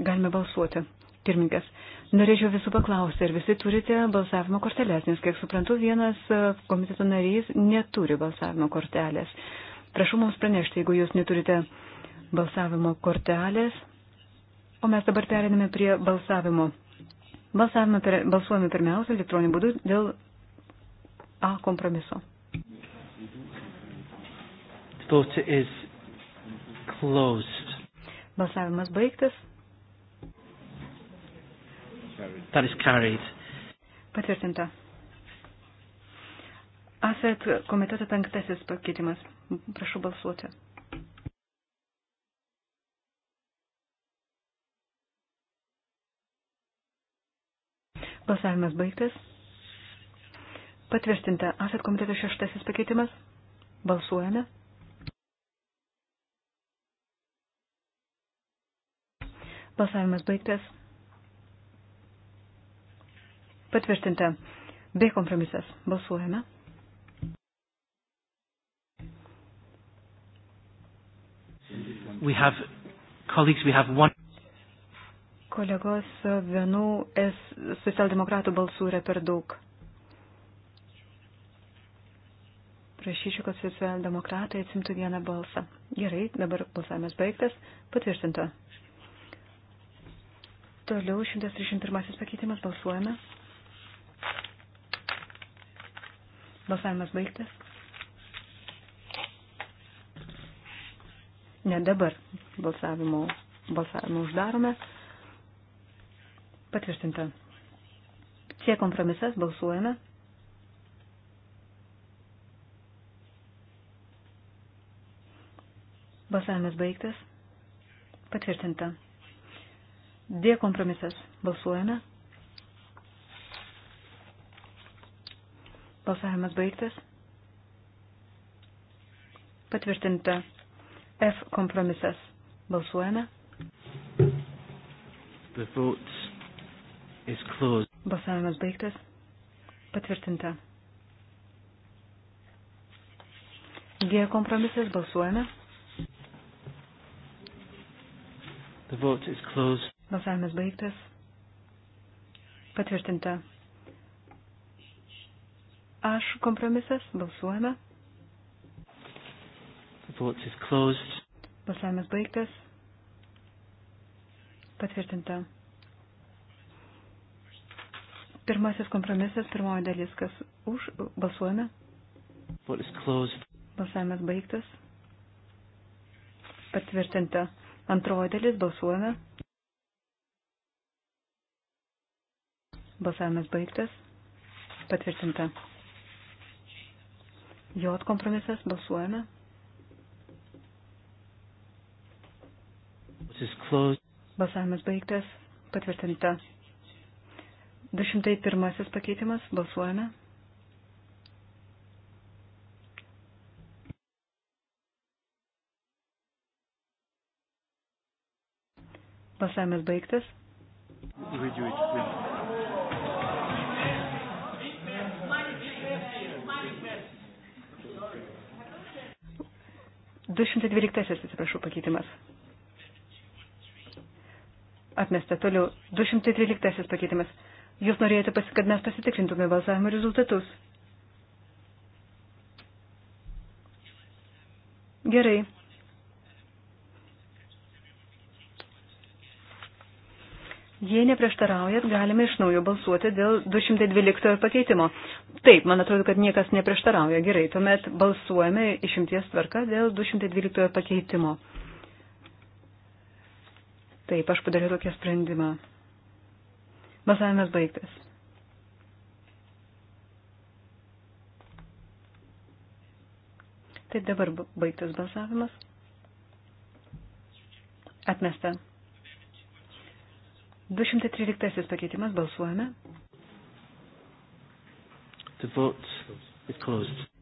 galime balsuoti. Pirmingas, norėčiau visų paklausti, ar visi turite balsavimo kortelės, nes, kiek suprantu, vienas e, komiteto narys neturi balsavimo kortelės. Prašau mums pranešti, jeigu jūs neturite balsavimo kortelės, o mes dabar periname prie balsavimo. Balsavimą per, balsuojame pirmiausia elektroniniu būdu dėl A kompromiso. Vote is closed. Balsavimas baigtas. That is carried. Patvirtinta. AFET komiteto penktasis pakeitimas. Prašau balsuoti. Balsavimas baigtas. Patvirtinta. Asat komiteto šeštasis pakeitimas. Balsuojame. Balsavimas baigtas. Patvirtinta. B kompromisas. Balsuojame. We have, colleagues, we have one... Kolegos, vienų socialdemokratų balsų yra per daug. Prašyčiau, kad socialdemokratai atsimtų vieną balsą. Gerai, dabar balsavimas baigtas. Patvirtinta. Toliau 131 pakeitimas balsuojame. Balsavimas baigtas. Ne dabar balsavimo, balsavimo uždarome. Patvirtinta. C kompromisas balsuojame. Balsavimas baigtas. Patvirtinta. D kompromisas. Balsuojame. Balsavimas baigtas. Patvirtinta. F kompromisas. Balsuojame. The vote is closed. Balsavimas baigtas. Patvirtinta. G kompromisas. Balsuojame. Balsavimas baigtas. Patvirtinta. Aš kompromisas. Balsuojame. Balsavimas baigtas. Patvirtinta. Pirmasis kompromisas, pirmoji dalis, kas už, balsuojame. Balsavimas baigtas. Patvirtinta. Antroji dalis balsuojame. Balsavimas baigtas. Patvirtinta. J kompromisas balsuojame. Balsavimas baigtas. Patvirtinta. 201 pakeitimas. Balsuojame. Balsavimas baigtas. Du šimtai dvyliktasis, atsiprašau, pakeitimas. Atmesta toliau. Du šimtai tryliktasis pakeitimas. Jūs norėjote, pasi, kad mes pasitikrintume balsavimo rezultatus. Gerai. Jei neprieštaraujat, galime iš naujo balsuoti dėl 212 pakeitimo. Taip, man atrodo, kad niekas neprieštarauja. Gerai, tuomet balsuojame išimties tvarka dėl 212 pakeitimo. Taip, aš padariau tokią sprendimą. Balsavimas baigtas. Taip dabar baigtas balsavimas. Atmesta. 213 pakeitimas balsuojame.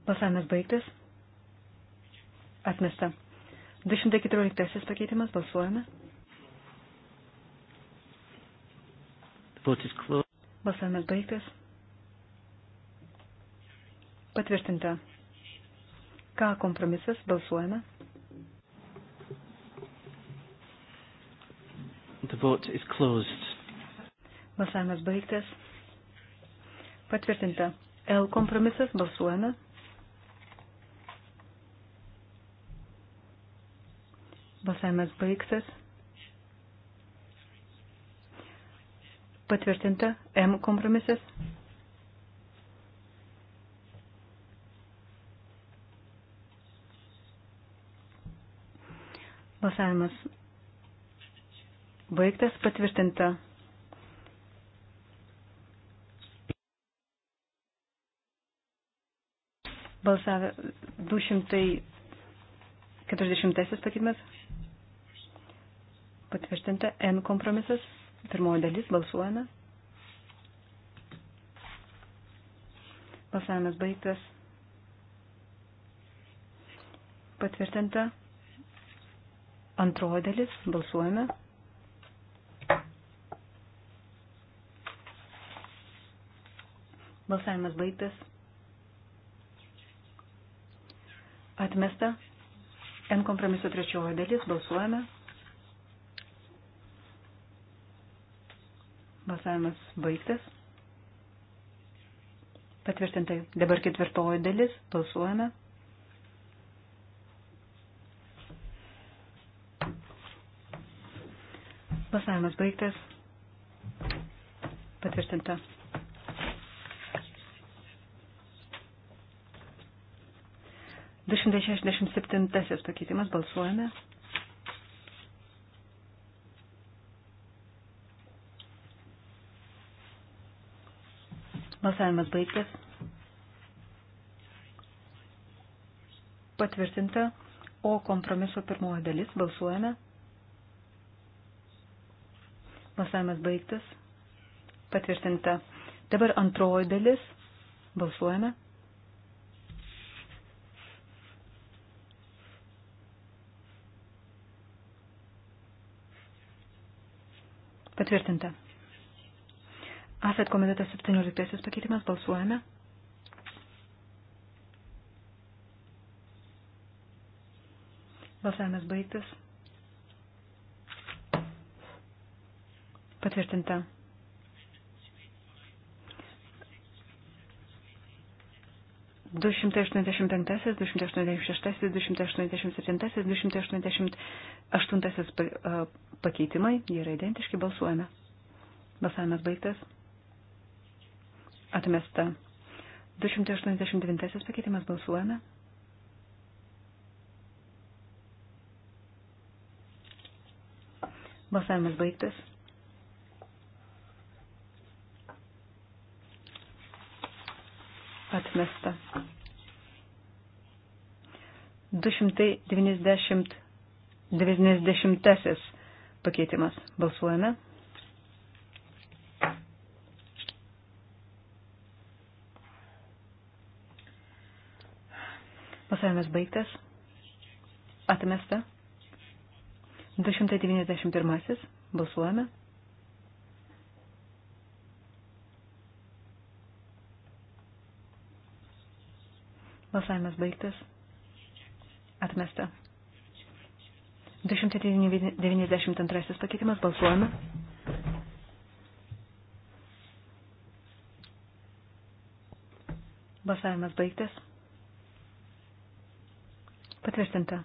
Balsavimas baigtas. Atmesta. 214 pakeitimas balsuojame. Balsavimas baigtas. Patvirtinta. Ką kompromisas balsuojame? The vote is closed. Balsavimas baigtas. Patvirtinta. L kompromisas. Balsuojame. Balsavimas baigtas. Patvirtinta. M kompromisas. Balsavimas baigtas. Patvirtinta. balsavę 240 pakeitimas. Patvirtinta N kompromisas. Pirmoji dalis balsuojame. Balsavimas baigtas. Patvirtinta antroji dalis. Balsuojame. Balsavimas baigtas. Atmesta. N kompromiso trečioji dalis. Balsuojame. Balsavimas baigtas. Patvirtintai. Dabar ketvirtoji dalis. Balsuojame. Balsavimas baigtas. Patvirtinta. 267 pakeitimas balsuojame. Balsavimas baigtas. Patvirtinta. O kompromiso pirmoji dalis balsuojame. Balsavimas baigtas. Patvirtinta. Dabar antroji dalis. Balsuojame. Patvirtinta. AFET komitetas 17 pakeitimas. Balsuojame. Balsavimas baigtas. Patvirtinta. 285, 286, 287, 288 pakeitimai, jie yra identiški, balsuojame. Balsavimas baigtas. Atmesta. 289 pakeitimas balsuojame. Balsavimas baigtas. atmesta. 290 90 pakeitimas. Balsuojame. Balsavimas baigtas. Atmesta. 291. Balsuojame. Balsavimas baigtas. Atmesta. 292 pakeitimas. Balsuojame. Balsavimas baigtas. Patvirtinta.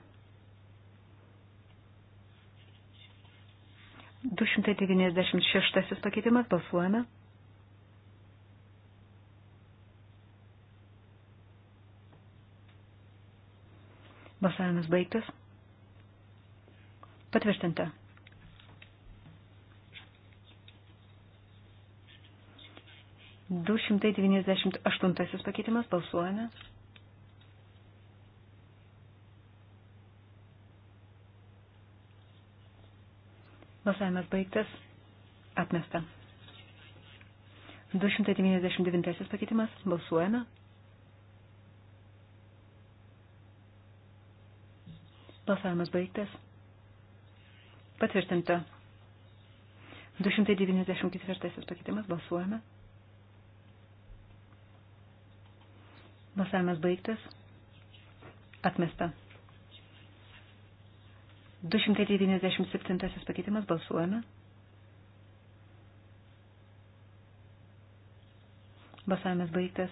296 pakeitimas. Balsuojame. Balsavimas baigtas. Patvirtinta. Du šimtai devyniasdešimt aštuntasis pakeitimas. Balsuojame. Balsavimas baigtas. Atmesta. 299 pakeitimas. Balsuojame. Balsavimas baigtas. Patvirtinta. 294 pakeitimas. Balsuojame. Balsavimas baigtas. Atmesta. 297 pakeitimas. Balsuojame. Balsavimas baigtas.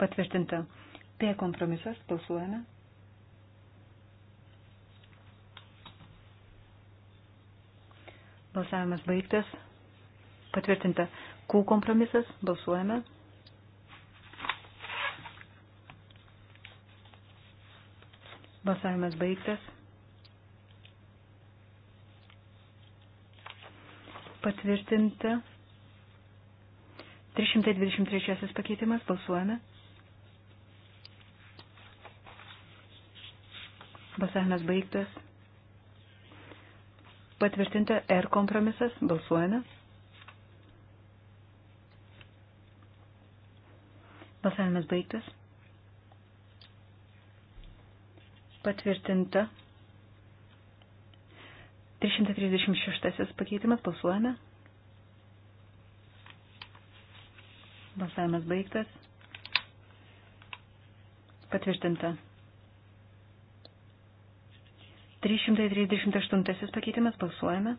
Patvirtinta. P kompromisas. Balsuojame. Balsavimas baigtas. Patvirtinta Q kompromisas. Balsuojame. Balsavimas baigtas. Patvirtinta 323 pakeitimas. Balsuojame. Balsavimas baigtas. Patvirtinta R kompromisas. Balsuojame. Balsavimas baigtas. Patvirtinta. 336 pakeitimas. Balsuojame. Balsavimas baigtas. Patvirtinta. 338 pakeitimas balsuojame.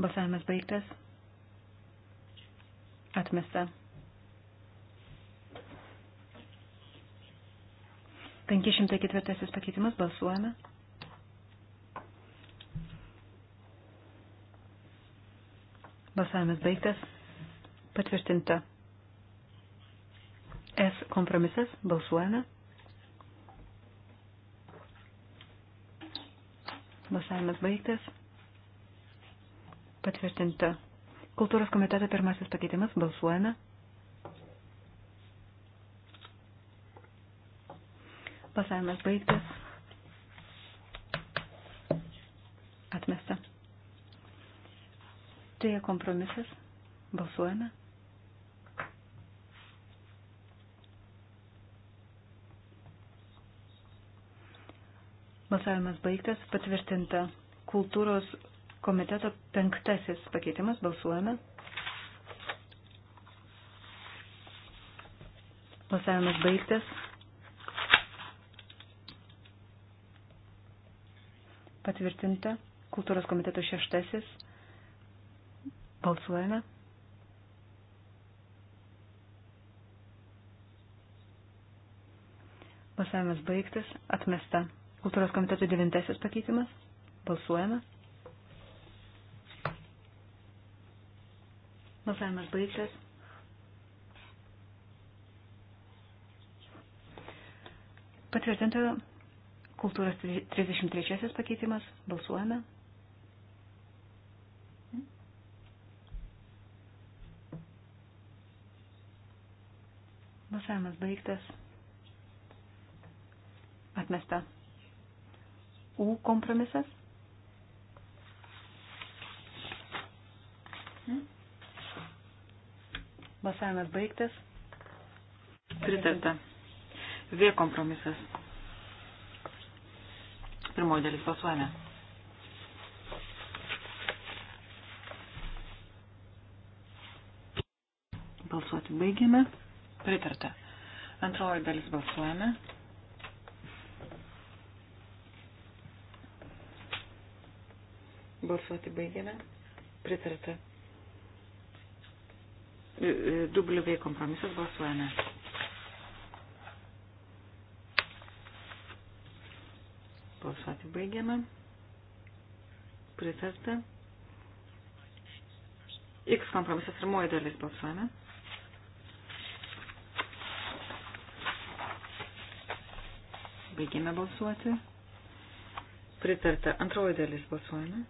Balsavimas baigtas. Atmesta. 504 pakeitimas balsuojame. Balsavimas baigtas. Patvirtinta. S kompromisas. Balsuojame. Balsavimas baigtas. Patvirtinta. Kultūros komiteto pirmasis pakeitimas. Balsuojame. Balsavimas baigtas. Atmesta. Tai kompromisas. Balsuojame. Balsavimas baigtas, patvirtinta. Kultūros komiteto penktasis pakeitimas, balsuojame. Balsavimas baigtas. Patvirtinta. Kultūros komiteto šeštasis. Balsuojame. Balsavimas baigtas, atmesta. Kultūros komiteto devintasis pakeitimas. Balsuojame. Balsavimas baigtas. Patvirtinta kultūros 33 pakeitimas. Balsuojame. Balsavimas baigtas. Atmesta. U kompromisas. Hmm? Balsavimas baigtas. Pritarta. V kompromisas. Pirmoji dalis balsuojame. Balsuoti baigiame. Pritarta. Antroji dalis balsuojame. Balsuoti baigiame. Pritarta. E, e, w kompromisas balsuojame. Balsuoti baigiame. Pritarta. X kompromisas pirmoji dalis balsuojame. Baigėme balsuoti. Pritarta antroji dalis balsuojame.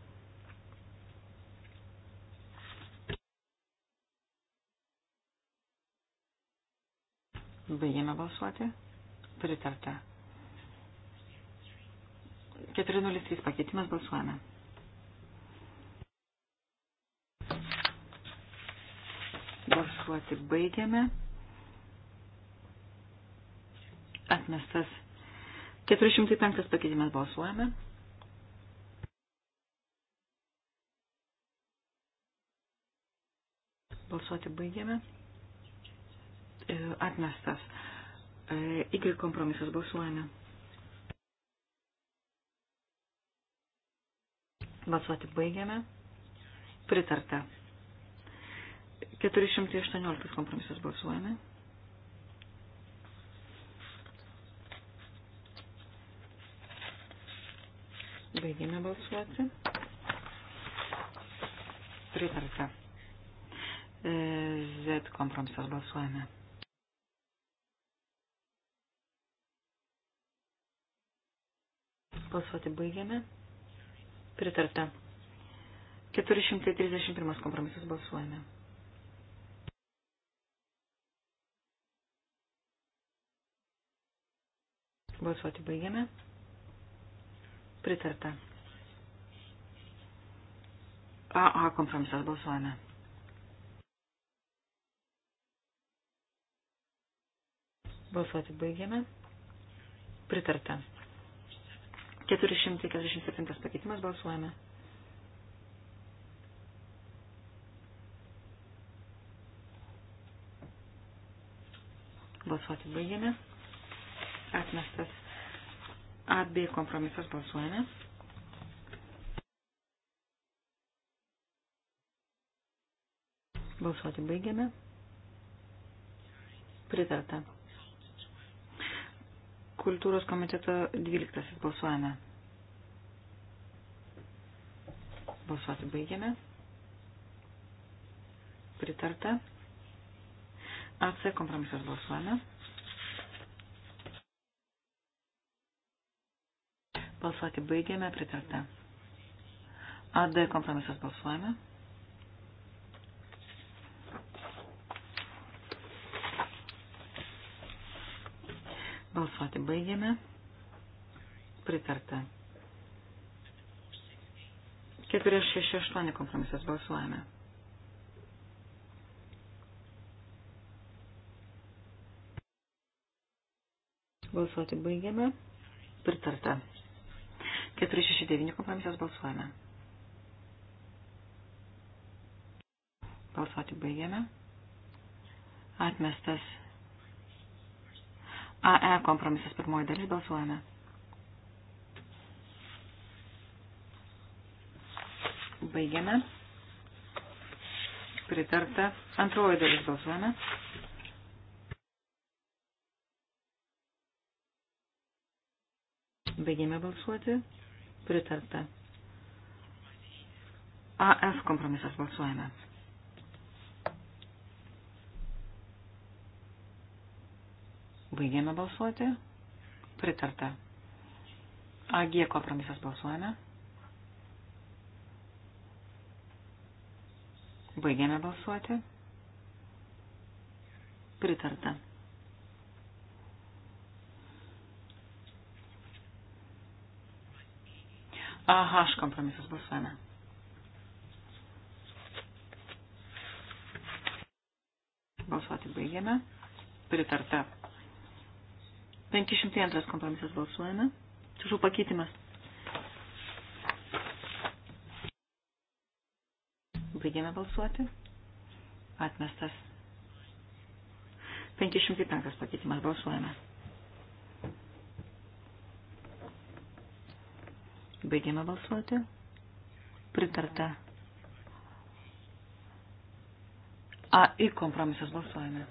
Baigėme balsuoti. Pritarta. 403 pakeitimas balsuojame. Balsuoti baigėme. Atmestas 405 pakeitimas balsuojame. Balsuoti baigėme. E, atmestas. Y e, kompromisas balsuojame. Balsuoti baigiame. Pritarta. 418 kompromisas balsuojame. Baigėme balsuoti. Pritarta. E, Z kompromisas balsuojame. Balsuoti baigiame. Pritarta. 431 kompromisas balsuojame. Balsuoti baigiame. Pritarta. AA kompromisas balsuojame. Balsuoti baigiame. Pritarta. 447 pakeitimas balsuojame. Balsuoti baigėme. Atmestas AB kompromisas balsuojame. Balsuoti baigėme. Pritarta kultūros komiteto 12 balsuojame. Balsuoti baigiame. Pritarta. AC kompromisas balsuojame. Balsuoti baigiame. Pritarta. AD kompromisas balsuojame. Balsuoti baigiame. Pritarta. 468 kompromisas balsuojame. Balsuoti baigiame. Pritarta. 469 kompromisas balsuojame. Balsuoti baigiame. Atmestas AE kompromisas pirmoji dalis balsuojame. Baigiame. Pritarta. Antroji dalis balsuojame. Baigėme balsuoti. Pritarta. AF kompromisas balsuojame. Baigėme balsuoti. Pritarta. AG kompromisas balsuojame. Baigėme balsuoti. Pritarta. AH kompromisas balsuojame. Balsuoti baigėme. Pritarta. 502 kompromisas balsuojame. Atsiprašau, pakeitimas. Baigėme balsuoti. Atmestas. 505 pakeitimas balsuojame. Baigėme balsuoti. Pritarta. AI kompromisas balsuojame.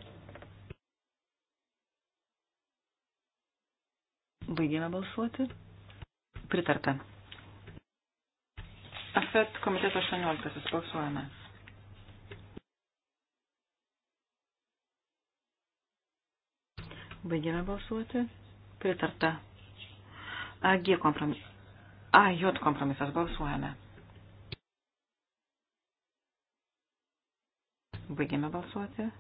Baigėme balsuoti. Pritarta. AFET komiteto 18. Balsuojame. Baigėme balsuoti. Pritarta. AG kompromisas. AJ kompromisas. Balsuojame. Baigėme balsuoti.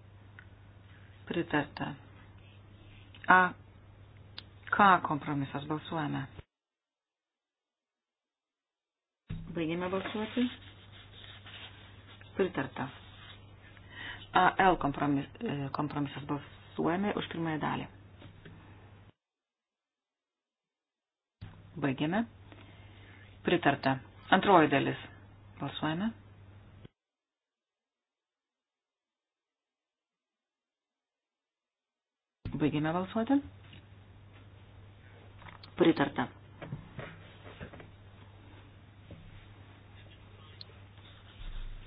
Pritarta. A K kompromisas balsuojame. Baigėme balsuoti. Pritarta. AL kompromis, e, kompromisas balsuojame už pirmąją dalį. Baigėme. Pritarta. Antroji dalis. Balsuojame. Baigėme balsuoti pritarta.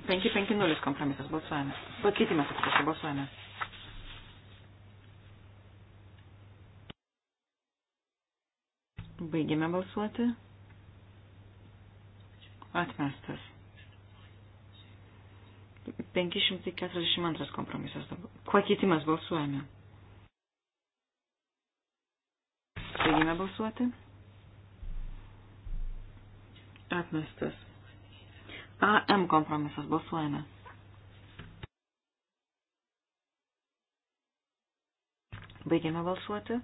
Penki penki nulis kompromisas balsuojame. Pakeitimas atsiprašau, balsuojame. Baigėme balsuoti. Atmestas. 542 kompromisas. Kuo keitimas balsuojame? Baigime balsuoti. Atmestas. AM kompromisas balsuojame. Baigėme balsuoti.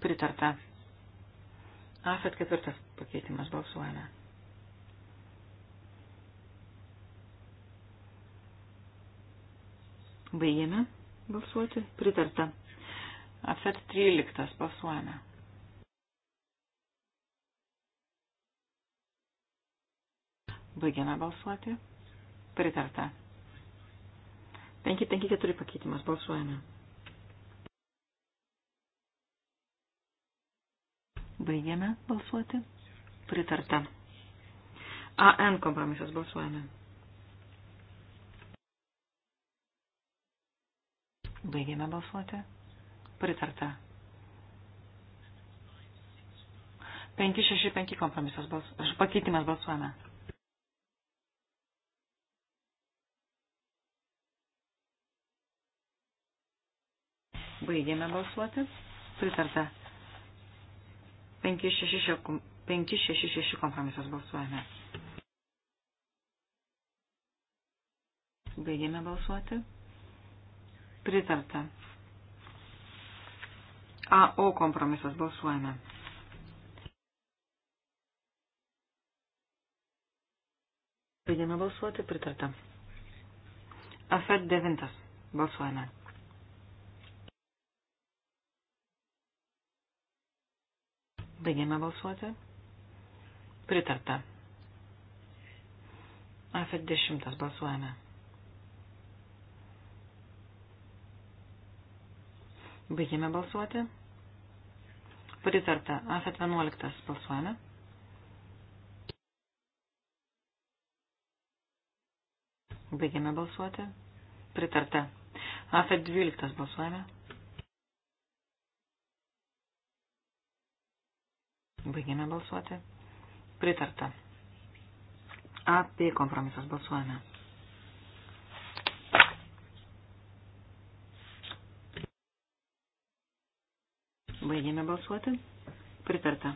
Pritarta. AFET ketvirtas pakeitimas balsuojame. Baigėme balsuoti. Pritarta. Afet 13 pasuojame. Baigiame balsuoti. Pritarta. 554 pakeitimas. Balsuojame. Baigiame balsuoti. Pritarta. AN kompromisas. Balsuojame. Baigiame balsuoti. Pritarta. 565 kompromisas balsuojame. Pakeitimas balsuojame. Baigėme balsuoti. Pritarta. 566 kompromisas balsuojame. Baigėme balsuoti. Pritarta. AO kompromisas balsuojame. Baigiame balsuoti, pritarta. AFET 9 balsuojame. Baigiame balsuoti. Pritarta. AFET 10 balsuojame. Baigėme balsuoti. Pritarta. AFET 11 balsuojame. Baigėme balsuoti. Pritarta. AFET 12 balsuojame. Baigėme balsuoti. Pritarta. AP kompromisas balsuojame. Baigėme balsuoti. Pritarta.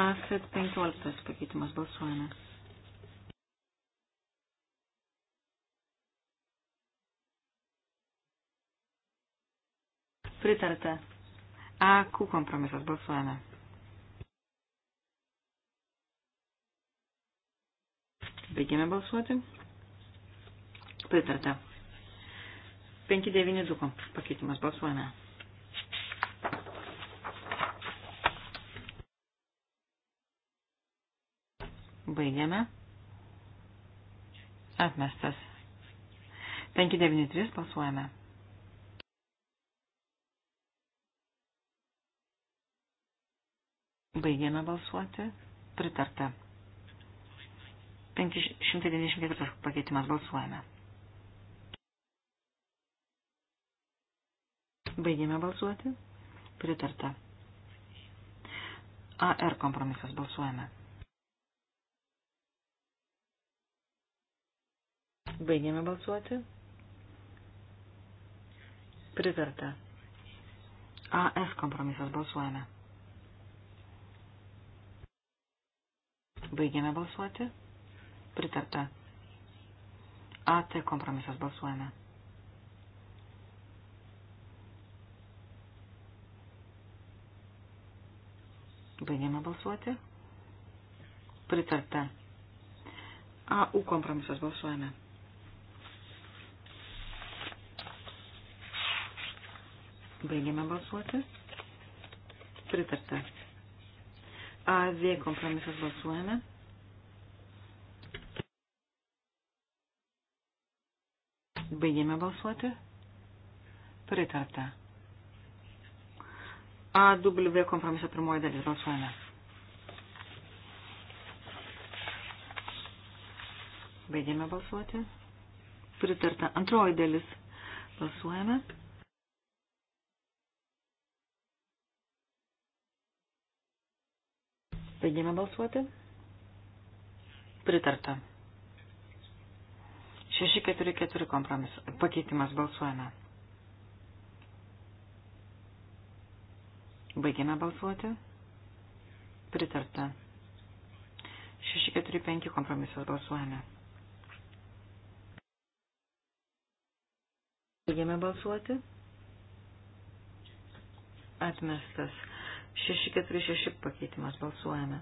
AFET 15 pakeitimas balsuojame. Pritarta. AQ kompromisas balsuojame. Baigėme balsuoti. Pritarta. 592 pakeitimas balsuojame. Baigiame. Atmestas. 593 pasuojame. Baigėme balsuoti. Pritarta. 594 pakeitimas balsuojame. Baigėme balsuoti. Pritarta. AR kompromisas balsuojame. Baigėme balsuoti. Pritarta. AS kompromisas balsuojame. Baigėme balsuoti. Pritarta. AT kompromisas balsuojame. Baigėme balsuoti. Pritarta. AU kompromisas balsuojame. Baigėme balsuoti. Pritarta. AV kompromisas balsuojame. Baigėme balsuoti. Pritarta. AW kompromiso pirmoji dalis balsuojame. Baigėme balsuoti. Pritarta. Antroji dalis balsuojame. Baigėme balsuoti. Pritarta. 644 kompromis. Pakeitimas balsuojame. Baigėme balsuoti. Pritarta. 645 kompromisas balsuojame. Baigėme balsuoti. Atmestas. 646 pakeitimas balsuojame.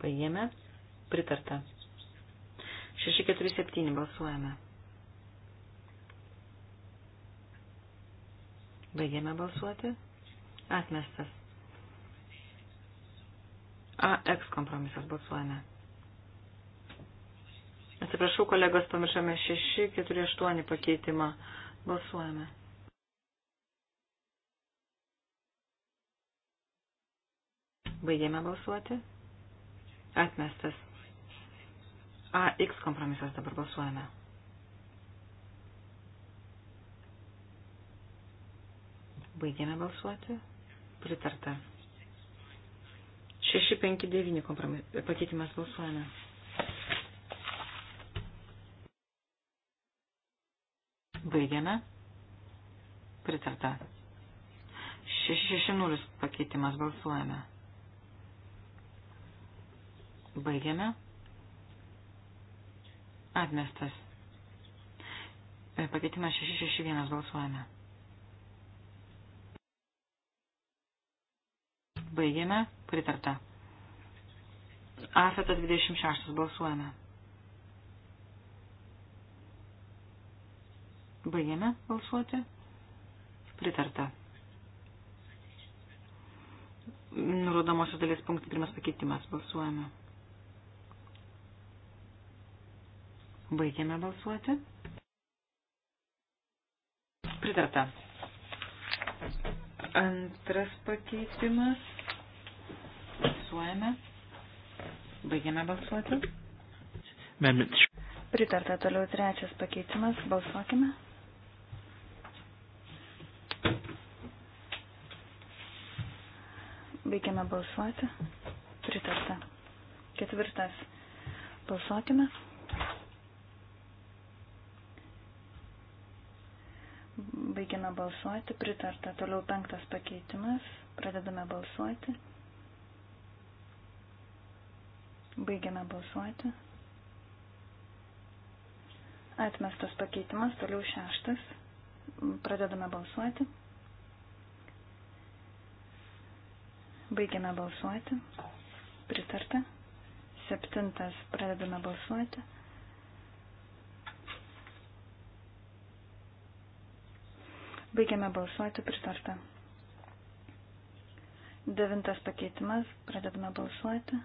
Paėmė. Pritarta. 647 balsuojame. Baigėme balsuoti. Atmestas. AX kompromisas balsuojame. Atsiprašau, kolegos, pamiršome 648 pakeitimą. Balsuojame. Baigėme balsuoti. Atmestas. AX kompromisas dabar balsuojame. Baigėme balsuoti. Pritarta. 659 pakeitimas balsuojame. Baigiame. Pritarta. 660 pakeitimas balsuojame. Baigiame. Atmestas. E, pakeitimas 661 balsuojame. Baigiame. Pritarta. Afetas 26 balsuojame. Baigėme balsuoti. Pritarta. Nurodomosios dalies punktų pirmas pakeitimas. Balsuojame. Baigėme balsuoti. Pritarta. Antras pakeitimas. Balsuojame. Baigėme balsuoti. Pritarta toliau trečias pakeitimas. Balsuokime. Baigiame balsuoti. Pritarta. Ketvirtas. Balsuokime. Baigiame balsuoti. Pritarta. Toliau penktas pakeitimas. Pradedame balsuoti. Baigiame balsuoti. Atmestas pakeitimas. Toliau šeštas. Pradedame balsuoti. Baigiame balsuoti. Pritarta. Septintas pradedame balsuoti. Baigiame balsuoti. Pritarta. Devintas pakeitimas. Pradedame balsuoti.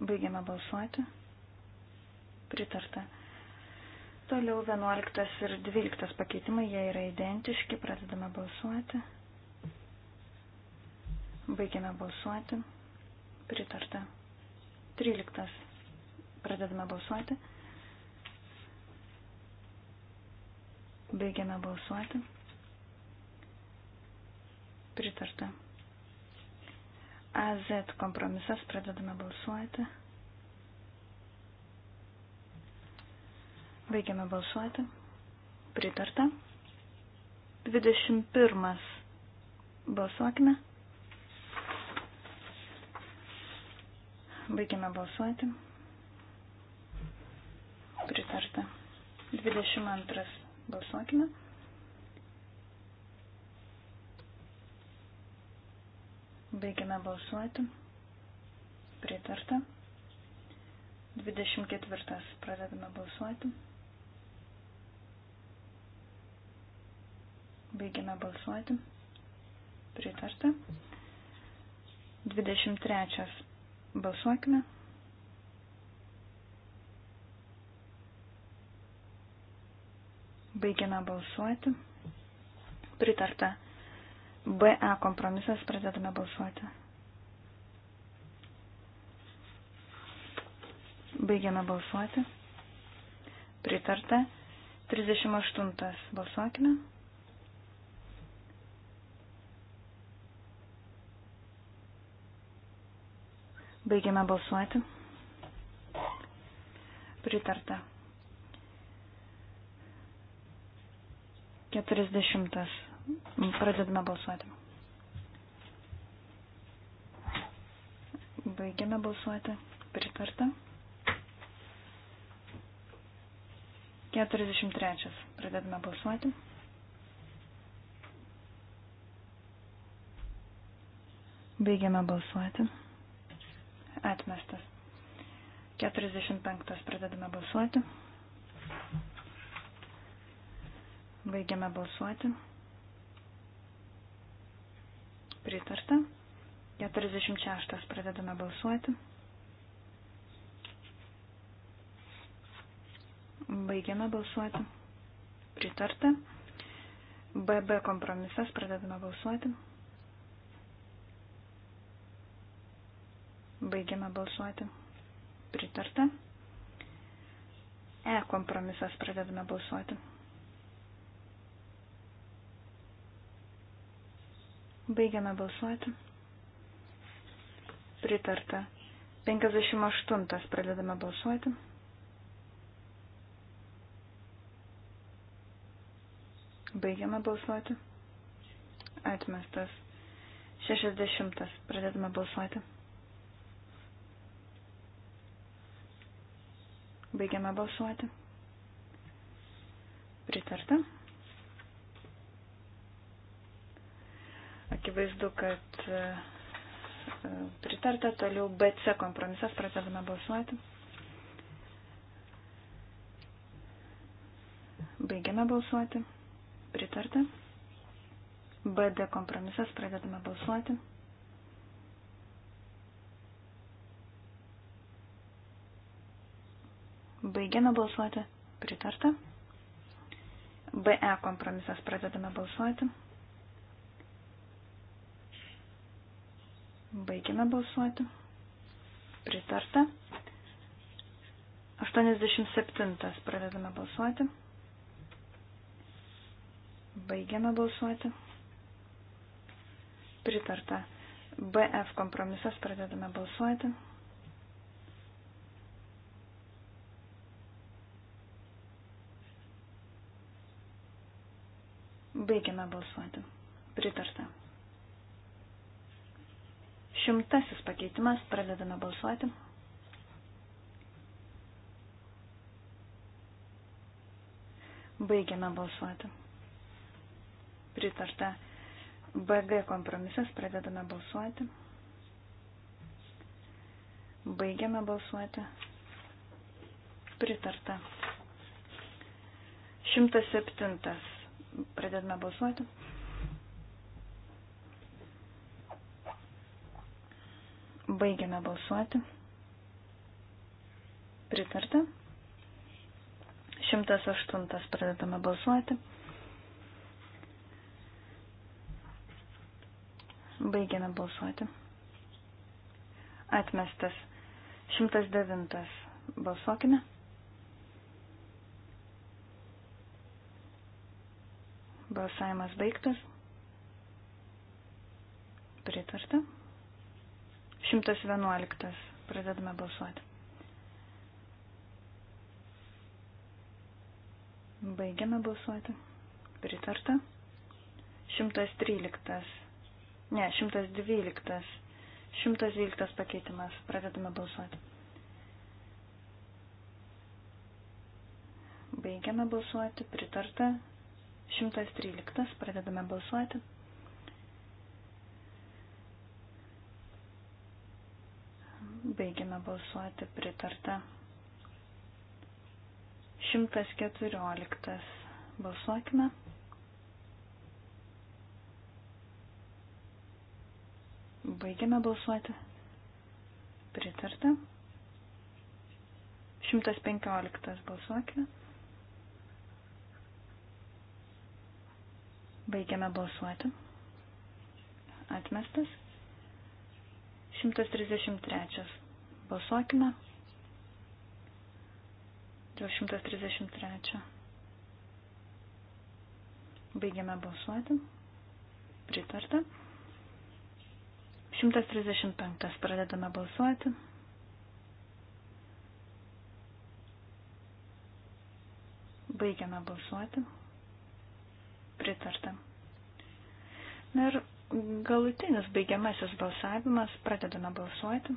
Baigiame balsuoti. Pritarta. Toliau 11 ir 12 pakeitimai, jie yra identiški, pradedame balsuoti. Baigiame balsuoti. Pritarta. 13. Pradedame balsuoti. Baigiame balsuoti. Pritarta. AZ kompromisas pradedame balsuoti. Baigiame balsuoti. Pritarta. 21. Balsuokime. Baigiame balsuoti. Pritarta. 22. Balsuokime. Baigiame balsuoti. Pritarta. 24. Pradedame balsuoti. Baigiame balsuoti. Pritarta. 23. Balsuokime. Baigiame balsuoti. Pritarta. BE kompromisas pradedame balsuoti. Baigiame balsuoti. Pritarta. 38. Balsuokime. Baigiame balsuoti. Pritarta. 40. Pradedame balsuoti. Baigiame balsuoti. Pritarta. 43. Pradedame balsuoti. Baigiame balsuoti atmestas. 45 pradedame balsuoti. Baigiame balsuoti. Pritarta. 46 pradedame balsuoti. Baigiame balsuoti. Pritarta. BB kompromisas pradedame balsuoti. Baigiame balsuoti. Pritarta. E kompromisas pradedame balsuoti. Baigiame balsuoti. Pritarta. 58 pradedame balsuoti. Baigiame balsuoti. Atmestas. 60 pradedame balsuoti. Baigiame balsuoti. Pritarta. Akivaizdu, kad e, pritarta. Toliau BC kompromisas. Pradedame balsuoti. Baigiame balsuoti. Pritarta. BD kompromisas. Pradedame balsuoti. Baigiame balsuoti. Pritarta. BE kompromisas pradedame balsuoti. Baigiame balsuoti. Pritarta. 87 pradedame balsuoti. Baigiame balsuoti. Pritarta. BF e kompromisas pradedame balsuoti. Baigiame balsuoti. Pritarta. Šimtasis pakeitimas. Pradedame balsuoti. Baigiame balsuoti. Pritarta. BG kompromisas. Pradedame balsuoti. Baigiame balsuoti. Pritarta. 107. Pradedame balsuoti. Baigiame balsuoti. Pritarta. 108 pradedame balsuoti. Baigiame balsuoti. Atmestas. 109 balsuokime. Balsavimas baigtas. Pritarta. 111. Pradedame balsuoti. Baigiame balsuoti. Pritarta. 113. Ne, 112. 112 pakeitimas. Pradedame balsuoti. Baigiame balsuoti. Pritarta. 113. Pradedame balsuoti. Baigiame balsuoti pritarta. 114. Balsuokime. Baigiame balsuoti. Pritarta. 115 balsuokime. Baigiame balsuoti. Atmestas. 133. Balsuokime. Dėl 133. Baigiame balsuoti. Pritarta. 135. Pradedame balsuoti. Baigiame balsuoti pritarta. Na ir galutinis baigiamasis balsavimas, pradedame balsuoti.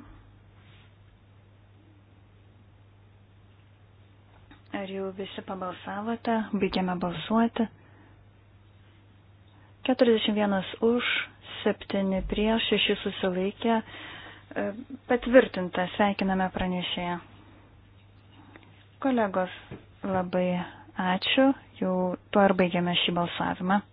Ar jau visi pabalsavote, baigiame balsuoti. 41 už, 7 prieš, 6 susilaikė. E, patvirtinta, sveikiname pranešėją. Kolegos, labai ačiū. Jau tuo ir baigiame šį balsavimą.